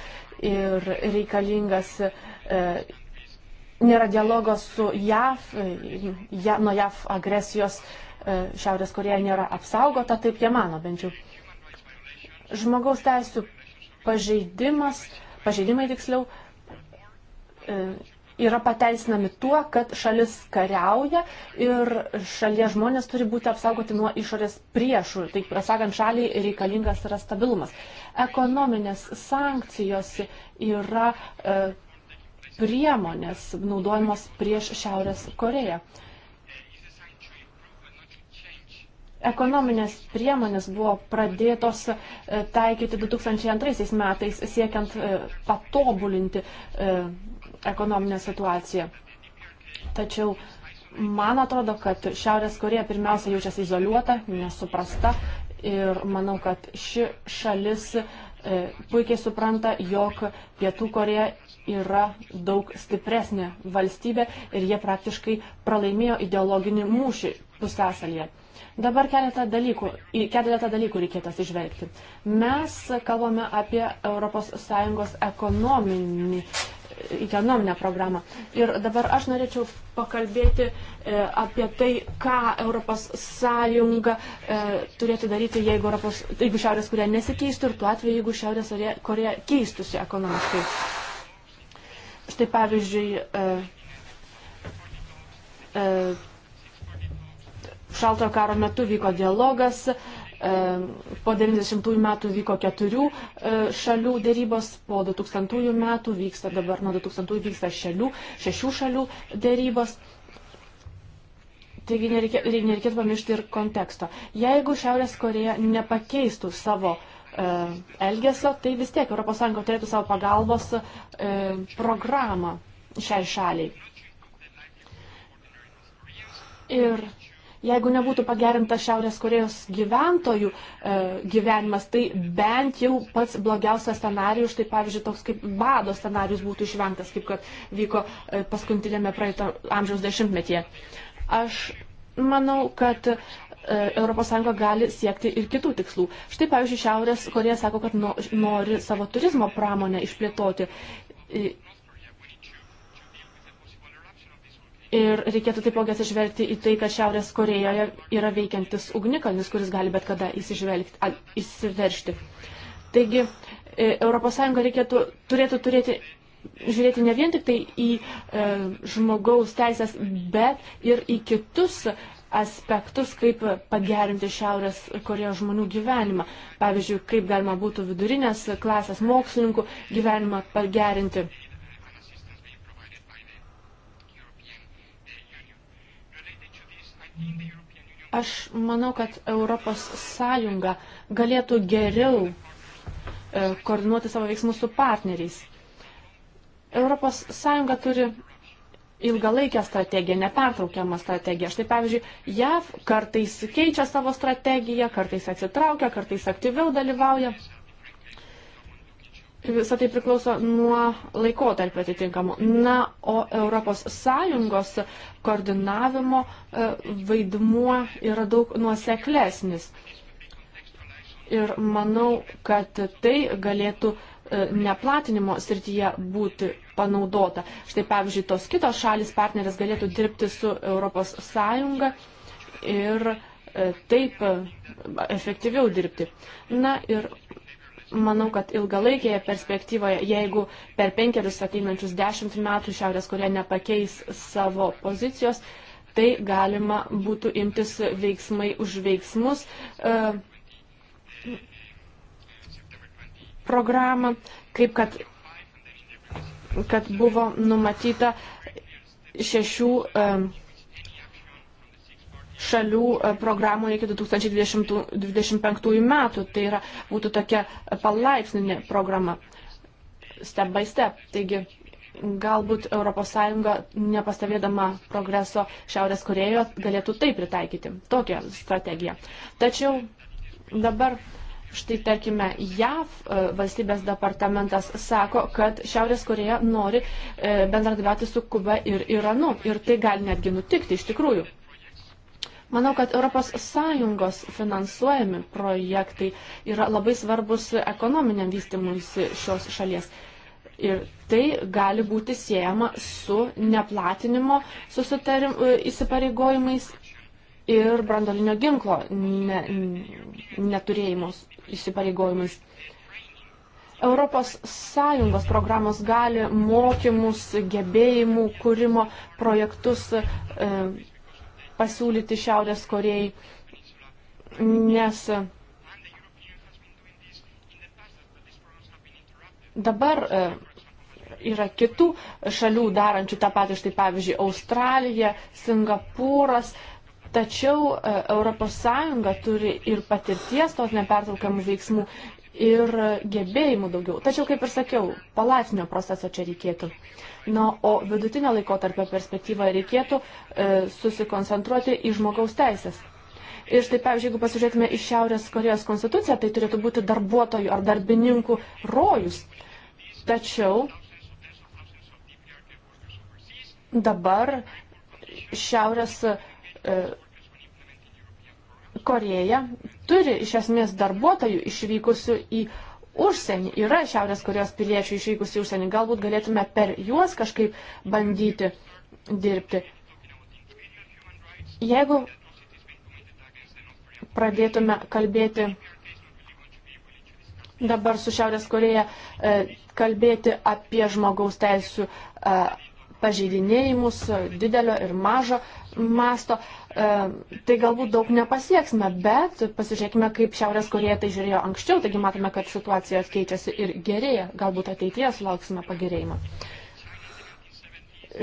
ir reikalingas e, nėra dialogo su JAV, ja, nuo JAV agresijos e, Šiaurės Koreja nėra apsaugota, taip jie mano bent jau. Žmogaus teisų pažeidimas, pažeidimai tiksliau, e, yra pateisinami tuo, kad šalis kariauja ir šalies žmonės turi būti apsaugoti nuo išorės priešų. Taip sakant, šaliai reikalingas yra stabilumas. Ekonominės sankcijos yra e, priemonės naudojamos prieš Šiaurės Koreją. Ekonominės priemonės buvo pradėtos e, taikyti 2002 metais, siekiant e, patobulinti e, ekonominę situaciją. Tačiau man atrodo, kad Šiaurės Korėja pirmiausia jaučiasi izoliuota, nesuprasta ir manau, kad ši šalis e, puikiai supranta, jog Pietų Korėja yra daug stipresnė valstybė ir jie praktiškai pralaimėjo ideologinį mūšį pusęsalyje. Dabar keletą dalykų, į keletą dalykų reikėtų atsižvelgti. Mes kalbame apie ES ekonominį ekonominę programą. Ir dabar aš norėčiau pakalbėti e, apie tai, ką ES e, turėtų daryti, jeigu, Europos, jeigu Šiaurės Korea nesikeistų ir tuo atveju, jeigu Šiaurės Korea keistųsi ekonomiškai. Štai pavyzdžiui, e, šaltojo karo metu vyko dialogas, E, po 90 metų vyko keturių e, šalių dėrybos, po 2000 metų vyksta dabar, nuo 2000 vyksta šalių, šešių šalių dėrybos. Taigi nereikėtų, nereikėtų pamiršti ir konteksto. Jeigu Šiaurės Koreja nepakeistų savo e, elgesio, tai vis tiek ES turėtų savo pagalbos e, programą šiai šaliai. Ir Jeigu nebūtų pagerinta Šiaurės Korejos gyventojų e, gyvenimas, tai bent jau pats blogiausias scenarius, tai pavyzdžiui, toks kaip bado scenarius būtų išvengtas, kaip kad vyko e, paskutinėme praeito amžiaus dešimtmetyje. Aš manau, kad e, ES gali siekti ir kitų tikslų. Štai, pavyzdžiui, Šiaurės Koreja sako, kad no, nori savo turizmo pramonę išplėtoti. Ir reikėtų taipogi atsižvelgti į tai, kad Šiaurės Korejoje yra veikiantis ugnikalnis, kuris gali bet kada įsiveršti. Taigi, ES reikėtų, turėtų turėti, žiūrėti ne vien tik tai į e, žmogaus teisės, bet ir į kitus aspektus, kaip pagerinti Šiaurės Korejos žmonių gyvenimą. Pavyzdžiui, kaip galima būtų vidurinės klasės mokslininkų gyvenimą pagerinti. Aš manau, kad Europos Sąjunga galėtų geriau e, koordinuoti savo veiksmus su partneriais. Europos Sąjunga turi ilgalaikę strategiją, nepertraukiamą strategiją. Štai pavyzdžiui, JAV kartais keičia savo strategiją, kartais atsitraukia, kartais aktyviau dalyvauja visą tai priklauso nuo laikotarpio atitinkamo. Na, o ES koordinavimo e, vaidmuo yra daug nuoseklesnis. Ir manau, kad tai galėtų e, neplatinimo srityje būti panaudota. Štai pavyzdžiui, tos kitos šalis partneris galėtų dirbti su ES ir e, taip efektyviau dirbti. Na ir manau, kad ilgalaikėje perspektyvoje, jeigu per penkerius ateinančius dešimt metų Šiaurės Korėja nepakeis savo pozicijos, tai galima būtų imtis veiksmai už veiksmus e, programą, kaip kad, kad buvo numatyta šešių e, šalių e, programoje iki 2025 metų. Tai yra, būtų tokia palaipsninė programa. Step by step. Taigi, galbūt ES nepastebėdama progreso Šiaurės Korejoje galėtų tai pritaikyti, tokią strategiją. Tačiau dabar štai tarkime JAV e, valstybės departamentas sako, kad Šiaurės Koreja nori e, bendradarbiauti su Kuba ir Iranu ir tai gali netgi nutikti iš tikrųjų. Manau, kad ES finansuojami projektai yra labai svarbus ekonominiam vystimuisi šios šalies. Ir tai gali būti siejama su neplatinimo susitarim, įsipareigojimais ir brandolinio ginklo ne, neturėjimus įsipareigojimais. ES programos gali mokymus, gebėjimų kūrimo projektus. E, pasiūlyti Šiaurės Korejai, nes dabar e, yra kitų šalių darančių tą patį, štai pavyzdžiui, Australija, Singapūras, tačiau ES turi ir patirties tos nepertraukiamų veiksmų ir gebėjimų daugiau. Tačiau, kaip ir sakiau, palaipsnio proceso čia reikėtų. Na, o vidutinio laiko tarp perspektyvą reikėtų e, susikoncentruoti į žmogaus teisės. Ir štai, pavyzdžiui, jeigu pasižiūrėtume į Šiaurės Korejos konstituciją, tai turėtų būti darbuotojų ar darbininkų rojus. Tačiau dabar Šiaurės e, Koreja turi iš esmės darbuotojų išvykusių į užsienį, yra Šiaurės Korejos piliečių išvykusių į užsienį, galbūt galėtume per juos kažkaip bandyti dirbti. Jeigu pradėtume kalbėti dabar su Šiaurės Koreja, e, kalbėti apie žmogaus teisų e, pažeidinėjimus didelio ir mažo masto, e, tai galbūt daug nepasieksime, bet pasižiūrėkime, kaip Šiaurės Korėja tai žiūrėjo anksčiau, taigi matome, kad situacija keičiasi ir gerėja, galbūt ateityje sulauksime pagerėjimo.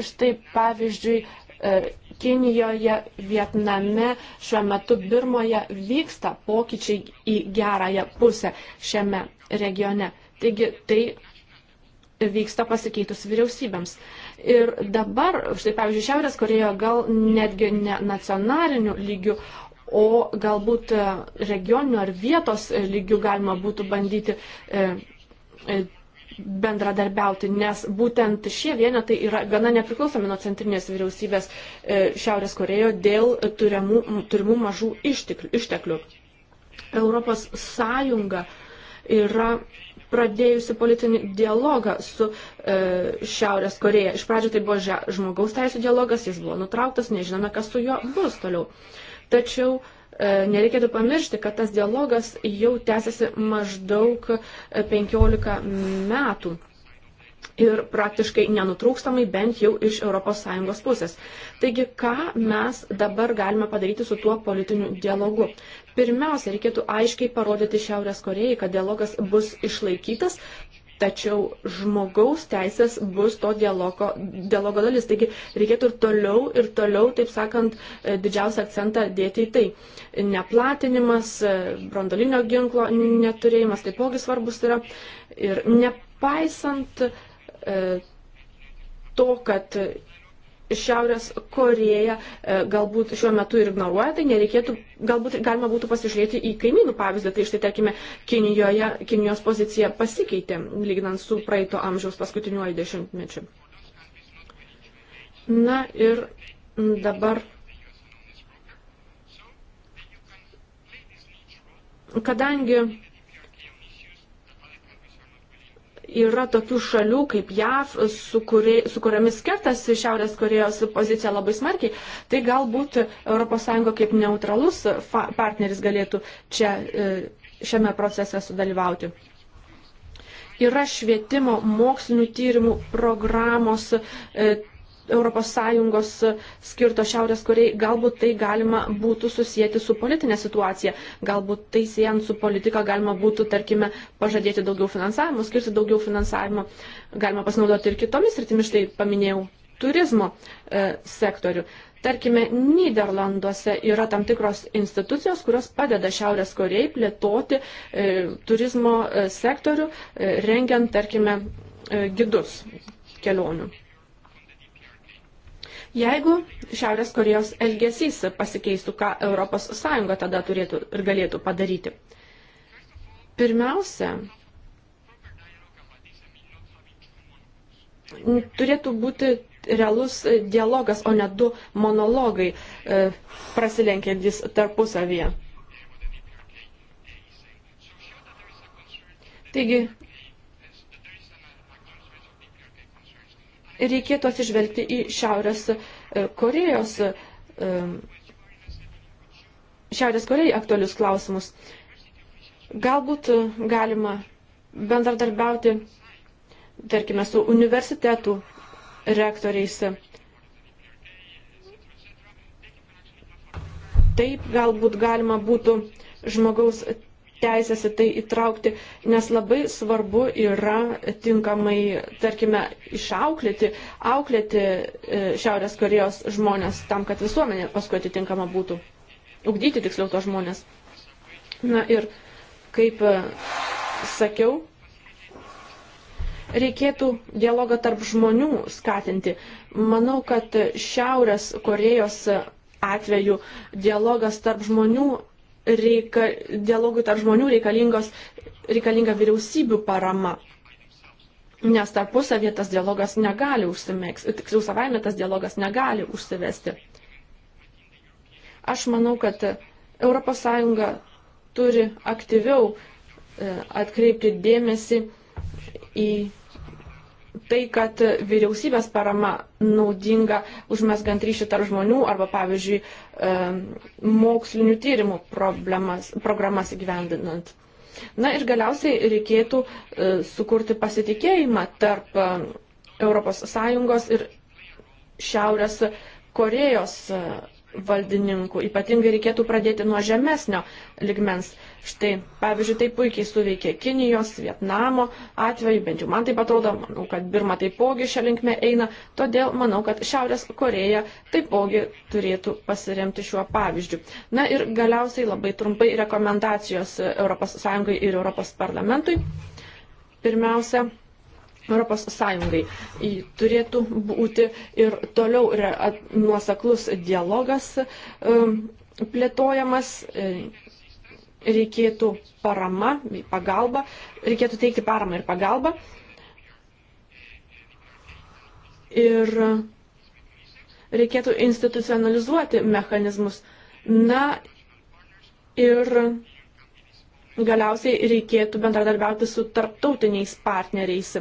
Štai pavyzdžiui, e, Kinijoje, Vietname, šiuo metu Birmoje vyksta pokyčiai į gerąją pusę šiame regione. Taigi tai vyksta pasikeitus vyriausybėms. Uh, Ir dabar, štai pavyzdžiui, Šiaurės Korejoje gal netgi ne nacionaliniu lygiu, o galbūt e, regioniniu ar vietos e, lygiu galima būtų bandyti e, bendradarbiauti, nes būtent šie vienetai yra gana nepriklausomi nuo centrinės vyriausybės Šiaurės Korejoje dėl turimų, turimų mažų išteklių. Europos Sąjunga yra pradėjusi politinį dialogą su e, Šiaurės Koreja. Iš pradžio tai buvo žia, žmogaus teisų dialogas, jis buvo nutrauktas, nežinome, kas su juo bus toliau. Tačiau e, nereikėtų pamiršti, kad tas dialogas jau tęsiasi maždaug 15 e, metų. Ir praktiškai nenutrūkstamai bent jau iš ES pusės. Taigi, ką mes dabar galime padaryti su tuo politiniu dialogu? Pirmiausia, reikėtų aiškiai parodyti Šiaurės Korejai, kad dialogas bus išlaikytas, tačiau žmogaus teisės bus to dialogo, dialogo dalis. Taigi reikėtų ir toliau, ir toliau, taip sakant, e, didžiausią akcentą dėti į tai. Neplatinimas, e, brandolinio ginklo neturėjimas taipogi svarbus yra. Ir nepaisant e, to, kad Šiaurės Koreja e, galbūt šiuo metu ir ignoruoja, tai nereikėtų, galbūt galima būtų pasižiūrėti į kaimynų pavyzdį, tai štai tarkime Kinijoje, Kinijos pozicija pasikeitė, lyginant su praeito amžiaus paskutiniuoju dešimtmečiu. Na ir dabar. Kadangi Yra tokių šalių kaip JAV, su, kuri, su kuriamis skirtas Šiaurės Korejos pozicija labai smarkiai. Tai galbūt ES kaip neutralus partneris galėtų čia, e, šiame procese sudalyvauti. Yra švietimo mokslinių tyrimų programos e, ES skirto Šiaurės Korejai, galbūt tai galima būtų susijęti su politinė situacija. Galbūt tai siejant su politika galima būtų, tarkime, pažadėti daugiau finansavimo, skirti daugiau finansavimo. Galima pasinaudoti ir kitomis rytimis, štai paminėjau turizmo e, sektorių. Tarkime, Niderlanduose yra tam tikros institucijos, kurios padeda Šiaurės Korejai plėtoti e, turizmo e, sektorių, e, rengiant, tarkime, e, gidus kelionių. Jeigu Šiaurės Korejos elgesys pasikeistų, ką ES tada turėtų ir galėtų padaryti. Pirmiausia, turėtų būti realus dialogas, o ne du monologai e, prasilenkiantis tarpusavyje. Taigi reikėtų atsižvelgti į Šiaurės e, Korejos, e, Šiaurės Korejai aktualius klausimus. Galbūt e, galima bendradarbiauti, tarkime, su universitetų rektoriais. Taip galbūt galima būtų žmogaus teisės į tai įtraukti, nes labai svarbu yra tinkamai, tarkime, išauklėti, auklėti e, Šiaurės Korejos žmonės tam, kad visuomenė paskui atitinkama būtų, ugdyti tiksliau tos žmonės. Na ir kaip e, sakiau, reikėtų dialogą tarp žmonių skatinti. Manau, kad Šiaurės Korejos atveju dialogas tarp žmonių reika, dialogui tarp žmonių reikalinga vyriausybių parama. Nes tarpusavė tas dialogas negali užsimėgsti, tiksliau savaime tas dialogas negali užsivesti. Aš manau, kad ES turi aktyviau e, atkreipti dėmesį į tai, kad vyriausybės parama naudinga užmesgant ryšį tarp žmonių arba, pavyzdžiui, mokslinių tyrimų programas įgyvendinant. Na ir galiausiai reikėtų e, sukurti pasitikėjimą tarp ES ir Šiaurės Korejos e, valdininkų. Ypatingai reikėtų pradėti nuo žemesnio ligmens. Štai, pavyzdžiui, tai puikiai suveikė Kinijos, Vietnamo atveju, bent jau man taip atrodo, manau, kad Birma taipogi šią linkmę eina, todėl manau, kad Šiaurės Koreja taipogi turėtų pasiremti šiuo pavyzdžiu. Na ir galiausiai labai trumpai rekomendacijos ES ir ES parlamentui. Pirmiausia, Europos Sąjungai. Turėtų būti ir toliau nuoseklus dialogas um, plėtojamas, e, reikėtų parama, pagalba, reikėtų teikti paramą ir pagalbą. Ir reikėtų institucionalizuoti mechanizmus. Na ir galiausiai reikėtų bendradarbiauti su tarptautiniais partneriais,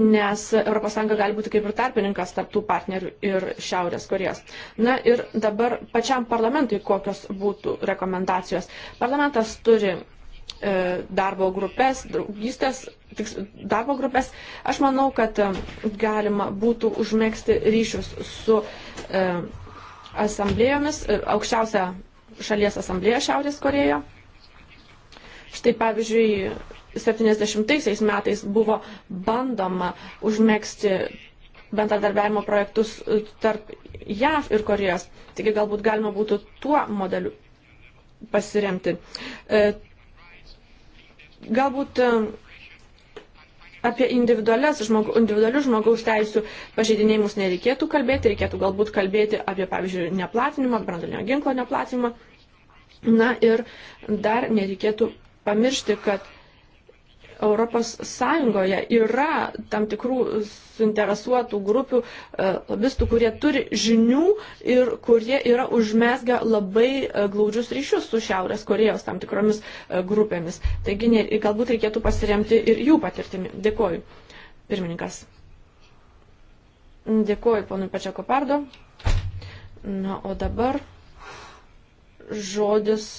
nes ES gali būti kaip ir tarpininkas tarptų partnerių ir Šiaurės Korejos. Na ir dabar pačiam parlamentui kokios būtų rekomendacijos. Parlamentas turi e, darbo grupės, draugystės, tiks, darbo grupės. Aš manau, kad e, galima būtų užmėgsti ryšius su e, asamblėjomis, e, aukščiausia šalies asamblėja Šiaurės Korejoje Štai pavyzdžiui, 70 metais buvo bandoma užmėgsti bendradarbiavimo projektus e, tarp JAV ir Korejos. Taigi galbūt galima būtų tuo modeliu pasiremti. E, galbūt e, apie individualius žmogu, individualių žmogaus teisų pažeidinėjimus nereikėtų kalbėti, reikėtų galbūt kalbėti apie, pavyzdžiui, neplatinimą, brandalinio ginklo neplatinimą. Na ir dar nereikėtų pamiršti, kad ES yra tam tikrų suinteresuotų grupių e, lobistų, kurie turi žinių ir kurie yra užmesgę labai e, glaudžius ryšius su Šiaurės Korejos tam tikromis e, grupėmis. Taigi ne, galbūt reikėtų pasiremti ir jų patirtimi. Dėkoju. Pirmininkas. Dėkoju ponui Pačiakopardo. Na, o dabar žodis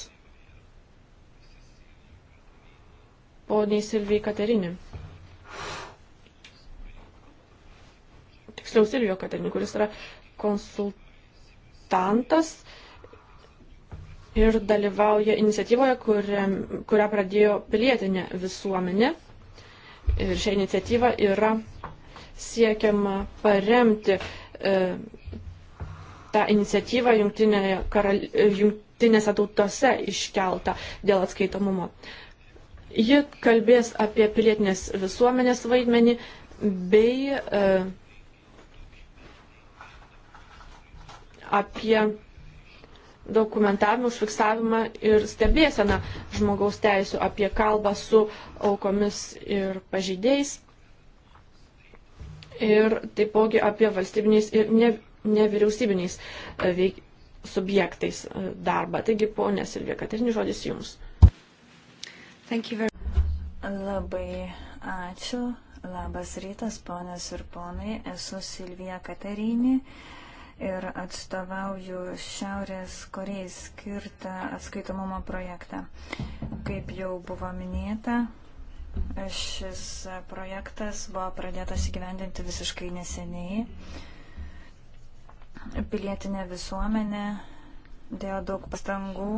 poniai Silvijai Katerinį. Tiksliau Silvijo Katerinį, kuris yra konsultantas ir dalyvauja iniciatyvoje, kurią, kurią pradėjo pilietinė visuomenė. Ir šią iniciatyvą yra siekiama paremti e, tą iniciatyvą jungtinėje, karal, jungtinėse tautose iškeltą dėl atskaitomumo. E, Ji kalbės apie pilietinės visuomenės vaidmenį bei e, apie dokumentavimą, užfiksavimą ir stebėseną žmogaus teisų, apie kalbą su aukomis ir pažydėjais ir taipogi apie valstybiniais ir ne, nevyriausybiniais e, veik, subjektais e, darbą. Taigi, ponė Silvija, Katerinis žodis jums. Labai ačiū. Labas rytas, ponios ir ponai. Esu Silvija Katerinį ir atstovauju Šiaurės Korejai skirtą atskaitomumo projektą. Kaip jau buvo minėta, šis projektas buvo pradėtas įgyvendinti visiškai neseniai. Pilietinė visuomenė dėjo daug pastangų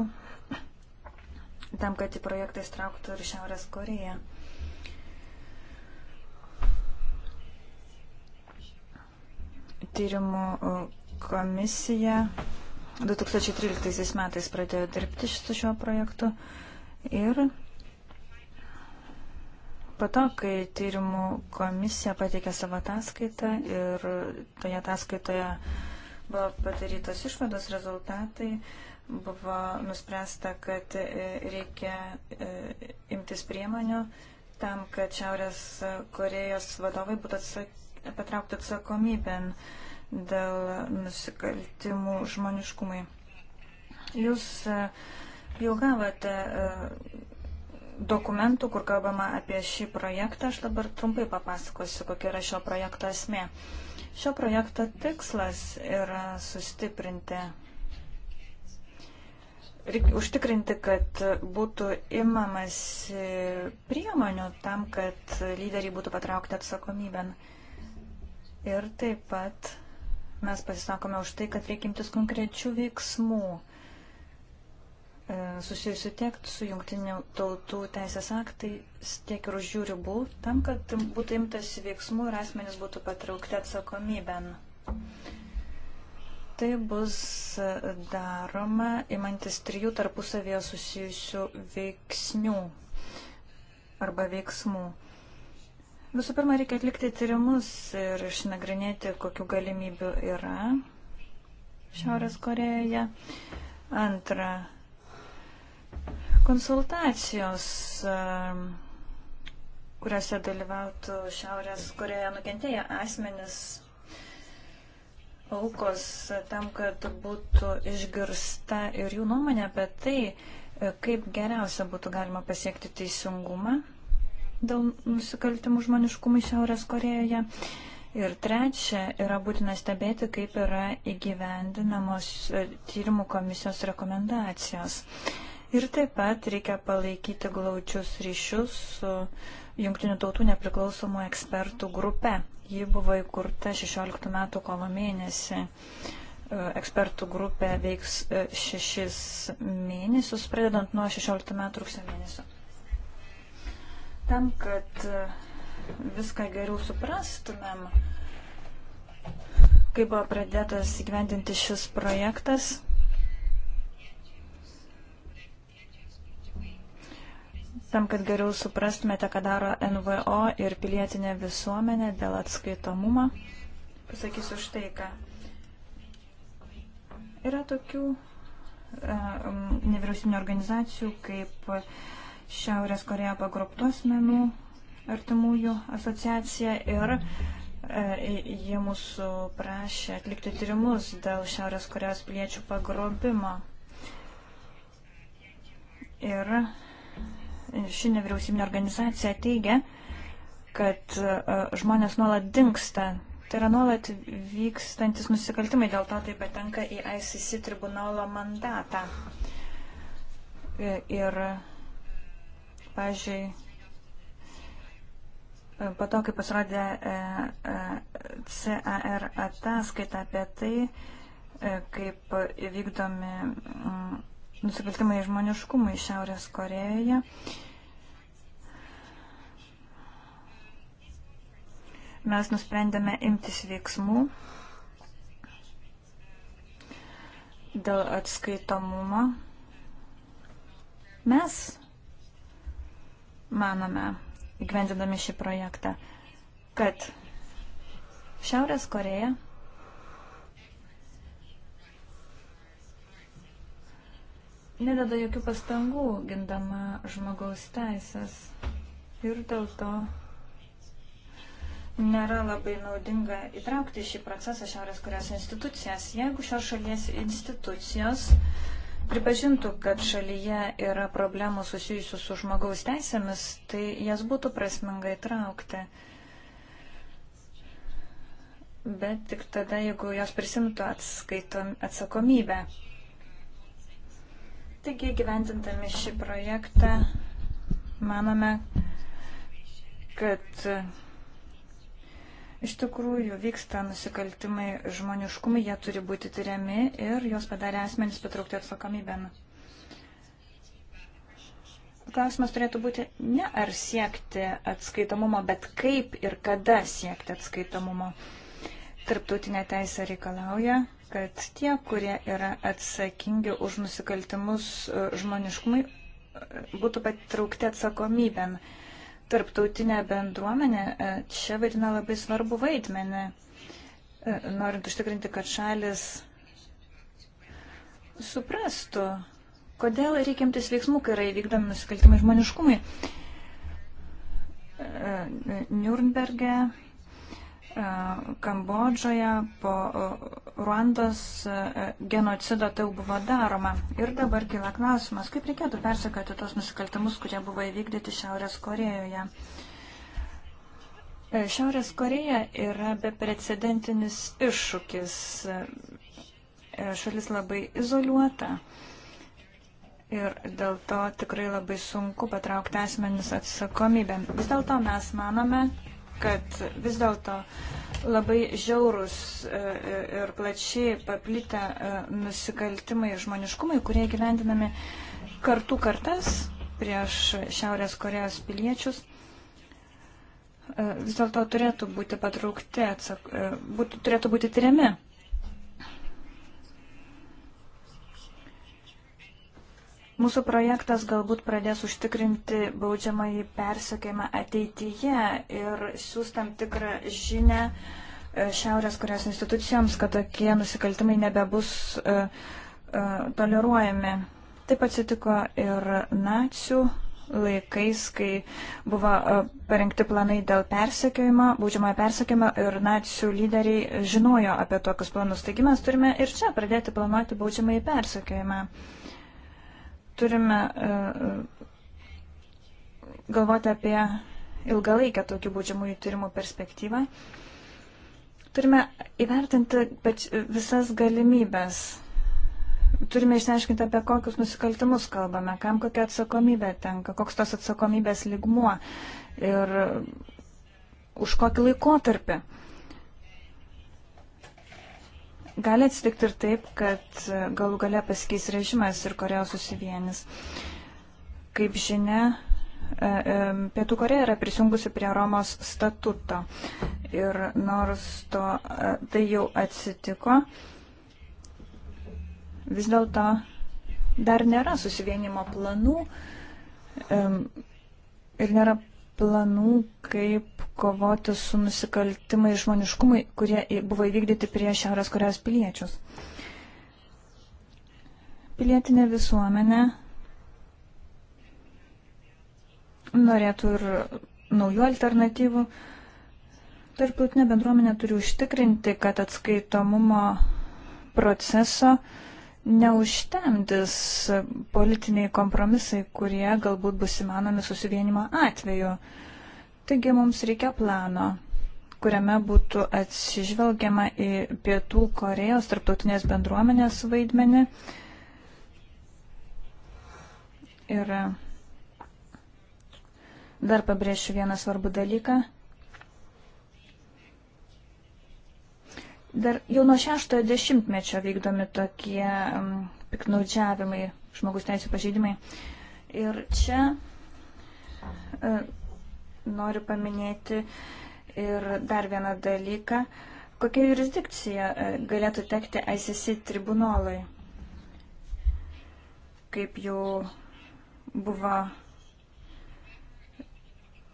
tam, kad į projektą įstrauktų ir Šiaurės Koreja. Tyrimų komisija 2013 metais pradėjo dirbti su šiuo projektu ir Po to, kai tyrimų komisija pateikė savo ataskaitą ir toje ataskaitoje buvo padarytos išvados rezultatai, buvo nuspręsta, kad e, reikia e, imtis priemonių tam, kad Šiaurės Korejos vadovai būtų atsak patraukti atsakomybėn dėl nusikaltimų žmoniškumai. Jūs e, jau gavote dokumentų, kur kalbama apie šį projektą. Aš dabar trumpai papasakosiu, kokia yra šio projekto esmė. Šio projekto tikslas yra sustiprinti reikia užtikrinti, kad būtų imamas priemonių tam, kad lyderiai būtų patraukti atsakomybėn. Ir taip pat mes pasisakome už tai, kad reikimtis konkrečių veiksmų e, susijusių tiek su jungtinių tautų teisės aktai, tiek ir už jų ribų, tam, kad būtų imtas veiksmų ir asmenys būtų patraukti atsakomybėn. Tai bus e, daroma imantis trijų tarpusavėje susijusių veiksnių arba veiksmų. Visų pirma, reikia atlikti tyrimus ir išnagrinėti, kokiu galimybių yra Šiaurės Korejoje. Antra, konsultacijos, e, kuriuose dalyvautų Šiaurės Korejoje nukentėję asmenis, aukos tam, kad būtų išgirsta ir jų nuomonė apie tai, e, kaip geriausia būtų galima pasiekti teisingumą dėl nusikaltimų žmoniškumui Šiaurės Korejoje. Ir trečia, yra būtina stebėti, kaip yra įgyvendinamos e, tyrimų komisijos rekomendacijos. Ir taip pat reikia palaikyti glaučius ryšius su Junktinių tautų nepriklausomų ekspertų grupe. Ji buvo įkurta 16 metų kovo mėnesį. E, ekspertų grupė veiks e, šešis mėnesius, pradedant nuo 16 metų rugsėjo mėnesio. Tam, kad e, viską geriau suprastumėm, kai buvo pradėtas įgyvendinti šis projektas, tam, kad geriau suprastumėte, ką daro NVO ir pilietinė visuomenė dėl atskaitomumo, pasakysiu štai ką. Yra tokių e, nevyriausybinio organizacijų kaip Šiaurės Koreja pagruptų asmenų artimųjų asociacija ir e, jie mūsų prašė atlikti tyrimus dėl Šiaurės Korejos piliečių pagrobimo. Ir ši nevyriausybinė organizacija teigia, kad e, žmonės nuolat dinksta. Tai yra nuolat vykstantis nusikaltimai, dėl to tai patenka į ICC tribunolo mandatą. E, ir, pažiūrėjau, e, po to, kai pasirodė CAR ataskaita apie tai, kaip vykdomi nusikaltimai žmoniškumai Šiaurės Korejoje. Mes nusprendėme imtis veiksmų dėl atskaitomumo. Mes manome, įgyvendinami šį projektą, kad Šiaurės Koreja nededa jokių pastangų gindama žmogaus teisės. Ir dėl to nėra labai naudinga įtraukti šį procesą Šiaurės Korejos institucijas. Jeigu šios šalies institucijos pripažintų, kad šalyje yra problemų susijusių su žmogaus teisėmis, tai jas būtų prasminga įtraukti. Bet tik tada, jeigu jos prisimtų atskaitom, atsakomybę. Taigi, gyventintami šį projektą, manome, kad iš tikrųjų vyksta nusikaltimai žmoniškumai, jie turi būti tyriami ir jos padarė asmenys patraukti atsakomybėn. Klausimas turėtų būti ne ar siekti atskaitomumo, bet kaip ir kada siekti atskaitomumo. Tarptautinė teisė reikalauja kad tie, kurie yra atsakingi už nusikaltimus e, žmoniškumui, e, būtų patraukti atsakomybėn. Tarptautinė bendruomenė e, čia vaidina labai svarbu vaidmenį, norint užtikrinti, kad šalis suprastų, kodėl reikia imtis veiksmų, kai yra įvykdomi nusikaltimai žmoniškumui. Nürnberge E, Kambodžoje po e, Ruandos e, genocido tai jau buvo daroma. Ir dabar kyla klausimas, kaip reikėtų persekoti tos nusikaltimus, kurie buvo įvykdyti Šiaurės Korejoje. Šiaurės Koreja yra beprecedentinis iššūkis. Šalis labai izoliuota. Ir dėl to tikrai labai sunku patraukti asmenis atsakomybę. Vis dėlto mes manome, kad vis dėlto labai žiaurus e, e, ir plačiai paplitę e, nusikaltimai žmoniškumai, kurie gyvendinami kartų kartas prieš Šiaurės Korejos piliečius, vis dėlto turėtų būti patraukti, atsak, būtų, turėtų būti tyriami. Mūsų projektas galbūt pradės užtikrinti baudžiamąjį persekėjimą ateityje ir siūs tam tikrą žinę e, Šiaurės Korejos institucijoms, kad tokie nusikaltimai nebebus uh, uh, toleruojami. Taip atsitiko ir nacių laikais, kai buvo uh, parengti planai dėl persekiojimo, baudžiamojo persekiojimo ir nacių lyderiai žinojo apie tokius planus. Taigi mes turime ir čia pradėti planuoti baudžiamąjį persekiojimą. Uh, Turime e, e, galvoti apie ilgalaikę tokių baudžiamųjų tyrimų perspektyvą. Turime įvertinti visas galimybės. Turime išsiaiškinti, apie kokius nusikaltimus kalbame, kam kokia atsakomybė tenka, koks tos atsakomybės ligmuo ir e, už kokį laikotarpį gali atsitikti ir taip, kad e, galų gale pasikeis režimas ir Korea susivienis. Kaip žinia, e, e, Pietų Koreja yra prisijungusi prie Romos statuto. Ir nors to, tai jau atsitiko, vis dėlto dar nėra susivienimo planų ir nėra planų, kaip kovoti su nusikaltimai žmoniškumai, kurie buvo įvykdyti prie Šiaurės Korejos piliečius. Pilietinė visuomenė norėtų ir naujų alternatyvų. Tarptautinė bendruomenė turi užtikrinti, kad atskaitomumo proceso uh, neužtemdys politiniai kompromisai, kurie galbūt bus įmanomi susivienimo atveju. Taigi mums reikia plano, kuriame būtų atsižvelgiama į Pietų Korejos tarptautinės bendruomenės vaidmenį. Ir dar pabrėšiu vieną svarbų dalyką. Dar jau nuo šeštojo dešimtmečio vykdomi tokie um, piknaudžiavimai, žmogus teisų pažeidimai. Ir čia uh, noriu paminėti ir dar vieną dalyką. Kokia jurisdikcija e, galėtų tekti ICC tribunolui? Kaip jau buvo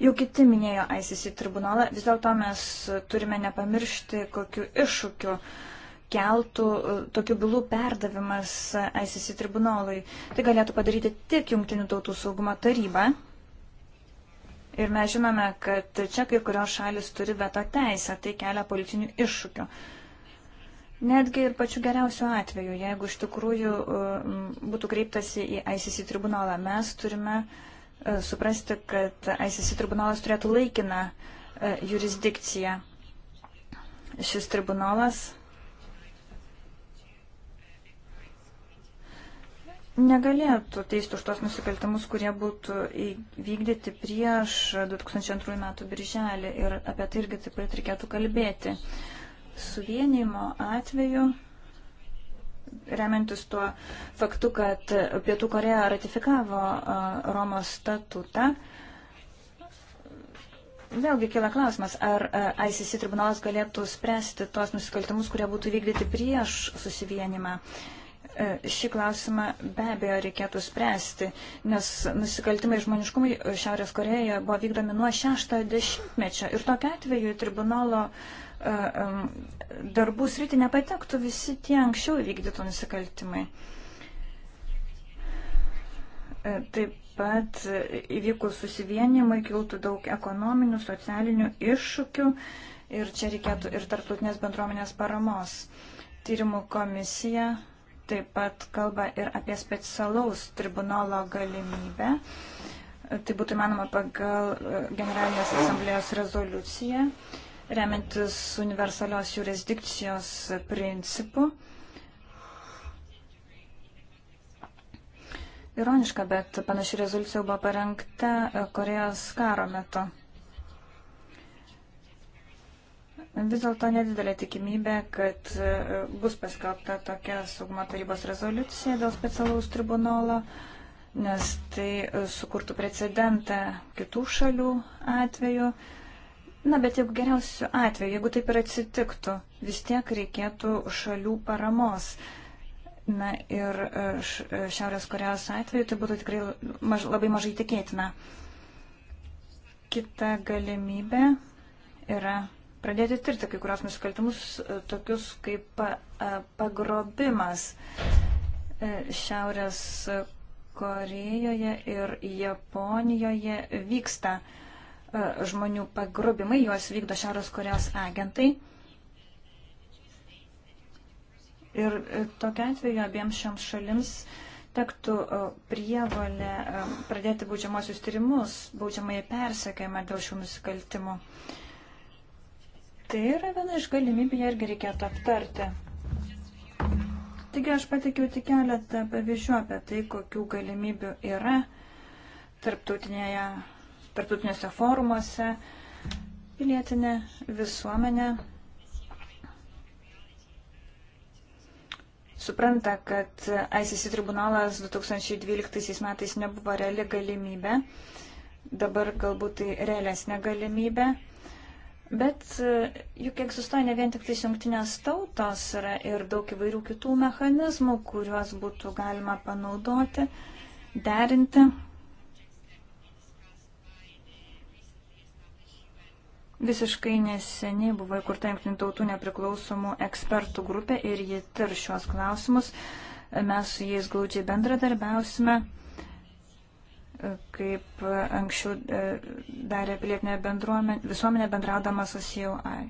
Jau kiti minėjo ICC tribunolą, vis dėlto mes turime nepamiršti, kokiu iššūkiu keltų e, tokių bylų perdavimas ICC tribunolui. Tai galėtų padaryti tik Junktinių tautų saugumo taryba. Ir mes žinome, kad čia kai kurios šalis turi veto teisę, tai kelia politinių iššūkių. Netgi ir pačiu geriausiu atveju, jeigu iš tikrųjų e, būtų kreiptasi į ICC tribunolą, mes turime uh, E, suprasti, kad ICC tribunolas turėtų laikiną e, jurisdikciją. Šis tribunolas negalėtų teisti už tos nusikaltimus, kurie būtų įvykdyti prieš 2002 metų birželį ir apie tai irgi taip pat reikėtų kalbėti. Suvienimo atveju remiantis tuo faktu, kad Pietų Koreja ratifikavo Romos statutą. Vėlgi kila klausimas, ar ICC tribunalas galėtų spręsti tuos nusikaltimus, kurie būtų vykdyti prieš susivienimą. E, šį klausimą be abejo reikėtų spręsti, nes nusikaltimai žmoniškumui Šiaurės Korejoje buvo vykdomi nuo 60-mečio ir tokia atveju tribunolo uh, E, darbų sritį nepatektų visi tie anksčiau įvykdytų nusikaltimai. E, taip pat įvykus susivienimui kiltų daug ekonominių, socialinių iššūkių ir čia reikėtų ir tarptautinės bendruomenės paramos. Tyrimų komisija taip pat kalba ir apie specialaus tribunolo galimybę. E, tai būtų manoma pagal Generalinės asamblėjos rezoliuciją remiantis universalios jurisdikcijos principu. Ironiška, bet panaši rezoliucija buvo parengta e, Korejos karo metu. Vis dėlto nedidelė tikimybė, kad e, bus paskelbta tokia saugumo tarybos rezoliucija dėl specialaus tribunolo, nes tai e, sukurtų precedentą kitų šalių atveju. Na, bet jeigu geriausiu atveju, jeigu taip ir atsitiktų, vis tiek reikėtų šalių paramos. Na ir e, e, Šiaurės Korejos atveju tai būtų tikrai maž, labai mažai tikėtina. Kita galimybė yra pradėti tirti kai kurios nusikaltimus, e, tokius kaip pagrobimas Šiaurės Korejoje ir Japonijoje vyksta uh, E, žmonių pagrubimai, juos vykdo Šiaurės Korejos agentai. Ir e, tokia atveju abiems šioms šalims tektų e, prievalė pradėti baudžiamosius tyrimus, baudžiamąjį persekėjimą dėl šių nusikaltimų. Tai yra viena iš galimybių, ją irgi reikėtų aptarti. Taigi aš pateikiau tik keletą pavyzdžių apie tai, kokių galimybių yra tarptautinėje tarptautiniuose forumuose, pilietinė visuomenė supranta, kad ICC tribunolas 2012 metais nebuvo reali galimybė, dabar galbūt tai realesnė galimybė. Bet juk egzistuoja ne vien tik tais jungtinės tautos, yra ir daug įvairių kitų mechanizmų, kuriuos būtų galima panaudoti, derinti. Visiškai neseniai buvo įkurta jungtinių tautų nepriklausomų ekspertų grupė ir ji tir šios klausimus. Mes su jais glaudžiai bendradarbiausime, kaip anksčiau e, darė pilietinė visuomenė bendraudama su COI.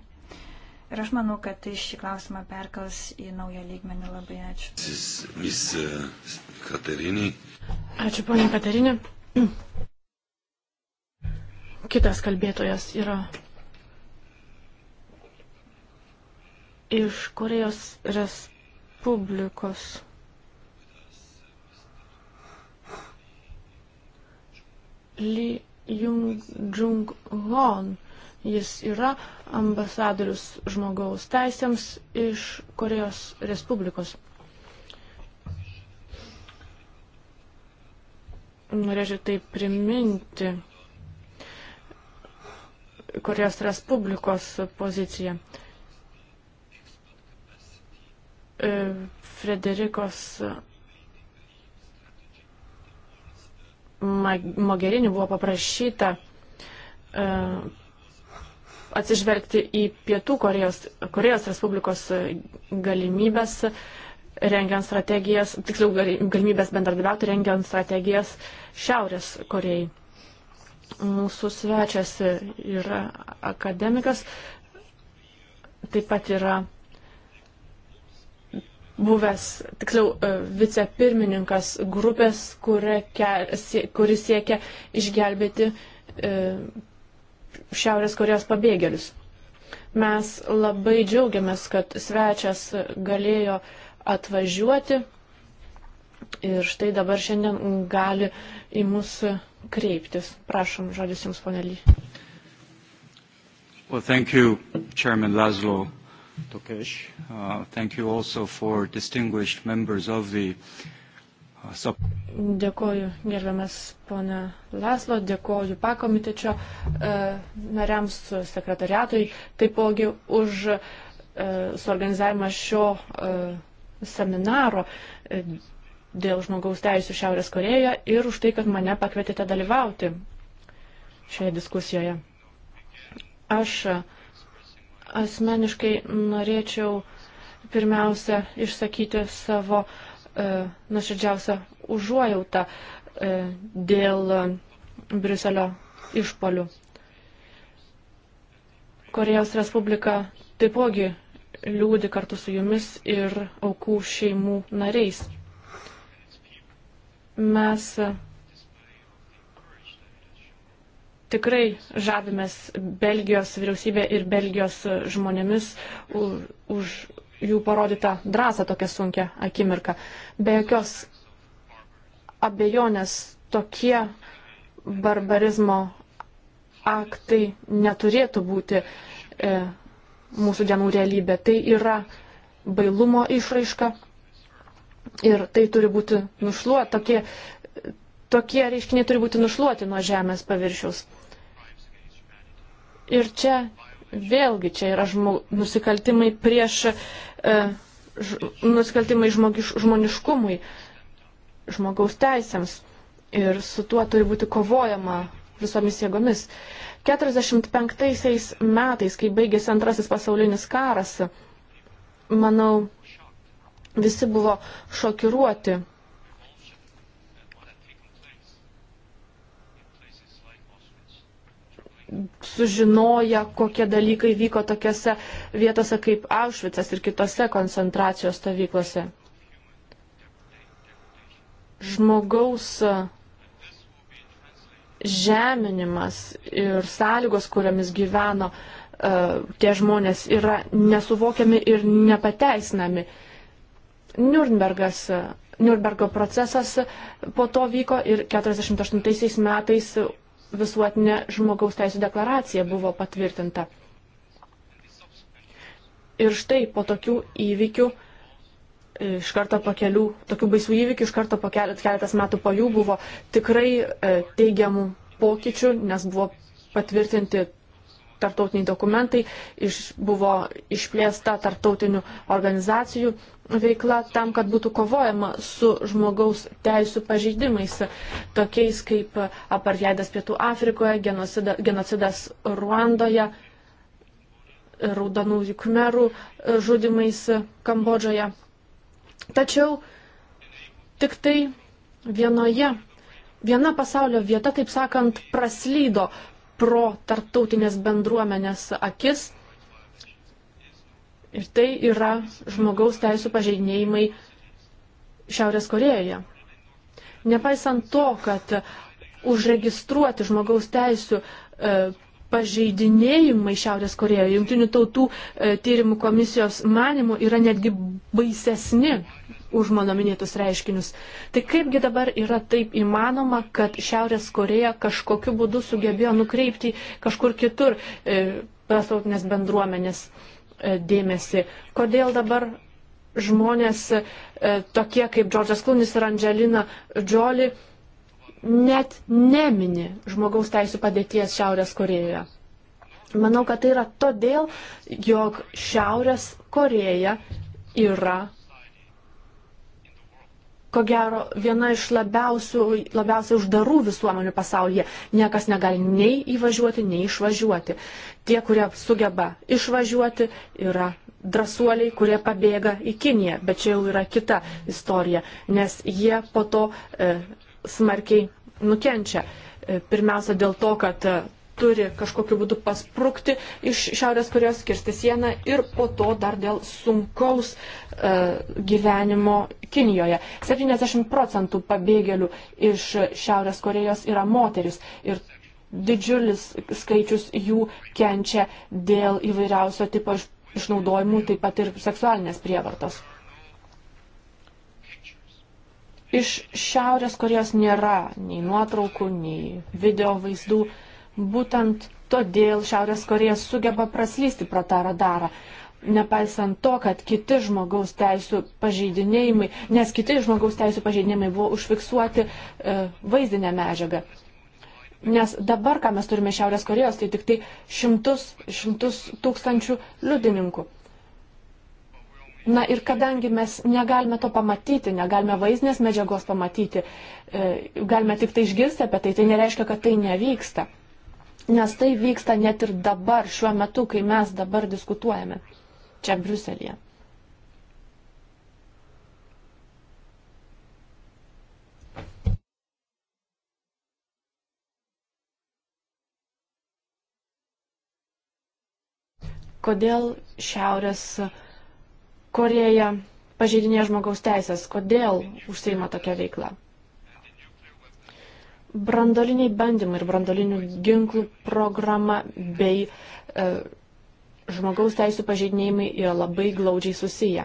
Ir aš manau, kad tai šį klausimą perkels į naują lygmenį. Labai ačiū. Mis e, Katerinį. Ačiū, ponė Katerinė. Kitas kalbėtojas yra iš Korejos Respublikos. Li Jung Jung Hon. Jis yra ambasadorius žmogaus teisėms iš Korejos Respublikos. norėčiau tai priminti Korejos Respublikos poziciją. E, Frederikos Mogerini buvo paprašyta e, atsižvelgti į Pietų Korejos, Korejos Respublikos galimybės, rengiant strategijas, tiksliau galimybės bendradarbiauti, rengiant strategijas Šiaurės Korejai. Mūsų svečias yra akademikas, taip pat yra buvęs, tiksliau, e, vicepirmininkas grupės, kuris siekia išgelbėti e, Šiaurės Korejos pabėgėlius. Mes labai džiaugiamės, kad svečias galėjo atvažiuoti ir štai dabar šiandien gali į mus kreiptis. Prašom, žodis Jums, ponely. Well, thank you, Chairman Laszlo. Tokesh. Uh, thank you also for distinguished members of the uh, sub. Dėkoju, gerbiamas pone Laslo, dėkoju pakomitečio uh, nariams, sekretariatui, taipogi už uh, suorganizavimą šio uh, seminaro uh, dėl žmogaus teisų Šiaurės Korejoje ir už tai, kad mane pakvietėte dalyvauti šioje diskusijoje. Aš uh, Asmeniškai norėčiau pirmiausia išsakyti savo e, nuoširdžiausią užuojautą e, dėl e, Briuselio išpolių. Korejos Respublika taipogi liūdi kartu su jumis ir aukų šeimų nariais. Mes tikrai žavimės Belgijos vyriausybė ir Belgijos žmonėmis už, už jų parodytą drąsą tokią sunkę akimirką. Be jokios abejonės tokie barbarizmo aktai neturėtų būti e, mūsų dienų realybė. Tai yra bailumo išraiška ir tai turi būti nušluota, tokie tokie reiškiniai turi būti nušluoti nuo žemės paviršiaus. Ir čia vėlgi čia yra žmog, nusikaltimai prieš e, ž, nusikaltimai žmogiš, žmoniškumui, žmogaus teisėms. Ir su tuo turi būti kovojama visomis jėgomis. 45 metais, kai baigėsi antrasis pasaulinis karas, manau, visi buvo šokiruoti sužinoję, kokie dalykai vyko tokiose vietose kaip Aušvicas ir kitose koncentracijos stovyklose. Žmogaus žeminimas ir sąlygos, kuriamis gyveno uh, tie žmonės, yra nesuvokiami ir nepateisinami. Nürnbergas Nürnbergo procesas po to vyko ir 48 metais visuotinė žmogaus teisų deklaracija buvo patvirtinta. Ir štai po tokių įvykių, e, iš karto po kelių, tokių baisių įvykių, iš karto po keletas metų po jų buvo tikrai e, teigiamų pokyčių, nes buvo patvirtinti tarptautiniai dokumentai, iš, buvo išplėsta tarptautinių organizacijų veikla tam, kad būtų kovojama su žmogaus teisų pažeidimais, tokiais kaip apartheidas Pietų Afrikoje, genocida, genocidas Ruandoje, raudonųjų kmerų žudimais Kambodžoje. Tačiau tik tai vienoje, viena pasaulio vieta, taip sakant, praslydo pro tarptautinės bendruomenės akis. Ir tai yra žmogaus teisų pažeidinėjimai Šiaurės Korejoje. Nepaisant to, kad užregistruoti žmogaus teisų e, pažeidinėjimai Šiaurės Korejoje, Junktinių tautų e, tyrimų komisijos manimų yra netgi baisesni už mano minėtus reiškinius. Tai kaipgi dabar yra taip įmanoma, kad Šiaurės Koreja kažkokiu būdu sugebėjo nukreipti kažkur kitur e, pasautinės bendruomenės e, dėmesį. Kodėl dabar žmonės e, tokie kaip Džordžas Klunis ir Angelina Džoli net nemini žmogaus teisų padėties Šiaurės Korejoje? Manau, kad tai yra todėl, jog Šiaurės Koreja yra ko gero, viena iš labiausiai uždarų visuomenių pasaulyje. Niekas negali nei įvažiuoti, nei išvažiuoti. Tie, kurie sugeba išvažiuoti, yra drasuoliai, kurie pabėga į Kiniją, bet čia jau yra kita istorija, nes jie po to e, smarkiai nukenčia. E, pirmiausia dėl to, kad e, turi kažkokiu būdu pasprūkti iš Šiaurės Korejos, kirsti sieną ir po to dar dėl sunkaus e, gyvenimo Kinijoje. 70 procentų pabėgėlių iš Šiaurės Korejos yra moteris ir didžiulis skaičius jų kenčia dėl įvairiausio tipo išnaudojimų, taip pat ir seksualinės prievartos. Iš Šiaurės Korejos nėra nei nuotraukų, nei video vaizdų. E, Būtent todėl Šiaurės Koreja sugeba praslysti pro tą radarą. Nepaisant to, kad kiti žmogaus teisų pažeidinėjimai, nes kiti žmogaus teisų pažeidinėjimai buvo užfiksuoti e, vaizdinę medžiagą. Nes dabar, ką mes turime Šiaurės Korejos, tai tik tai šimtus, šimtus tūkstančių liudininkų. Na ir kadangi mes negalime to pamatyti, negalime vaizdinės medžiagos pamatyti, e, galime tik tai išgirsti apie tai, tai nereiškia, kad tai nevyksta nes tai vyksta net ir dabar, šiuo metu, kai mes dabar diskutuojame čia Bruselėje. Kodėl Šiaurės Koreja pažeidinė žmogaus teisės, kodėl užsima tokia veikla? brandoliniai bandymai ir brandolinių ginklų programa bei e, žmogaus teisų pažeidinėjimai yra labai glaudžiai susiję.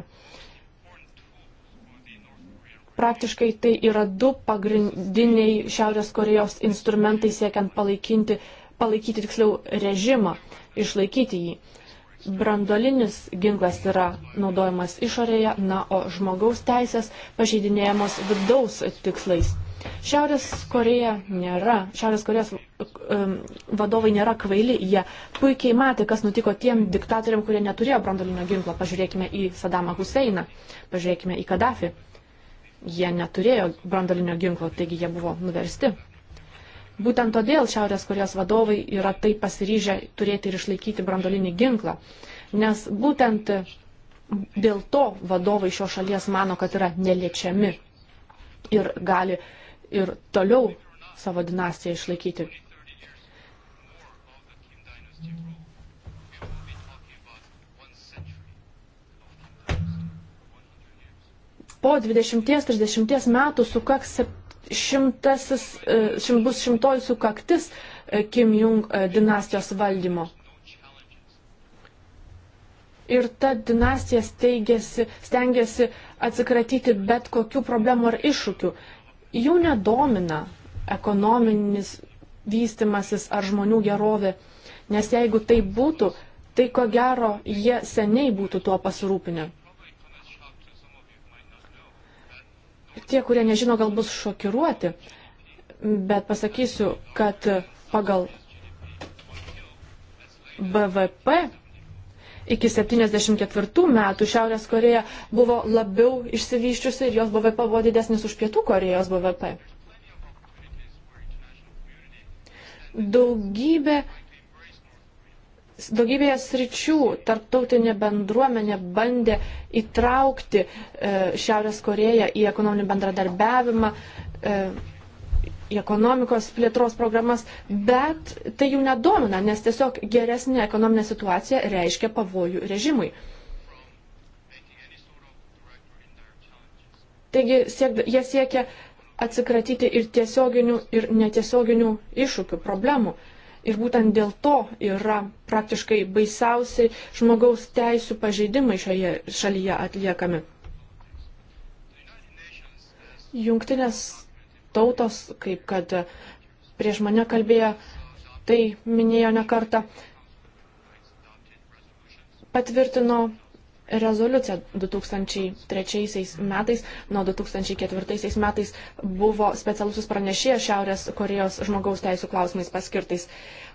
Praktiškai tai yra du pagrindiniai Šiaurės Korejos instrumentai siekiant palaikinti, palaikyti tiksliau režimą, išlaikyti jį. Brandolinis ginklas yra naudojamas išorėje, na, o žmogaus teisės pažeidinėjamos vidaus tikslais. Šiaurės Koreja nėra, Šiaurės Korejos um, vadovai nėra kvaili, jie puikiai matė, kas nutiko tiem diktatoriam, kurie neturėjo brandolinio ginklo. Pažiūrėkime į Sadamą Huseiną, pažiūrėkime į Kadafį. Jie neturėjo brandolinio ginklo, taigi jie buvo nuversti. Būtent todėl Šiaurės Korejos vadovai yra taip pasiryžę turėti ir išlaikyti brandolinį ginklą, nes būtent dėl to vadovai šios šalies mano, kad yra neliečiami ir gali uh, ir toliau savo dinastiją išlaikyti. Po 20-30 metų sukaks šimtasis, e, šimt bus šimtoji sukaktis e, Kim Jong e, dinastijos valdymo. Ir ta dinastija stengiasi atsikratyti bet kokių problemų ar iššūkių jų nedomina ekonominis vystimasis ar žmonių gerovė, nes jeigu tai būtų, tai ko gero jie seniai būtų tuo pasirūpinę. Tie, kurie nežino, gal bus šokiruoti, bet pasakysiu, kad pagal BVP iki 74 metų Šiaurės Koreja buvo labiau išsivyščiusi ir jos BVP buvo didesnis už Pietų Korejos BVP. Daugybė, daugybėje sričių tarptautinė bendruomenė bandė įtraukti e, Šiaurės Koreją į ekonominį bendradarbiavimą. E, į ekonomikos plėtros programas, bet tai jų nedomina, nes tiesiog geresnė ekonominė situacija reiškia pavojų režimui. Taigi siek, jie siekia atsikratyti ir tiesioginių, ir netiesioginių iššūkių, problemų. Ir būtent dėl to yra praktiškai baisiausiai žmogaus teisų pažeidimai šioje šalyje atliekami. Jungtinės tautos, kaip kad prieš mane kalbėjo, tai minėjo ne kartą, patvirtino rezoliuciją 2003 metais, nuo 2004 metais buvo specialusis pranešėjas Šiaurės Korejos žmogaus teisų klausimais paskirtais.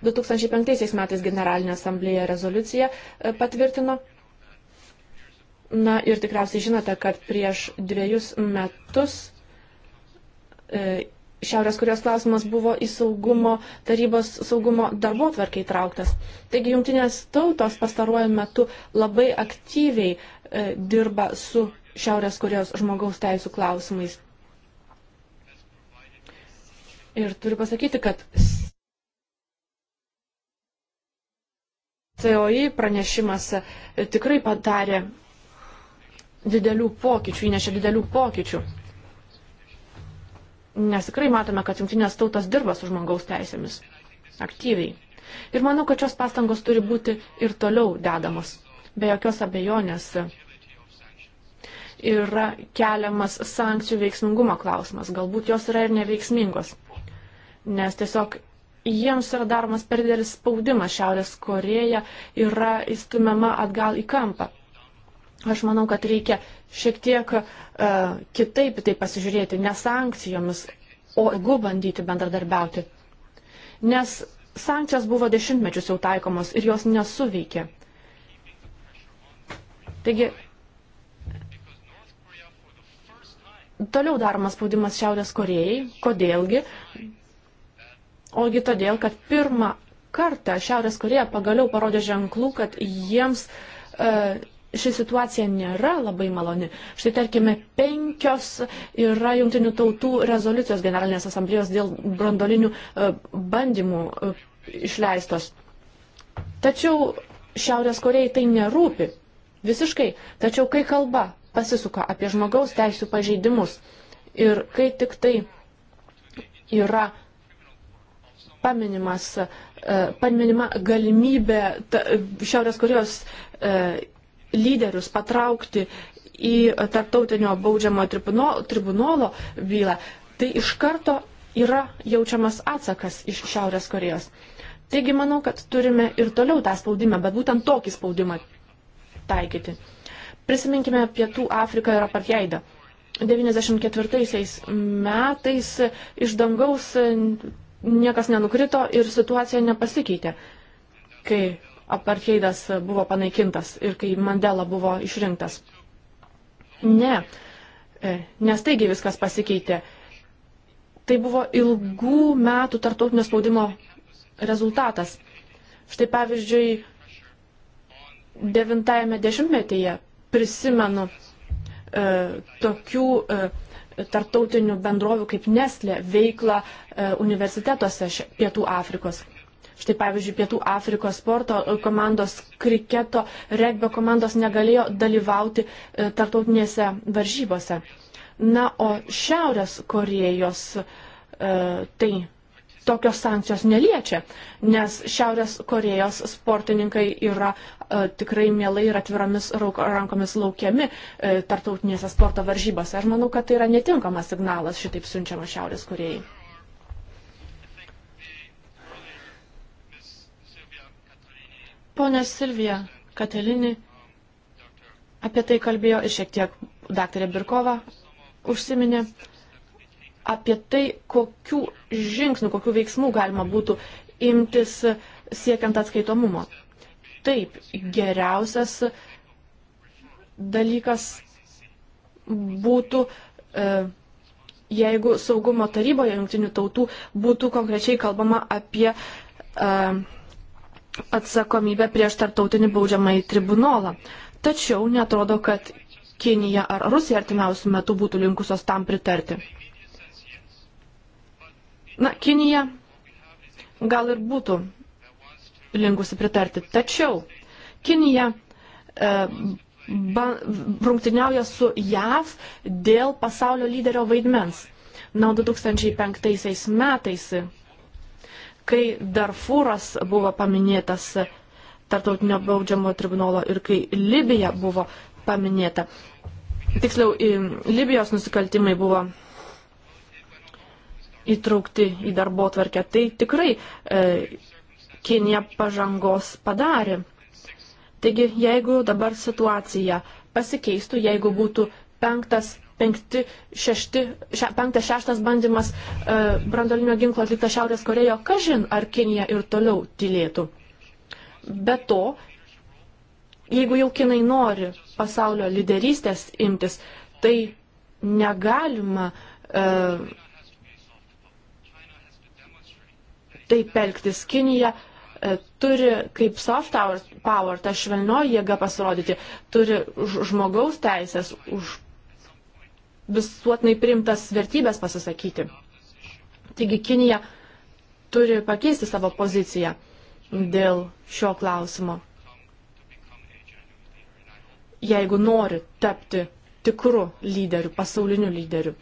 2005 metais Generalinė asamblėje rezoliuciją e, patvirtino. Na ir tikriausiai žinote, kad prieš dviejus metus E, Šiaurės Korejos klausimas buvo į saugumo tarybos saugumo darbo tvarkį įtrauktas. Taigi jungtinės tautos pastaruoju metu labai aktyviai e, dirba su Šiaurės Korejos žmogaus teisų klausimais. Ir turiu pasakyti, kad COI pranešimas e, tikrai padarė didelių pokyčių, įnešė didelių pokyčių. Nes tikrai matome, kad jungtinės tautos dirba su žmogaus teisėmis aktyviai. Ir manau, kad šios pastangos turi būti ir toliau dedamos, be jokios abejonės. Yra keliamas sankcijų veiksmingumo klausimas, galbūt jos yra ir neveiksmingos, nes tiesiog jiems yra daromas per didelis spaudimas, Šiaurės Koreja yra įstumiama atgal į kampą. Aš manau, kad reikia šiek tiek uh, kitaip tai pasižiūrėti, ne sankcijomis, o jeigu bandyti bendradarbiauti. Nes sankcijos buvo dešimtmečius jau taikomos ir jos nesuveikė. Taigi, toliau daromas spaudimas Šiaurės Korejai. Kodėlgi? Ogi todėl, kad pirmą kartą Šiaurės Koreja pagaliau parodė ženklų, kad jiems e, ši situacija nėra labai maloni. Štai tarkime, penkios yra jungtinių tautų rezoliucijos generalinės asamblėjos dėl brandolinių e, bandymų e, išleistos. Tačiau Šiaurės Korejai tai nerūpi. Visiškai. Tačiau kai kalba pasisuka apie žmogaus teisų pažeidimus ir kai tik tai yra paminimas, e, paminima galimybė Šiaurės Korejos lyderius patraukti į tarptautinio baudžiamo tribunolo bylą, tai iš karto yra jaučiamas atsakas iš Šiaurės Korejos. Taigi manau, kad turime ir toliau tą spaudimą, bet būtent tokį spaudimą taikyti. Prisiminkime Pietų Afriką ir apartheidą. 94 metais iš dangaus niekas nenukrito ir situacija nepasikeitė. Kai apartheidas buvo panaikintas ir kai Mandela buvo išrinktas. Ne, e, nes taigi viskas pasikeitė. Tai buvo ilgų metų tartautinio spaudimo rezultatas. Štai pavyzdžiui, devintajame dešimtmetyje prisimenu e, tokių e, tartautinių bendrovių kaip Nestlé veiklą e, universitetuose Pietų Afrikos. Štai pavyzdžiui, Pietų Afrikos sporto komandos, kriketo, regbio komandos negalėjo dalyvauti e, tartautinėse varžybose. Na, o Šiaurės Korejos e, tai tokios sankcijos neliečia, nes Šiaurės Korejos sportininkai yra e, tikrai mielai ir atviromis rankomis laukiami e, tartautinėse sporto varžybose. Aš manau, kad tai yra netinkamas signalas šitaip siunčiamas Šiaurės Korejai. Pone Silvija Katelini apie tai kalbėjo ir šiek tiek daktarė Birkova užsiminė apie tai, kokių žingsnių, kokių veiksmų galima būtų imtis siekiant atskaitomumo. Taip, geriausias dalykas būtų, e, jeigu saugumo taryboje jungtinių tautų būtų konkrečiai kalbama apie uh, atsakomybę prieš tartautinį baudžiamąjį tribunolą. Tačiau netrodo, kad Kinija ar Rusija artimiausių metų būtų linkusios tam pritarti. Na, Kinija gal ir būtų linkusi pritarti. Tačiau Kinija e, rungtiniauja su JAV dėl pasaulio lyderio vaidmens. Na, 2005 metais kai Darfūras buvo paminėtas tartautinio baudžiamo tribunolo ir kai Libija buvo paminėta. Tiksliau, Libijos nusikaltimai buvo įtraukti į darbo tvarkę. Tai tikrai e, Kinija pažangos padarė. Taigi, jeigu dabar situacija pasikeistų, jeigu būtų penktas penkti, šešti, še, penktas, šeštas bandymas e, brandolinio ginklo atliktas Šiaurės Korejo, kažin ar Kinija ir toliau tylėtų. Be to, jeigu jau Kinai nori pasaulio lyderystės imtis, tai negalima e, taip elgtis. Kinija e, turi kaip soft power, ta švelnioji jėga pasirodyti, turi žmogaus teisės už visuotinai primtas vertybės pasisakyti. Taigi Kinija turi pakeisti savo poziciją dėl šio klausimo. Jeigu nori tapti tikru lyderiu, pasauliniu lyderiu.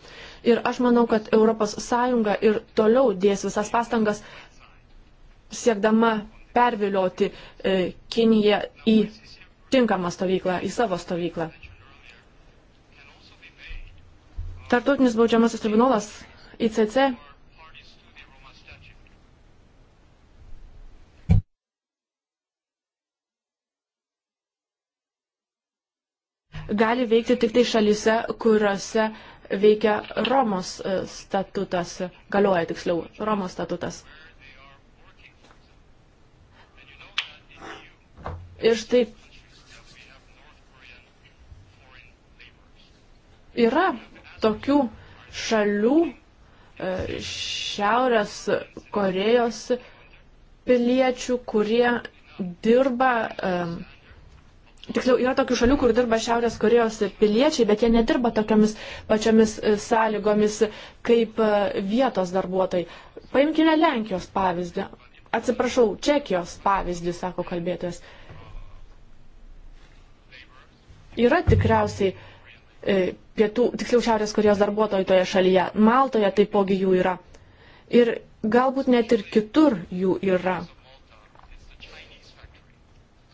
Ir aš manau, kad ES ir toliau dės visas pastangas siekdama pervilioti e, Kiniją į tinkamą stovyklą, į savo stovyklą. Tartautinis baudžiamasis tribunolas ICC gali veikti tik tai šalyse, kuriuose veikia Romos e, statutas, galioja tiksliau Romos statutas. Ir štai yra tokių šalių e, Šiaurės Korejos piliečių, kurie dirba, e, tiksliau, yra tokių šalių, kur dirba Šiaurės Korejos piliečiai, bet jie nedirba tokiamis pačiamis e, sąlygomis kaip vietos darbuotojai. Paimkime Lenkijos pavyzdį. Atsiprašau, Čekijos pavyzdį, sako kalbėtojas. Yra tikriausiai E, pietų, tiksliau Šiaurės Korejos darbuotojų toje šalyje. Maltoje taipogi jų yra. Ir galbūt net ir kitur jų yra.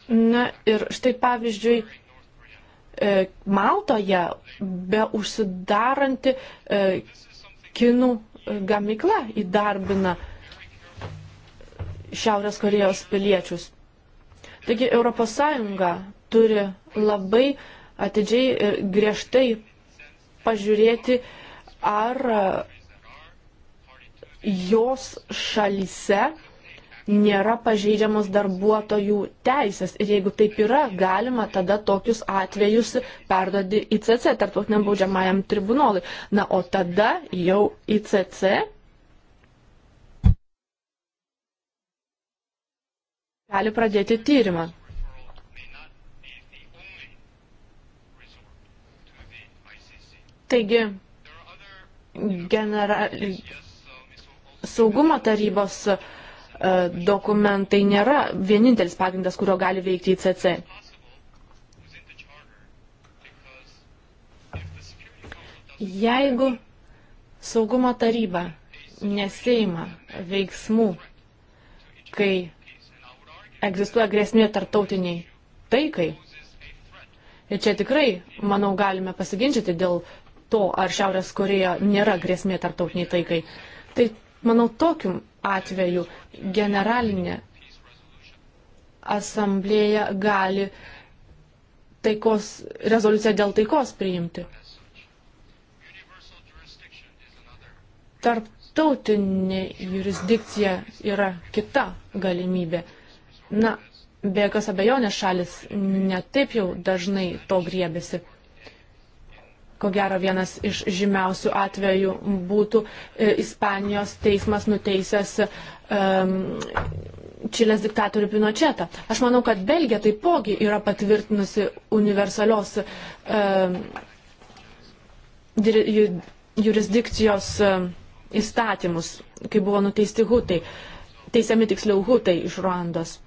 Na ir štai pavyzdžiui, e, Maltoje be užsidaranti e, kinų gamikla įdarbina Šiaurės Korejos piliečius. Taigi ES turi labai uh, atidžiai ir griežtai pažiūrėti, ar jos šalise nėra pažeidžiamos darbuotojų teisės. Ir jeigu taip yra, galima tada tokius atvejus perduoti ICC, tarptautiniam baudžiamajam tribunolui. Na, o tada jau ICC gali pradėti tyrimą. Taigi, general... saugumo tarybos e, dokumentai nėra vienintelis pagrindas, kurio gali veikti ICC. Jeigu saugumo taryba nesėima veiksmų, kai egzistuoja grėsmė tartautiniai taikai, ir čia tikrai, manau, galime pasiginčyti dėl to, ar Šiaurės Koreja nėra grėsmė tarptautiniai taikai. Tai, manau, tokiu atveju generalinė asamblėja gali taikos, rezoliuciją dėl taikos priimti. Tarptautinė jurisdikcija yra kita galimybė. Na, be jokios abejonės šalis netaip jau dažnai to griebėsi. Ko gero vienas iš žymiausių atvejų būtų e, Ispanijos teismas nuteisęs um, Čilės diktatorių Pinochetą. Aš manau, kad Belgija taipogi yra patvirtinusi universalios um, jurisdikcijos um, įstatymus, kai buvo nuteisti hutai, teisiami tiksliau hutai iš Ruandos.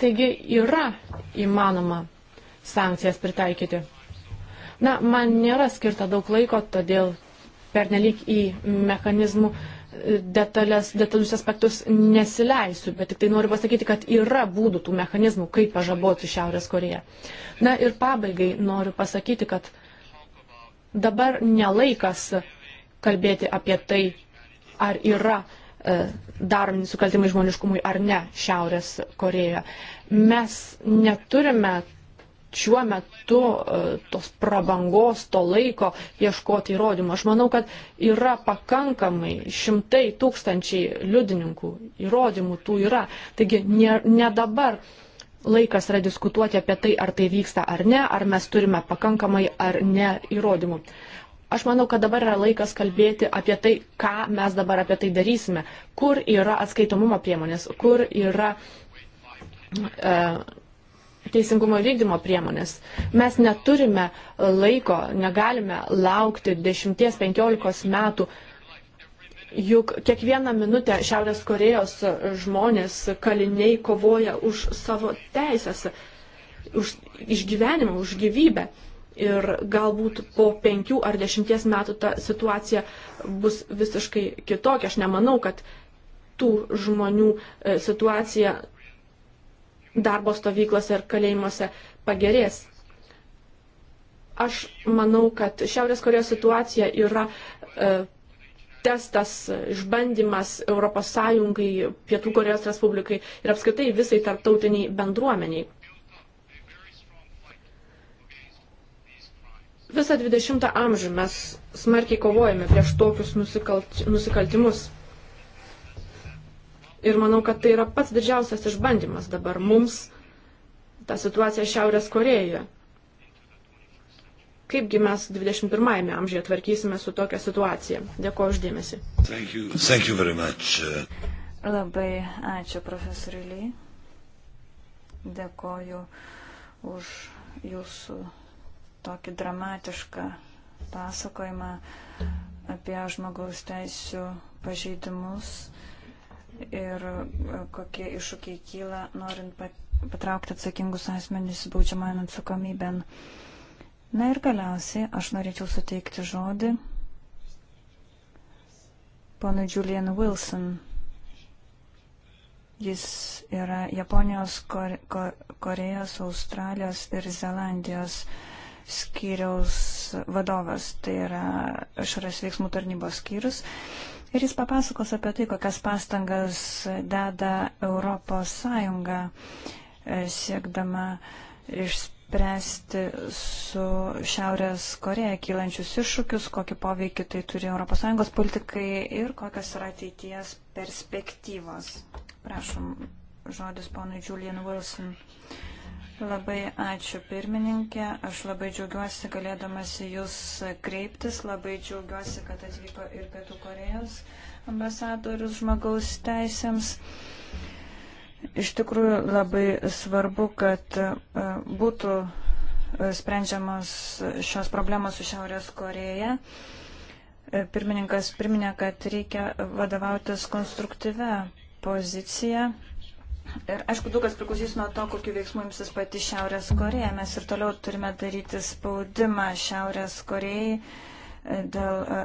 Taigi yra įmanoma sankcijas pritaikyti. Na, man nėra skirta daug laiko, todėl pernelyg į mechanizmų e, detalės, detalius aspektus nesileisiu, bet tik tai noriu pasakyti, kad yra būdų tų mechanizmų, kaip pažaboti Šiaurės Koreją. Na ir pabaigai noriu pasakyti, kad dabar nelaikas kalbėti apie tai, ar yra e, daromi nusikaltimai žmoniškumui ar ne Šiaurės Korejoje. Mes neturime šiuo metu e, tos prabangos, to laiko ieškoti įrodymų. Aš manau, kad yra pakankamai šimtai tūkstančiai liudininkų, įrodymų tų yra. Taigi ne, ne dabar laikas yra diskutuoti apie tai, ar tai vyksta ar ne, ar mes turime pakankamai ar ne įrodymų. Aš manau, kad dabar yra laikas kalbėti apie tai, ką mes dabar apie tai darysime, kur yra atskaitomumo priemonės, kur yra e, teisingumo vykdymo priemonės. Mes neturime laiko, negalime laukti 10-15 metų. Juk kiekvieną minutę Šiaurės Korejos žmonės, kaliniai kovoja už savo teisės, už išgyvenimą, už gyvybę. Ir galbūt po penkių ar dešimties metų ta situacija bus visiškai kitokia. Aš nemanau, kad tų žmonių e, situacija darbo stovyklose ir kalėjimuose pagerės. Aš manau, kad Šiaurės Korejos situacija yra e, testas, išbandymas ES, Pietų Korejos Respublikai ir apskritai visai tarptautiniai bendruomeniai. Visą 20 amžių mes smarkiai kovojame prieš tokius nusikalt, nusikaltimus. Ir manau, kad tai yra pats didžiausias išbandymas dabar mums tą situaciją Šiaurės Korejoje. Kaipgi mes 21-ame amžiuje tvarkysime su tokia situacija? Dėkuoju uždėmesi. Thank you. Thank you uh, Labai ačiū profesoriui Lee. Dėkuoju už jūsų tokį dramatišką pasakojimą apie žmogaus teisų pažeidimus ir e, kokie iššūkiai kyla, norint patraukti atsakingus asmenys baudžiamąją atsakomybę. Na ir galiausiai aš norėčiau suteikti žodį ponui Julian Wilson. Jis yra Japonijos, Kore, Korejos, Australijos ir Zelandijos skyriaus vadovas, tai yra išorės veiksmų tarnybos skyrius. Ir jis papasakos apie tai, kokias pastangas deda Europos Sąjunga e, siekdama išspręsti su Šiaurės Koreja kylančius iššūkius, kokį poveikį tai turi ES politikai ir kokios yra ateities perspektyvos. Prašom, žodis ponui Julian Wilson. Uh, Labai ačiū pirmininkė, aš labai džiaugiuosi galėdamas į Jūs kreiptis, labai džiaugiuosi, kad atvyko ir Pietų Korejos ambasadorius žmogaus teisėms. Iš tikrųjų labai svarbu, kad e, būtų e, sprendžiamos šios problemos su Šiaurės Koreja e, pirmininkas priminė, kad reikia vadovautis konstruktyvę poziciją Ir aišku, daug kas priklausys nuo to, kokiu veiksmu imsis pati Šiaurės Koreja. Mes ir toliau turime daryti spaudimą Šiaurės Korejai e, dėl e,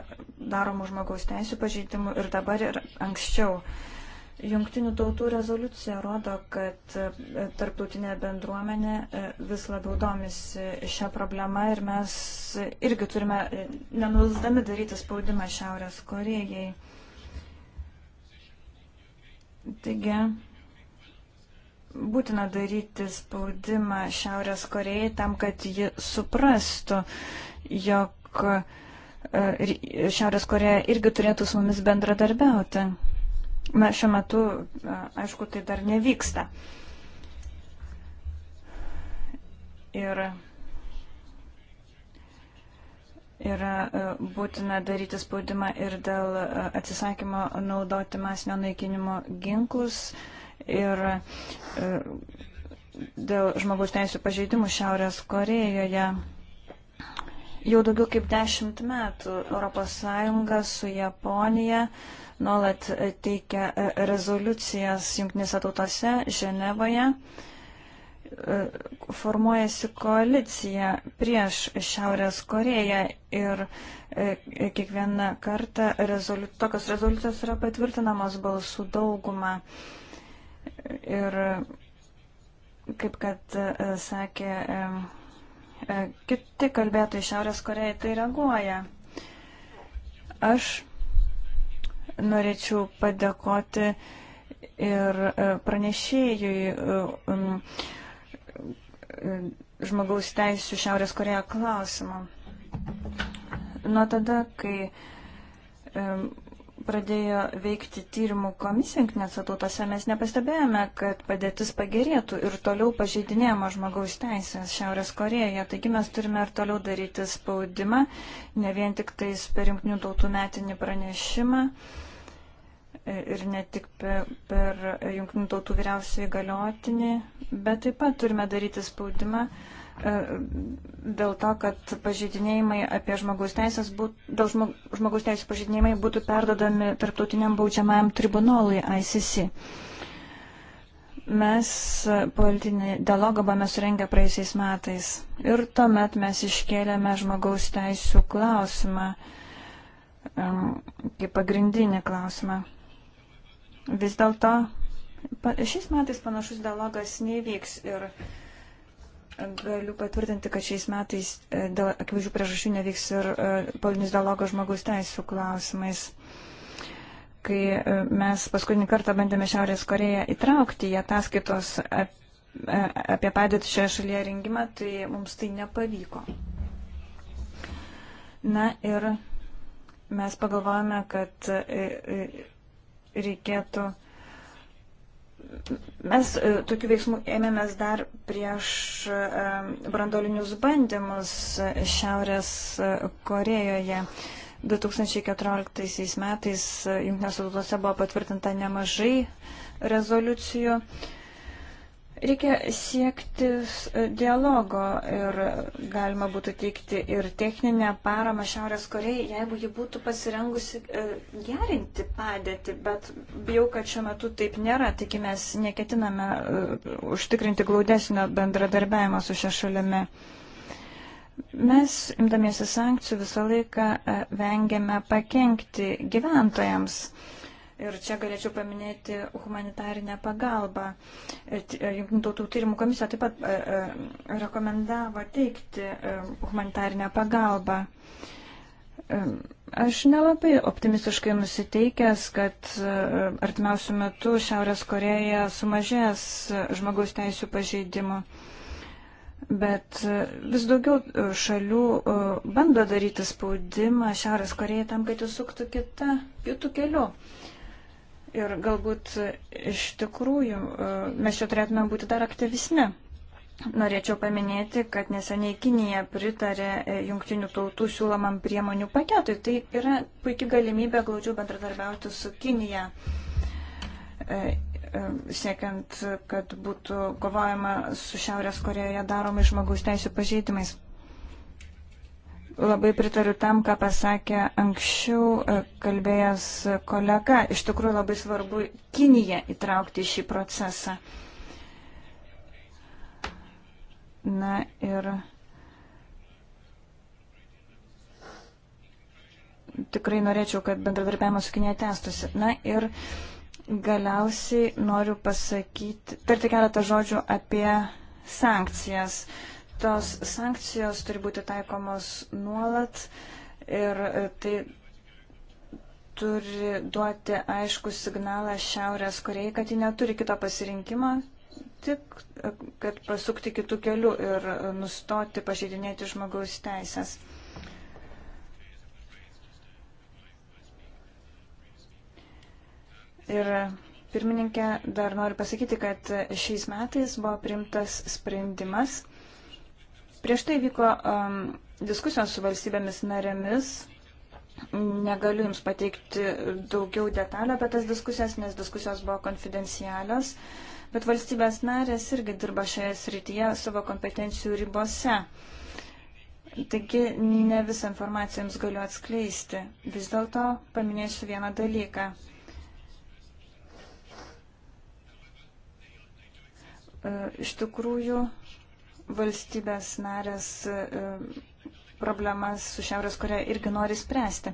daromų žmogaus teisų pažeidimų ir dabar ir anksčiau. Jungtinių tautų rezoliucija rodo, kad e, tarptautinė bendruomenė vis labiau domisi šią problemą ir mes irgi turime nenulzdami daryti spaudimą Šiaurės Korejai. Taigi, būtina daryti spaudimą Šiaurės Korejai tam, kad ji suprastų, jog e, Šiaurės Koreja irgi turėtų su mumis bendradarbiauti. Na, šiuo metu, e, aišku, tai dar nevyksta. Ir yra e, būtina daryti spaudimą ir dėl atsisakymo naudoti masinio naikinimo ginklus. Uh, ir e, dėl žmogaus teisų pažeidimų Šiaurės Korejoje. Jau daugiau kaip dešimt metų ES su Japonija nuolat teikia e, rezoliucijas jungtinėse tautose Ženevoje. E, formuojasi koalicija prieš Šiaurės Koreją ir kiekvieną kartą rezoliu tokios rezoliucijos yra patvirtinamos balsų daugumą. Ir kaip kad e, sakė e, e, kiti kalbėtojai Šiaurės Korejai, tai reaguoja. Aš norėčiau padėkoti ir pranešėjui um, žmogaus teisų Šiaurės Koreja klausimą. Nuo tada, kai pradėjo veikti tyrimų komisija jungtinėse tautose, mes nepastebėjome, kad padėtis pagerėtų ir toliau pažeidinėjama žmogaus teisės Šiaurės Korejoje. Taigi mes turime ir toliau daryti spaudimą, ne vien tik tais per jungtinių tautų metinį pranešimą ir ne tik per, per jungtinių tautų vyriausiai galiotinį, bet taip pat turime daryti spaudimą. Uh, E, dėl to, kad pažeidinėjimai apie žmogaus teisės būtų, dėl žmogaus teisės pažeidinėjimai būtų perdodami tarptautiniam baudžiamajam tribunolui ICC. Mes politinį dialogą buvome surengę praeisiais metais ir tuomet mes iškėlėme žmogaus teisų klausimą kaip pagrindinį klausimą. Vis dėlto šiais metais panašus dialogas nevyks ir uh, Galiu patvirtinti, kad šiais metais e, dėl akivaizdžių priežasčių nevyks ir e, politinis dialogas žmogaus teisų klausimais. Kai e, mes paskutinį kartą bandėme Šiaurės Koreją įtraukti į ataskaitos apie padėtį šioje šalyje rengimą, tai mums tai nepavyko. Na ir mes pagalvojame, kad reikėtų Mes e, tokių veiksmų ėmėmės dar prieš e, brandolinius bandymus Šiaurės Korejoje. 2014 metais e, Junktinės tautose buvo patvirtinta nemažai rezoliucijų. Reikia siekti e, dialogo ir galima būtų teikti ir techninę paramą Šiaurės Korejai, jeigu ji būtų pasirengusi e, gerinti padėtį, bet bijau, kad šiuo metu taip nėra, taigi mes neketiname e, užtikrinti glaudesnio bendradarbiavimo su šia šalimi. Mes, imdamiesi sankcijų, visą laiką vengiame pakengti gyventojams. Ir čia galėčiau paminėti humanitarinę pagalbą. E, Junktinių tautų tyrimų komisija taip pat e, e, rekomendavo teikti humanitarinę pagalbą. Aš nelabai optimistiškai nusiteikęs, kad artimiausių metų Šiaurės Koreja sumažės žmogaus teisų pažeidimo. Bet vis daugiau šalių bando daryti spaudimą Šiaurės Korejai tam, kad jis suktų kitą, kitų kelių. Ir galbūt iš tikrųjų e, mes čia turėtume būti dar aktyvisni. Norėčiau paminėti, kad neseniai Kinija pritarė e, jungtinių tautų siūlomam priemonių paketui. Tai yra puikia galimybė glaudžiau bendradarbiauti su Kinija, e, siekiant, kad būtų kovojama su Šiaurės Korejoje daromai žmogaus teisų pažeidimais. Labai pritariu tam, ką pasakė anksčiau e, kalbėjęs kolega. Iš tikrųjų labai svarbu Kiniją įtraukti į šį procesą. Na ir tikrai norėčiau, kad bendradarbiavimas su Kinėje tęstusi. Na ir galiausiai noriu pasakyti, tarti keletą žodžių apie sankcijas. Uh, tos sankcijos turi būti taikomos nuolat ir e, tai turi duoti aišku signalą Šiaurės Korejai, kad ji neturi kito pasirinkimo, tik e, kad pasukti kitų kelių ir e, nustoti pažeidinėti žmogaus teisės. Ir pirmininkė, dar noriu pasakyti, kad šiais metais buvo primtas sprendimas Prieš tai vyko um, diskusijos su valstybėmis narėmis. Negaliu Jums pateikti daugiau detalių apie tas diskusijas, nes diskusijos buvo konfidencialios, bet valstybės narės irgi dirba šioje srityje savo kompetencijų ribose. Taigi ne visą informaciją Jums galiu atskleisti. Vis dėlto paminėsiu vieną dalyką. E, iš tikrųjų, valstybės narės e, problemas su Šiaurės Korea irgi nori spręsti.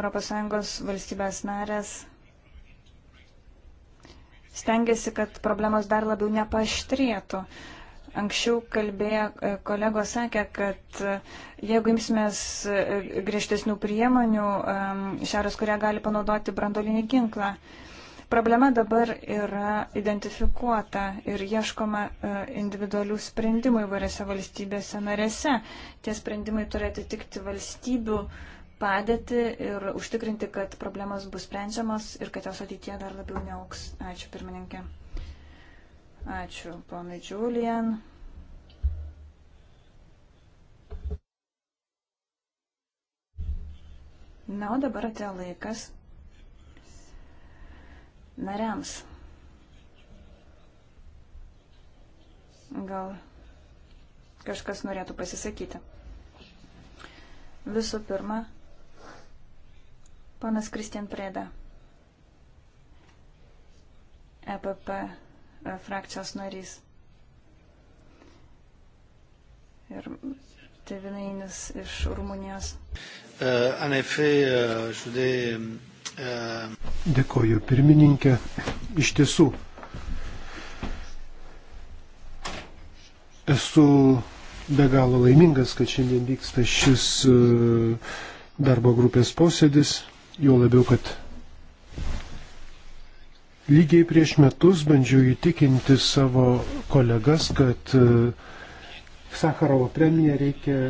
ES valstybės narės stengiasi, kad problemos dar labiau nepaštrėtų. Anksčiau kalbėję e, kolegos sakė, kad e, jeigu imsimės griežtesnių priemonių, Šiaurės Korea gali panaudoti brandolinį ginklą. Uh, Problema dabar yra identifikuota ir ieškoma e, individualių sprendimų įvairiose valstybėse narėse. Tie sprendimai turi atitikti valstybių padėti ir užtikrinti, kad problemas bus sprendžiamas ir kad jos ateitie dar labiau neauks. Ačiū pirmininkė. Ačiū ponai Julian. Na, o dabar atėjo laikas nariams. Gal kažkas norėtų pasisakyti. Visų pirma, panas Kristian Preda, EPP e, frakcijos narys ir tevinainis iš Rumunijos. Uh, en effet, uh, je voudrais Dėkoju pirmininkė. Iš tiesų, esu be galo laimingas, kad šiandien vyksta šis e, darbo grupės posėdis, jo labiau, kad lygiai prieš metus bandžiau įtikinti savo kolegas, kad e, Sakarovo premiją reikia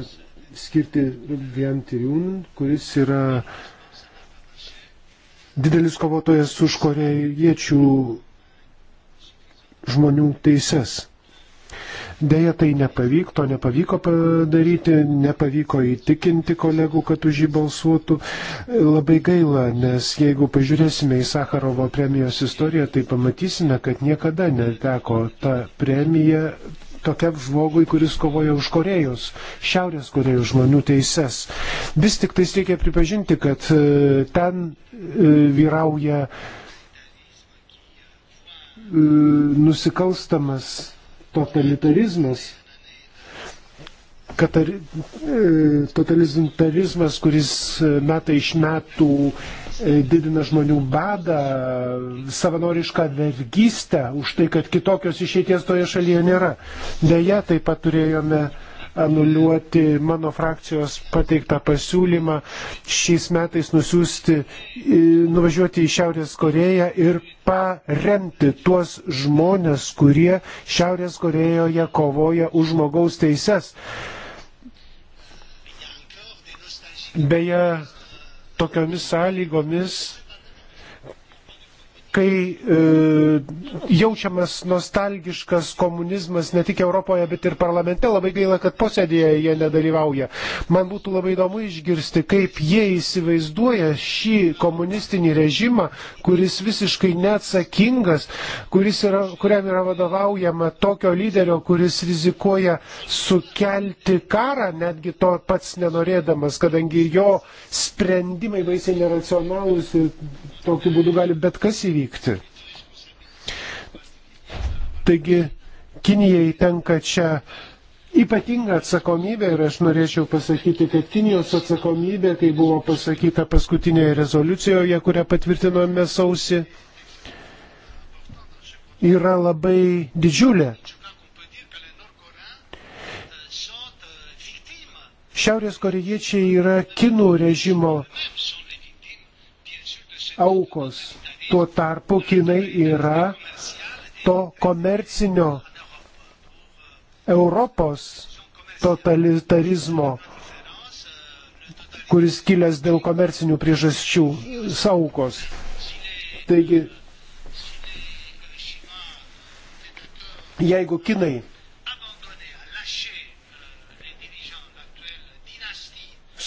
skirti Vien Tiriun, kuris yra didelis kovotojas už korejiečių žmonių teises. Deja, tai nepavykto, nepavyko padaryti, nepavyko įtikinti kolegų, kad už jį balsuotų. Labai gaila, nes jeigu pažiūrėsime į Sakarovo premijos istoriją, tai pamatysime, kad niekada neteko ta premija tokiam žmogui, kuris kovoja už Korejos, Šiaurės Korejos žmonių teises. Vis tik tais reikia pripažinti, kad e, ten e, vyrauja e, nusikalstamas totalitarizmas, katar, totalitarizmas, kuris metai iš metų didina žmonių badą, savanorišką vergystę už tai, kad kitokios išeities toje šalyje nėra. Deja, taip pat turėjome anuliuoti mano frakcijos pateiktą pasiūlymą šiais metais nusiųsti, nuvažiuoti į Šiaurės Koreją ir paremti tuos žmonės, kurie Šiaurės Korejoje kovoja už žmogaus teises. Beje, tokiomis sąlygomis kai e, jaučiamas nostalgiškas komunizmas ne tik Europoje, bet ir parlamente. Labai gaila, kad posėdėje jie nedalyvauja. Man būtų labai įdomu išgirsti, kaip jie įsivaizduoja šį komunistinį režimą, kuris visiškai neatsakingas, kuris yra, kuriam yra vadovaujama tokio lyderio, kuris rizikuoja sukelti karą, netgi to pats nenorėdamas, kadangi jo sprendimai baisiai neracionalūs ir tokiu būdu gali bet kas įvykti vykti. Taigi Kinijai tenka čia ypatinga atsakomybė ir aš norėčiau pasakyti, kad Kinijos atsakomybė, kai buvo pasakyta paskutinėje rezoliucijoje, kurią patvirtinome sausi, yra labai didžiulė. Šiaurės korejiečiai yra kinų režimo aukos. Tuo tarpu Kinai yra to komercinio Europos totalitarizmo, kuris kilęs dėl komercinių priežasčių, saukos. Taigi, jeigu Kinai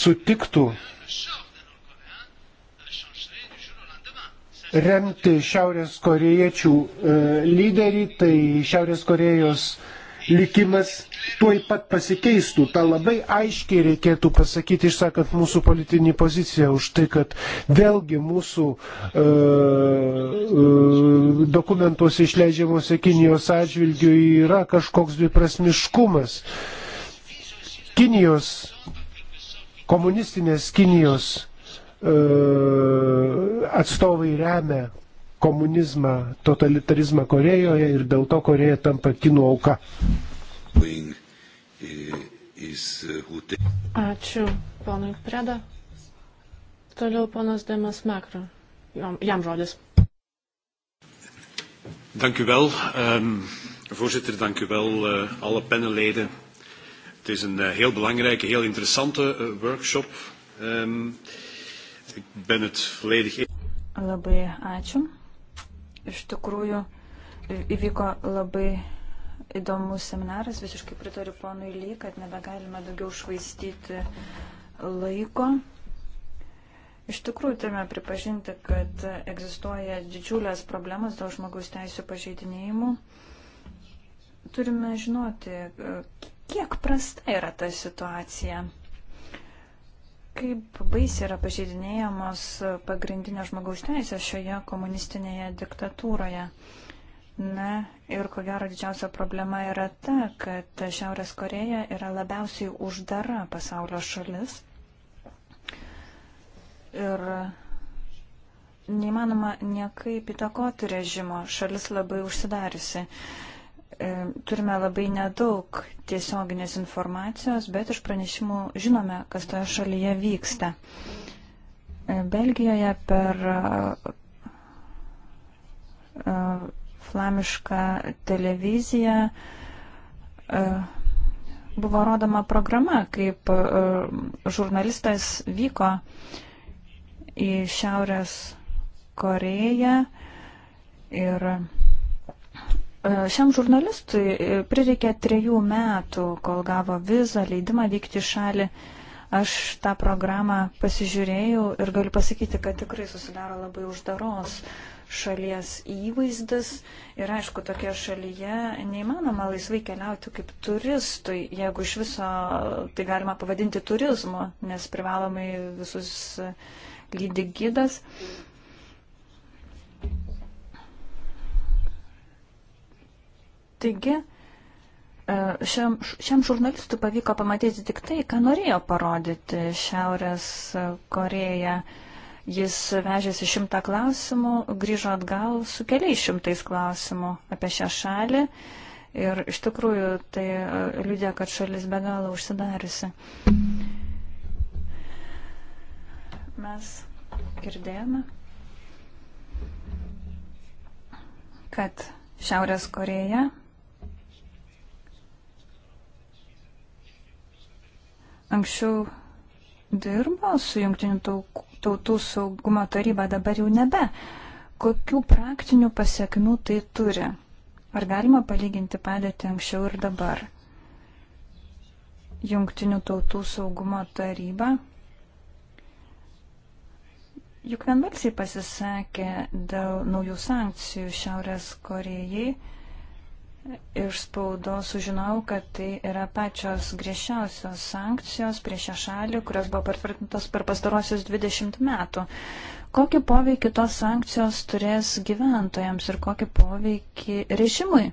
sutiktų remti Šiaurės koriečių e, lyderį, tai Šiaurės Korejos likimas tuoj pat pasikeistų. Ta labai aiškiai reikėtų pasakyti, išsakant mūsų politinį poziciją už tai, kad vėlgi mūsų e, e, dokumentuose išleidžiamuose Kinijos atžvilgių yra kažkoks dviprasmiškumas. Kinijos, komunistinės Kinijos E, atstovai remia komunizmą, totalitarizmą Korejoje ir dėl to Koreja tampa kinų auka. Ačiū ponui Preda. Toliau ponas Demas Makro. Jam žodis. Dank u wel. Um, voorzitter, dank u wel uh, alle panelleden. Het is een uh, heel belangrijke, heel interessante uh, workshop. Um, uh, Ik ben het volledig. E- labai ačiū. Iš tikrųjų, įvyko labai įdomus seminaras. Visiškai pritariu ponui Ly, kad nebegalime daugiau švaistyti laiko. Iš tikrųjų, turime pripažinti, kad egzistuoja didžiulės problemas dėl žmogaus teisų pažeidinėjimų. Turime žinoti, kiek prasta yra ta situacija kaip baisiai yra pažeidinėjamos pagrindinės žmogaus teisės šioje komunistinėje diktatūroje. Na ir ko gero didžiausia problema yra ta, kad Šiaurės Koreja yra labiausiai uždara pasaulio šalis. Ir neįmanoma niekaip įtakoti režimo, šalis labai užsidariusi. E, turime labai nedaug tiesioginės informacijos, bet iš pranešimų žinome, kas toje šalyje vyksta. E, Belgijoje per e, flamišką televiziją buvo rodoma programa, kaip žurnalistas vyko į Šiaurės Koreją ir Šiam žurnalistui e, prireikė trejų metų, kol gavo vizą, leidimą vykti į šalį. Aš tą programą pasižiūrėjau ir galiu pasakyti, kad tikrai susidaro labai uždaros šalies įvaizdis. Ir aišku, tokia šalyje neįmanoma laisvai keliauti kaip turistui, jeigu iš viso tai galima pavadinti turizmu, nes privalomai visus lydi gydas. Mm. Taigi, e, šiam, šiam žurnalistui pavyko pamatyti tik tai, ką norėjo parodyti Šiaurės Koreja. Jis vežėsi šimtą klausimų, grįžo atgal su keliais šimtais klausimų apie šią šalį. Ir iš tikrųjų tai e, liūdė, kad šalis be galo užsidariusi. Mes girdėjome, kad Šiaurės Koreja anksčiau dirbo su Junktinių tautų saugumo taryba, dabar jau nebe. Kokių praktinių pasiekmių tai turi? Ar galima palyginti padėti anksčiau ir dabar? Junktinių tautų saugumo taryba juk vienbalsiai pasisakė dėl naujų sankcijų Šiaurės Korejai Iš spaudos sužinau, kad tai yra pačios griežčiausios sankcijos prieš šią šalį, kurios buvo patvirtintos per pastarosius 20 metų. Kokį poveikį tos sankcijos turės gyventojams ir kokį poveikį režimui?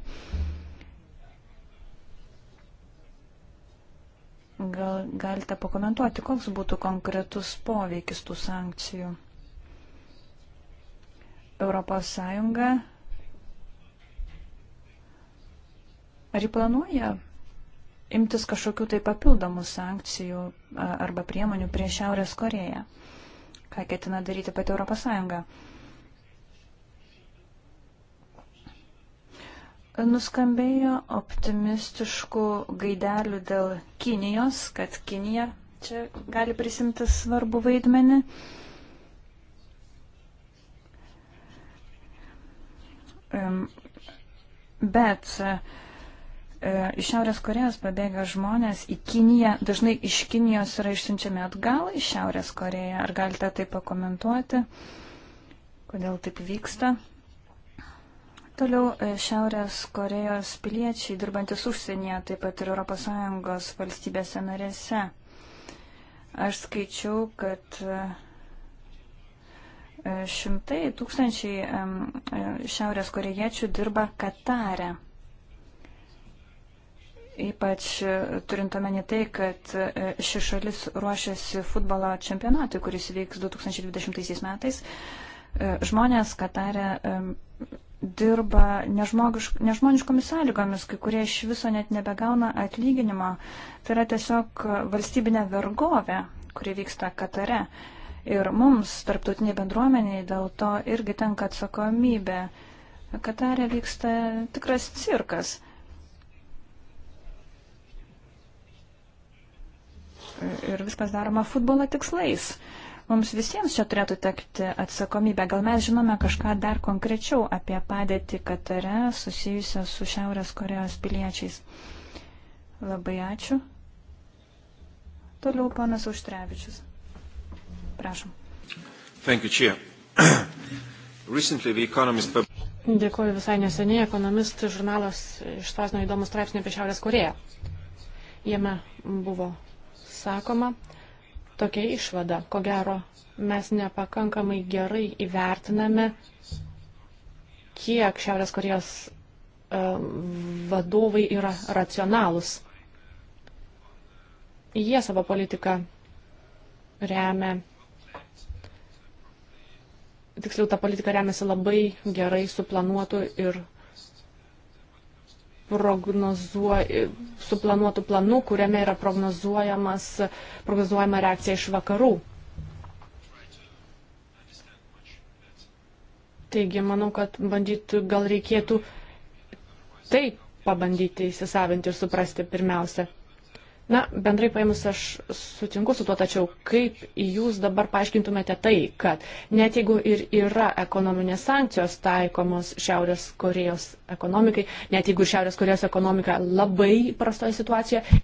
Gal galite pakomentuoti, koks būtų konkretus poveikis tų sankcijų? Europos Sąjunga Ar jį planuoja imtis kažkokių tai papildomų sankcijų arba priemonių prieš Šiaurės Koreją? Ką ketina daryti pati Europos Sąjunga? Nuskambėjo optimistiškų gaidelių dėl Kinijos, kad Kinija čia gali prisimti svarbu vaidmenį. Bet uh, E, iš Šiaurės Korejos pabėgę žmonės į Kiniją, dažnai iš Kinijos yra išsiunčiami atgal į Šiaurės Koreją. Ar galite tai pakomentuoti, kodėl taip vyksta? Toliau e, Šiaurės Korejos piliečiai, dirbantis užsienyje, taip pat ir ES valstybėse narėse. Aš skaičiau, kad e, šimtai tūkstančiai šiaurės korejiečių dirba Katare. Ypač e, turint omeny tai, kad e, ši šalis ruošiasi futbolo čempionatui, kuris vyks 2020 metais. E, žmonės Katare dirba nežmoniškomis sąlygomis, kai kurie iš viso net nebegauna atlyginimo. Tai yra tiesiog valstybinė vergovė, kuri vyksta Katare. Ir mums, tarptautiniai bendruomeniai, dėl to irgi tenka atsakomybė. Katare vyksta tikras cirkas. ir viskas daroma futbolo tikslais. Mums visiems čia turėtų tekti atsakomybė. Gal mes žinome kažką dar konkrečiau apie padėtį Katare susijusią su Šiaurės Korejos piliečiais. Labai ačiū. Toliau ponas Užtrevičius. Prašom. Thank you, Chair. Recently the Economist... Dėkuoju visai neseniai. Ekonomistų žurnalas išspausdino įdomus straipsnį apie Šiaurės Koreją. Jame buvo sakoma tokia išvada. Ko gero, mes nepakankamai gerai įvertiname, kiek Šiaurės Korejos e, vadovai yra racionalūs. Jie savo politiką remia, tiksliau, ta politika remiasi labai gerai suplanuotų ir suplanuotų planų, kuriame yra prognozuojama reakcija iš vakarų. Taigi, manau, kad bandyti gal reikėtų taip pabandyti įsisavinti ir suprasti pirmiausia. Na, bendrai paėmus aš sutinku su tuo, tačiau kaip jūs dabar paaiškintumėte tai, kad net jeigu ir yra ekonominės sankcijos taikomos Šiaurės Korejos ekonomikai, net jeigu Šiaurės Korejos ekonomika labai prastoje situacijoje.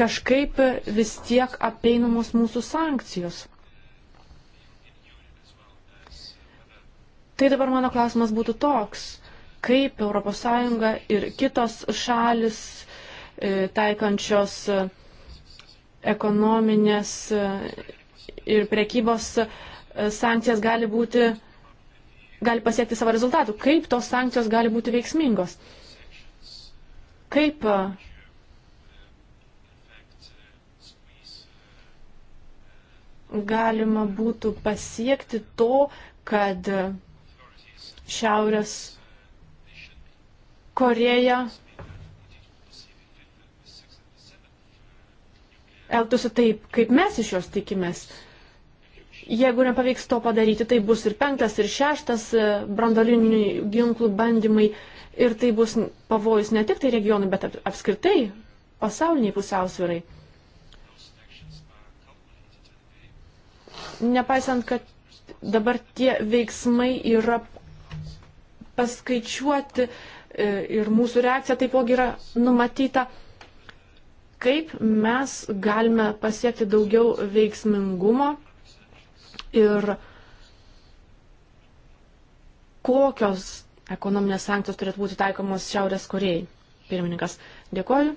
Kažkaip vis tiek apeinamos mūsų sankcijos. Tai dabar mano klausimas būtų toks kaip ES ir kitos šalis e, taikančios e, ekonominės e, ir prekybos sankcijas gali būti, gali pasiekti savo rezultatų. Kaip tos sankcijos gali būti veiksmingos? Kaip galima būtų pasiekti to, kad šiaurės Koreja elgtųsi taip, kaip mes iš jos tikimės. Jeigu nepavyks to padaryti, tai bus ir penktas, ir šeštas e, brandolinių ginklų bandymai ir tai bus pavojus ne tik tai regionui, bet apskritai pasauliniai pusiausvirai. Nepaisant, kad dabar tie veiksmai yra paskaičiuoti E, ir mūsų reakcija taipogi yra numatyta, kaip mes galime pasiekti daugiau veiksmingumo ir kokios ekonominės sankcijos turėtų būti taikomos Šiaurės Korejai. Pirmininkas, dėkoju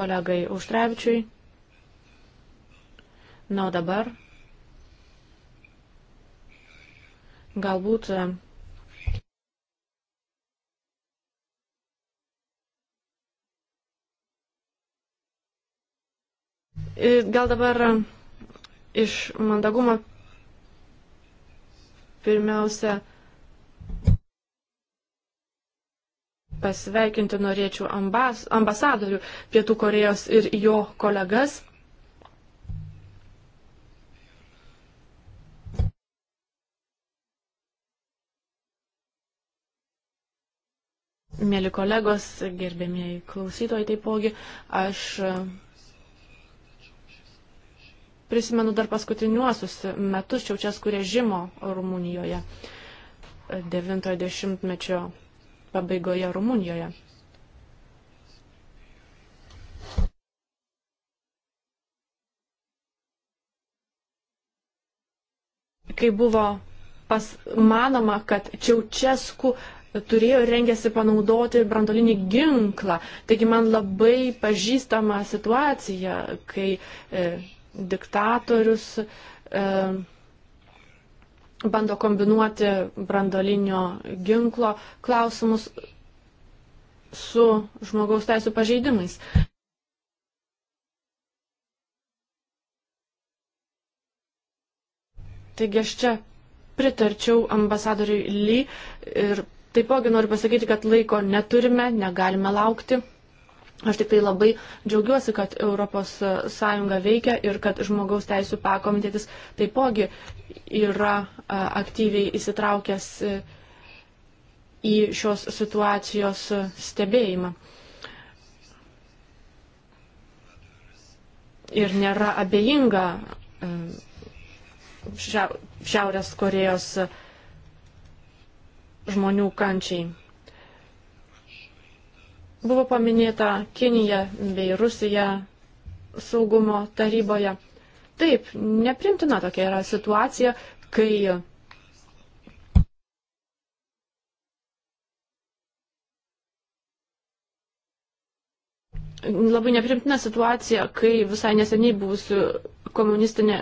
kolegai Užtrevičiui. Na, o dabar galbūt E, gal dabar e, iš mandagumo pirmiausia pasveikinti norėčiau ambas, ambasadorių Pietų Korejos ir jo kolegas. Mėly kolegos, gerbėmėjai klausytojai taipogi, aš Prisimenu dar paskutiniuosius metus Čiaučeskų režimo Rumunijoje, 90-mečio pabaigoje Rumunijoje. Kai buvo pas, manoma, kad Čiaučeskų turėjo ir rengėsi panaudoti brandolinį ginklą. Taigi man labai pažįstama situacija, kai e, diktatorius e, bando kombinuoti brandolinio ginklo klausimus su žmogaus teisų pažeidimais. Taigi aš čia pritarčiau ambasadoriui Ly ir taipogi noriu pasakyti, kad laiko neturime, negalime laukti. Aš tik tai labai džiaugiuosi, kad ES veikia ir kad žmogaus teisų pakomitėtis taipogi yra aktyviai įsitraukęs e, į šios situacijos stebėjimą. Ir nėra abejinga e, Šiaurės Korejos žmonių kančiai. Buvo paminėta Kinija bei Rusija saugumo taryboje. Taip, neprimtina tokia yra situacija, kai labai neprimtina situacija, kai visai neseniai buvusi komunistinė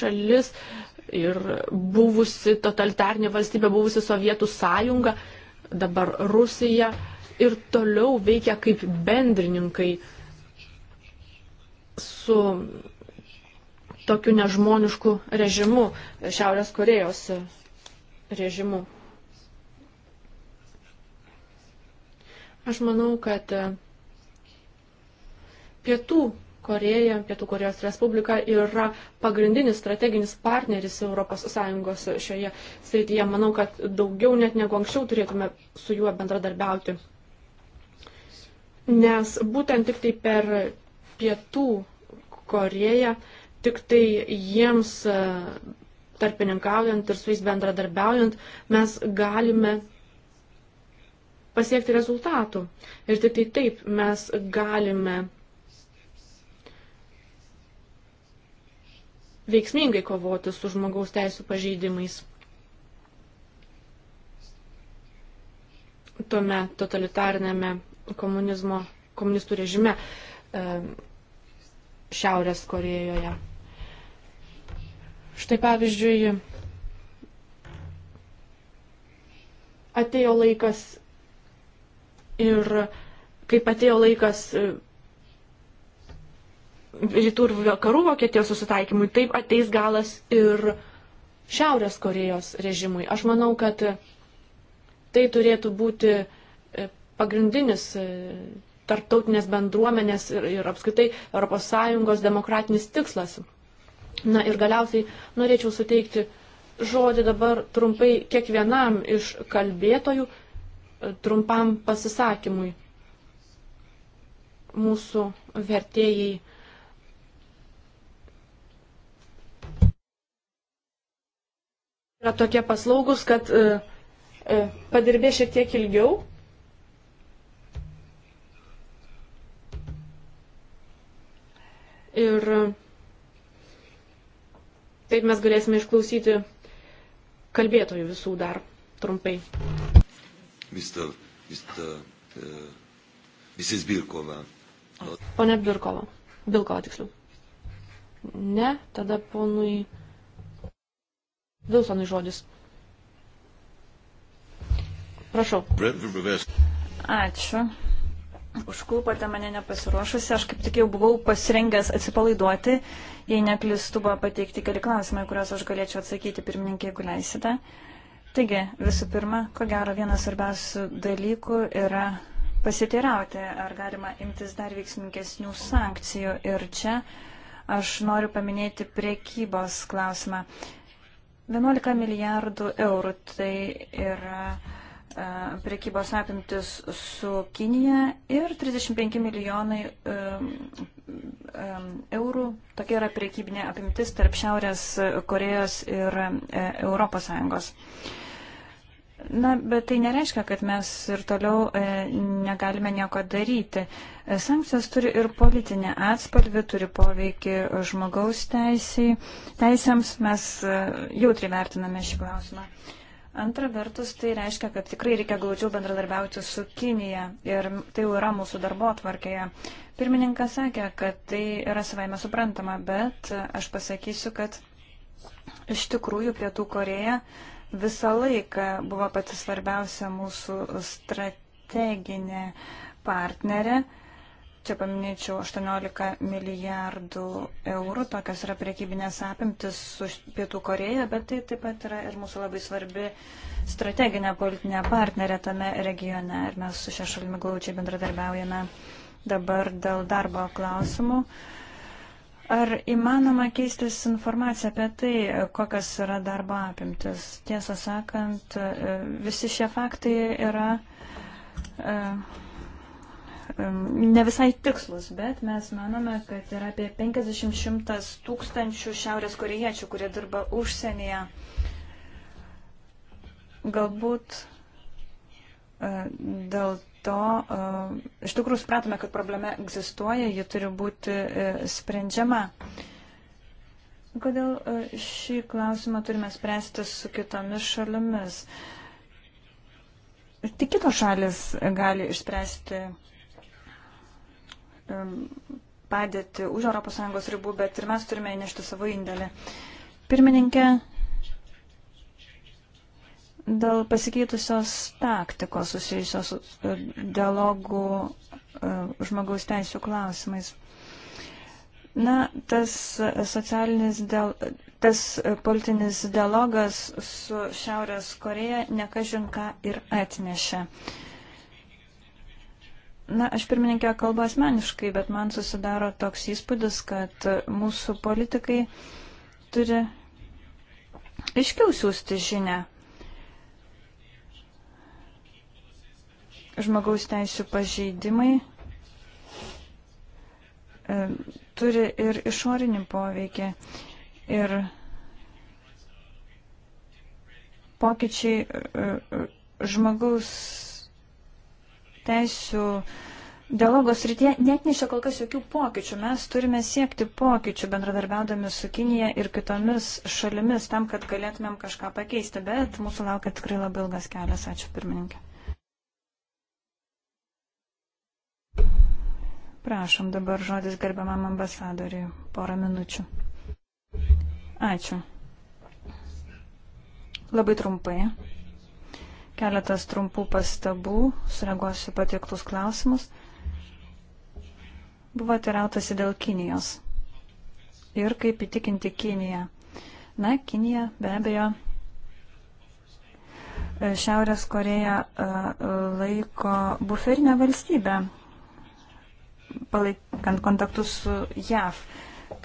šalis ir buvusi totalitarnė valstybė, buvusi Sovietų sąjunga, dabar Rusija ir toliau veikia kaip bendrininkai su tokiu nežmonišku režimu, Šiaurės Korejos režimu. Aš manau, kad Pietų Koreja, Pietų Korejos Respublika yra pagrindinis strateginis partneris ES šioje srityje. Manau, kad daugiau net negu anksčiau turėtume su juo bendradarbiauti nes būtent tik tai per pietų Koreją, tik tai jiems e, tarpininkaujant ir su jais bendradarbiaujant mes galime pasiekti rezultatų. Ir tik tai taip mes galime veiksmingai kovoti su žmogaus teisų pažeidimais. Tuomet totalitarinėme komunizmo, komunistų režime e, Šiaurės Korejoje. Štai pavyzdžiui, atėjo laikas ir kaip atėjo laikas e, rytų ir vakarų Vokietijos susitaikymui, taip ateis galas ir Šiaurės Korejos režimui. Aš manau, kad tai turėtų būti pagrindinis e, tarptautinės bendruomenės ir, ir apskaitai ES demokratinis tikslas. Na ir galiausiai norėčiau suteikti žodį dabar trumpai kiekvienam iš kalbėtojų e, trumpam pasisakymui. Mūsų vertėjai. Yra tokie paslaugus, kad e, e, padirbė šiek tiek ilgiau, Ir taip mes galėsime išklausyti kalbėtojų visų dar trumpai. Mr. Mr. Uh, Mrs. Birkova. Pone Birkova. Bilkova tiksliau. Ne, tada ponui Vilsonui žodis. Prašau. Ačiū užklupote mane nepasiruošusi, aš kaip tik jau buvau pasirengęs atsipalaiduoti, jei neklistu buvo pateikti keli klausimai, kuriuos aš galėčiau atsakyti pirmininkė, jeigu leisite. Taigi, visų pirma, ko gero vienas svarbiausių dalykų yra pasiteirauti, ar galima imtis dar veiksmingesnių sankcijų. Ir čia aš noriu paminėti priekybos klausimą. 11 milijardų eurų tai yra E, prekybos apimtis su Kinija ir 35 milijonai e, e, eurų. Tokia yra prekybinė apimtis tarp Šiaurės Korejos ir ES. Na, bet tai nereiškia, kad mes ir toliau negalime nieko daryti. Sankcijos turi ir politinę atspalvį, turi poveikį žmogaus teisėms. Mes jautri vertiname šį klausimą. Antra vertus, tai reiškia, kad tikrai reikia glaudžiau bendradarbiauti su Kinija ir tai jau yra mūsų darbo atvarkėje. Pirmininkas sakė, kad tai yra savaime suprantama, bet aš pasakysiu, kad iš tikrųjų Pietų Koreja visą laiką buvo pati svarbiausia mūsų strateginė partnerė. Uh, Čia paminėčiau 18 milijardų eurų, tokios yra priekybinės apimtis su Pietų Koreja, bet tai taip pat yra ir mūsų labai svarbi strateginė politinė partnerė tame regione ir mes su šia šalimi glaučiai bendradarbiaujame dabar dėl darbo klausimų. Ar įmanoma keistis informaciją apie tai, kokias yra darbo apimtis? Tiesą sakant, visi šie faktai yra. Uh, ne visai tikslus, bet mes manome, kad yra apie 50-100 tūkstančių šiaurės koriečių, kurie dirba užsienyje. Galbūt e, dėl to e, iš tikrųjų supratome, kad problema egzistuoja, ji turi būti e, sprendžiama. Kodėl šį klausimą turime spręsti su kitomis šalimis? Tik kitos šalis gali išspręsti padėti už ES ribų, bet ir mes turime įnešti savo indėlį. Pirmininkė, dėl pasikeitusios taktikos susijusios e, dialogų e, žmogaus teisų klausimais. Na, tas socialinis, dial, tas politinis dialogas su Šiaurės Koreja nekažin ką ir atnešė. Uh, Na, aš pirmininkė kalbu asmeniškai, bet man susidaro toks įspūdis, kad mūsų politikai turi aiškiau siūsti žinę. Žmogaus teisų pažeidimai e, turi ir išorinį poveikį. Ir pokyčiai e, e žmogaus teisų dialogos rytie net nešia kol kas jokių pokyčių. Mes turime siekti pokyčių bendradarbiaudami su Kinija ir kitomis šalimis tam, kad galėtumėm kažką pakeisti, bet mūsų laukia tikrai labai ilgas kelias. Ačiū pirmininkė. Prašom dabar žodis gerbiamam ambasadoriui. Porą minučių. Ačiū. Labai trumpai. Keletas trumpų pastabų, sureaguosiu patiktus klausimus. Buvo atirautasi dėl Kinijos. Ir kaip įtikinti Kiniją. Na, Kinija be abejo. Šiaurės Koreja e, laiko buferinę valstybę, palaikant kontaktus su JAV.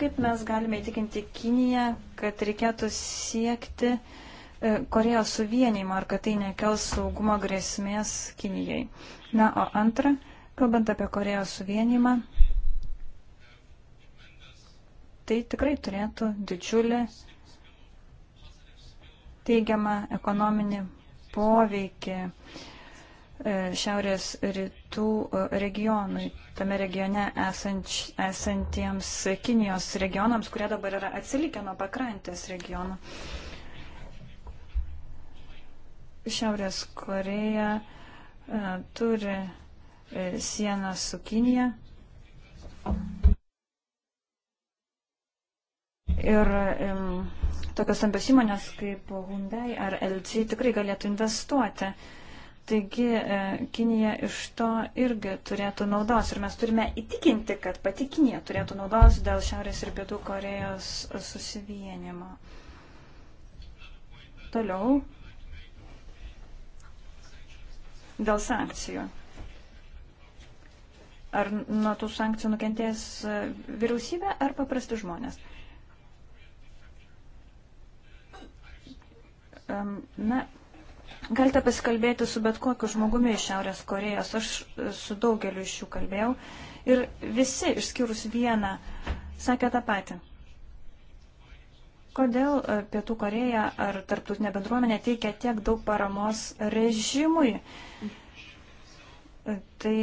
Kaip mes galime įtikinti Kiniją, kad reikėtų siekti uh, E, Korejos suvienimo, ar kad tai nekels saugumo grėsmės Kinijai. Na, o antra, kalbant apie Korejos suvienimą, tai tikrai turėtų didžiulį teigiamą ekonominį poveikį e, šiaurės rytų e, regionui, tame regione esanč, esantiems Kinijos regionams, kurie dabar yra atsilikę nuo pakrantės regionų. Šiaurės Koreja e, turi e, sieną su Kinija. Ir um, tokios stambios įmonės kaip Hyundai ar LG tikrai galėtų investuoti. Taigi e, Kinija iš to irgi turėtų naudos ir mes turime įtikinti, kad pati Kinija turėtų naudos dėl Šiaurės ir Pietų Korejos susivienimo. Toliau dėl sankcijų. Ar nuo tų sankcijų nukentės e, vyriausybė ar paprasti žmonės? Na, Galite pasikalbėti su bet kokiu žmogumi iš Šiaurės Korejos. Aš e, su daugeliu iš jų kalbėjau. Ir visi, išskyrus vieną, sakė tą patį. Kodėl e, Pietų Koreja ar tarptautinė bendruomenė teikia tiek daug paramos režimui? E, tai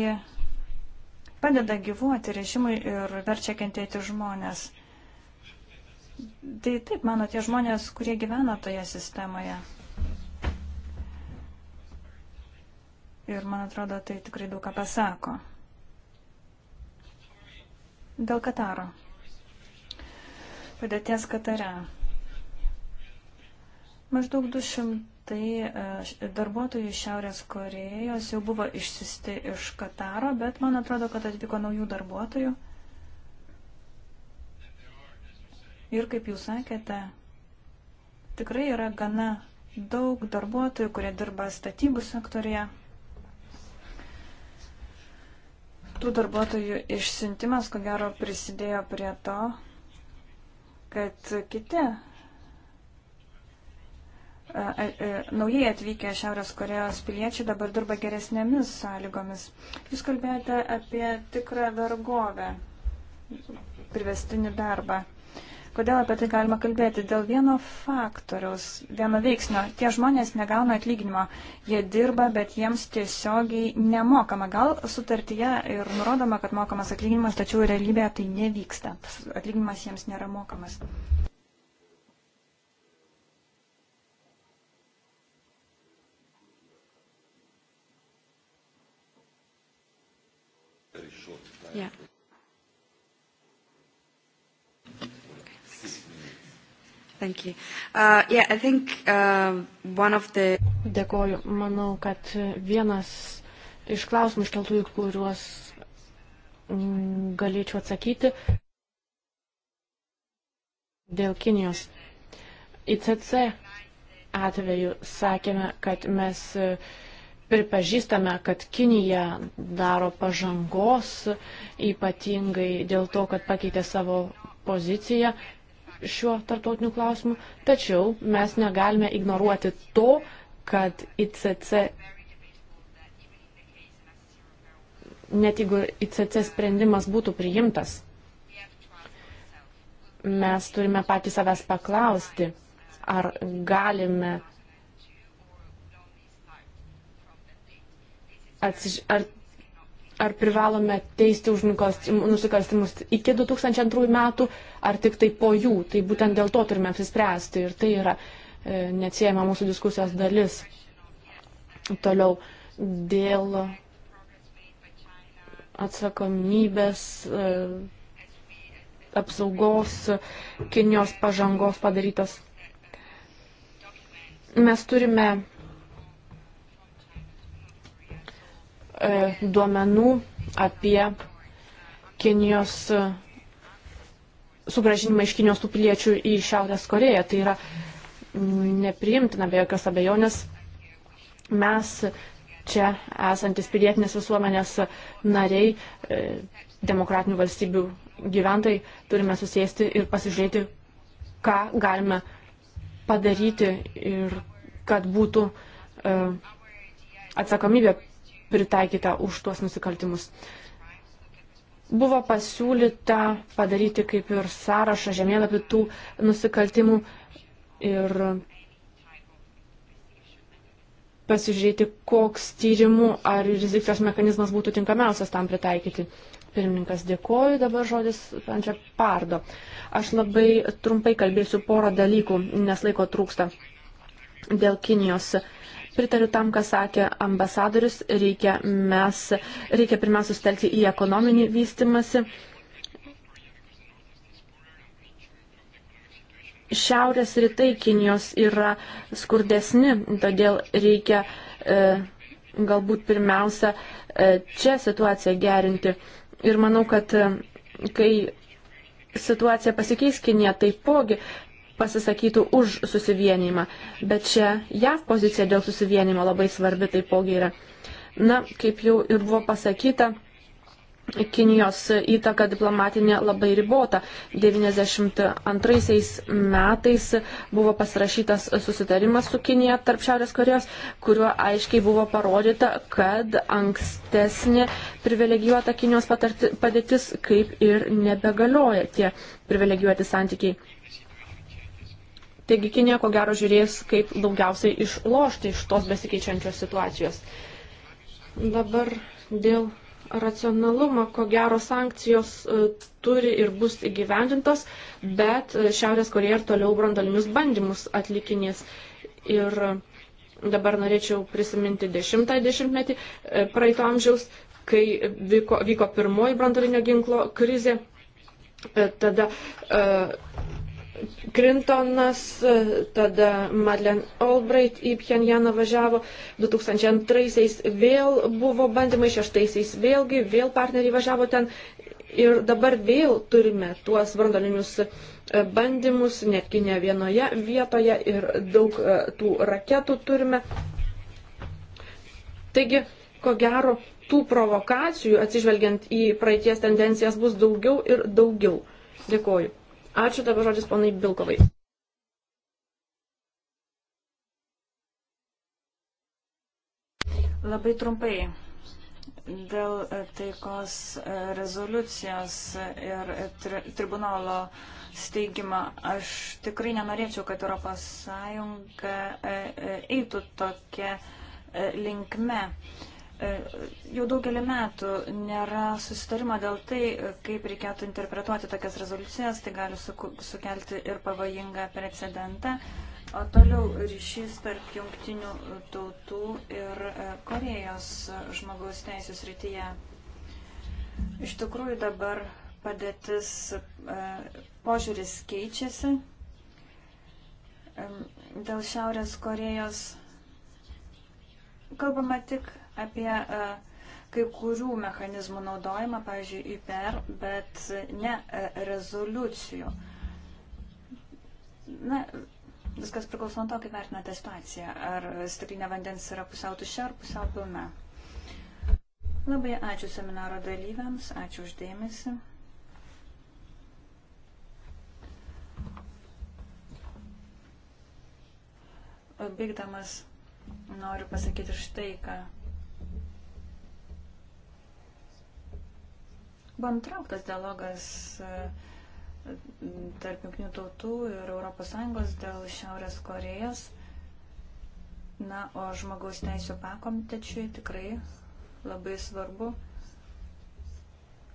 padeda gyvuoti režimui ir verčia kentėti žmonės. Tai taip, mano tie žmonės, kurie gyvena toje sistemoje. Ir man atrodo, tai tikrai daug ką pasako. Dėl Kataro. Padėties Katare. Maždaug 200 e, darbuotojų iš Šiaurės Korejos jau buvo išsisti iš Kataro, bet man atrodo, kad atvyko naujų darbuotojų. Ir kaip jūs sakėte, tikrai yra gana daug darbuotojų, kurie dirba statybų sektorija. Tų darbuotojų išsiuntimas, ko gero, prisidėjo prie to, kad kiti naujai atvykę Šiaurės Korejos piliečiai dabar dirba geresnėmis sąlygomis. Jūs kalbėjote apie tikrą vergovę, privestinį darbą. Kodėl apie tai galima kalbėti? Dėl vieno faktoriaus, vieno veiksnio. Tie žmonės negauna atlyginimo. Jie dirba, bet jiems tiesiogiai nemokama. Gal sutartyje ir nurodoma, kad mokamas atlyginimas, tačiau realybėje tai nevyksta. Tas atlyginimas jiems nėra mokamas. Yeah. Thank you. Uh, yeah, I think uh, one of the... Dėkoju. Manau, kad vienas iš klausimų iškeltųjų, kuriuos mm, galėčiau atsakyti dėl Kinijos. ICC atveju sakėme, kad mes uh, pripažįstame, kad Kinija daro pažangos, ypatingai dėl to, kad pakeitė savo poziciją šiuo tartautiniu klausimu, tačiau mes negalime ignoruoti to, kad ICC, net jeigu ICC sprendimas būtų priimtas, mes turime patys savęs paklausti, ar galime atsiž... ar, ar privalome teisti už nusikalstimus iki 2002 metų, ar tik tai po jų. Tai būtent dėl to turime apsispręsti ir tai yra e, neatsiejama mūsų diskusijos dalis. Toliau dėl atsakomybės, e, apsaugos, Kinijos pažangos padarytos. Mes turime E, duomenų apie Kinijos e, sugražinimą iš Kinijos tų piliečių į Šiaurės Koreją. Tai yra nepriimtina be jokios abejonės. Mes čia esantis pilietinės visuomenės nariai, e, demokratinių valstybių gyventojai turime susėsti ir pasižiūrėti, ką galime padaryti ir kad būtų atsakomybė pritaikyta už tuos nusikaltimus. Buvo pasiūlyta padaryti kaip ir sąrašą žemėlapį tų nusikaltimų ir pasižiūrėti, koks tyrimų ar rizikos mechanizmas būtų tinkamiausias tam pritaikyti. Pirmininkas dėkoju, dabar žodis Ančia Pardo. Aš labai trumpai kalbėsiu porą dalykų, nes laiko trūksta dėl Kinijos. Uh, Pritariu tam, ką sakė ambasadorius, reikia, mes, reikia pirmiausia sustelkti į ekonominį vystimąsi. Šiaurės rytai Kinijos yra skurdesni, todėl reikia e, galbūt pirmiausia e, čia situaciją gerinti. Ir manau, kad e, kai situacija pasikeis Kinija, taipogi pasisakytų už susivienimą, bet čia JAV pozicija dėl susivienimo labai svarbi taipogi yra. Na, kaip jau ir buvo pasakyta, Kinijos įtaka diplomatinė labai ribota. 92 metais buvo pasirašytas susitarimas su Kinija tarp Šiaurės Korejos, kuriuo aiškiai buvo parodyta, kad ankstesnė privilegijuota Kinijos patarti, padėtis kaip ir nebegalioja tie privilegijuoti santykiai. Taigi Kinė ko gero žiūrės, kaip daugiausiai išlošti iš tos besikeičiančios situacijos. Dabar dėl racionalumo, ko gero sankcijos e, turi ir bus įgyvendintos, bet e, Šiaurės Korėja ir toliau brandalinius bandymus atlikinės. Ir e, dabar norėčiau prisiminti 10-metį praeito amžiaus, kai vyko, vyko pirmoji brandolinio ginklo krizė. Tada Clintonas, e, tada Madeleine Albright į Pchenjaną važiavo, 2002-aisiais vėl buvo bandymai, 2006-aisiais vėlgi, vėl partneriai važiavo ten ir dabar vėl turime tuos brandolinius e, bandymus, netgi ne vienoje vietoje ir daug e, tų raketų turime. Taigi, ko gero, tų provokacijų, atsižvelgiant į praeities tendencijas, bus daugiau ir daugiau. Dėkoju. Ačiū dabar žodis ponai Bilkovai. Labai trumpai dėl e, taikos e, rezoliucijos ir e, tri tribunolo steigimą. Aš tikrai nenorėčiau, kad ES eitų tokia linkme. E, jau daugelį metų nėra susitarimo dėl tai, kaip reikėtų interpretuoti tokias rezoliucijas, tai gali sukelti ir pavojingą precedentą. O toliau ryšys tarp jungtinių tautų ir e, Korejos žmogaus teisų srityje. Iš tikrųjų dabar padėtis, e, požiūris keičiasi. Dėl Šiaurės Korejos kalbama tik apie e, kai kurių mechanizmų naudojimą, pavyzdžiui, IPR, bet ne e, rezoliucijų. Na, viskas priklauso nuo to, kaip vertinate situaciją. Ar stiklinė vandens yra pusiau tuščia ar pusiau pilna. Labai ačiū seminaro dalyviams, ačiū uždėmesi. Baigdamas noriu pasakyti štai ką. Buvo nutrauktas dialogas e, tarp Junktinių tautų ir ES dėl Šiaurės Korejos. Na, o žmogaus teisų pakomitečiui tikrai labai svarbu,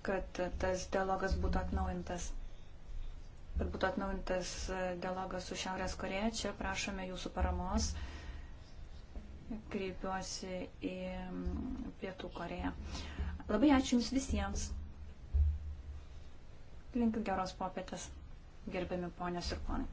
kad tas dialogas būtų atnaujintas. Kad būtų atnaujintas e, dialogas su Šiaurės Koreja, čia prašome jūsų paramos kreipiuosi į Pietų Koreją. Labai ačiū Jums visiems. Linkiu geros popietės, gerbiami ponios ir ponai.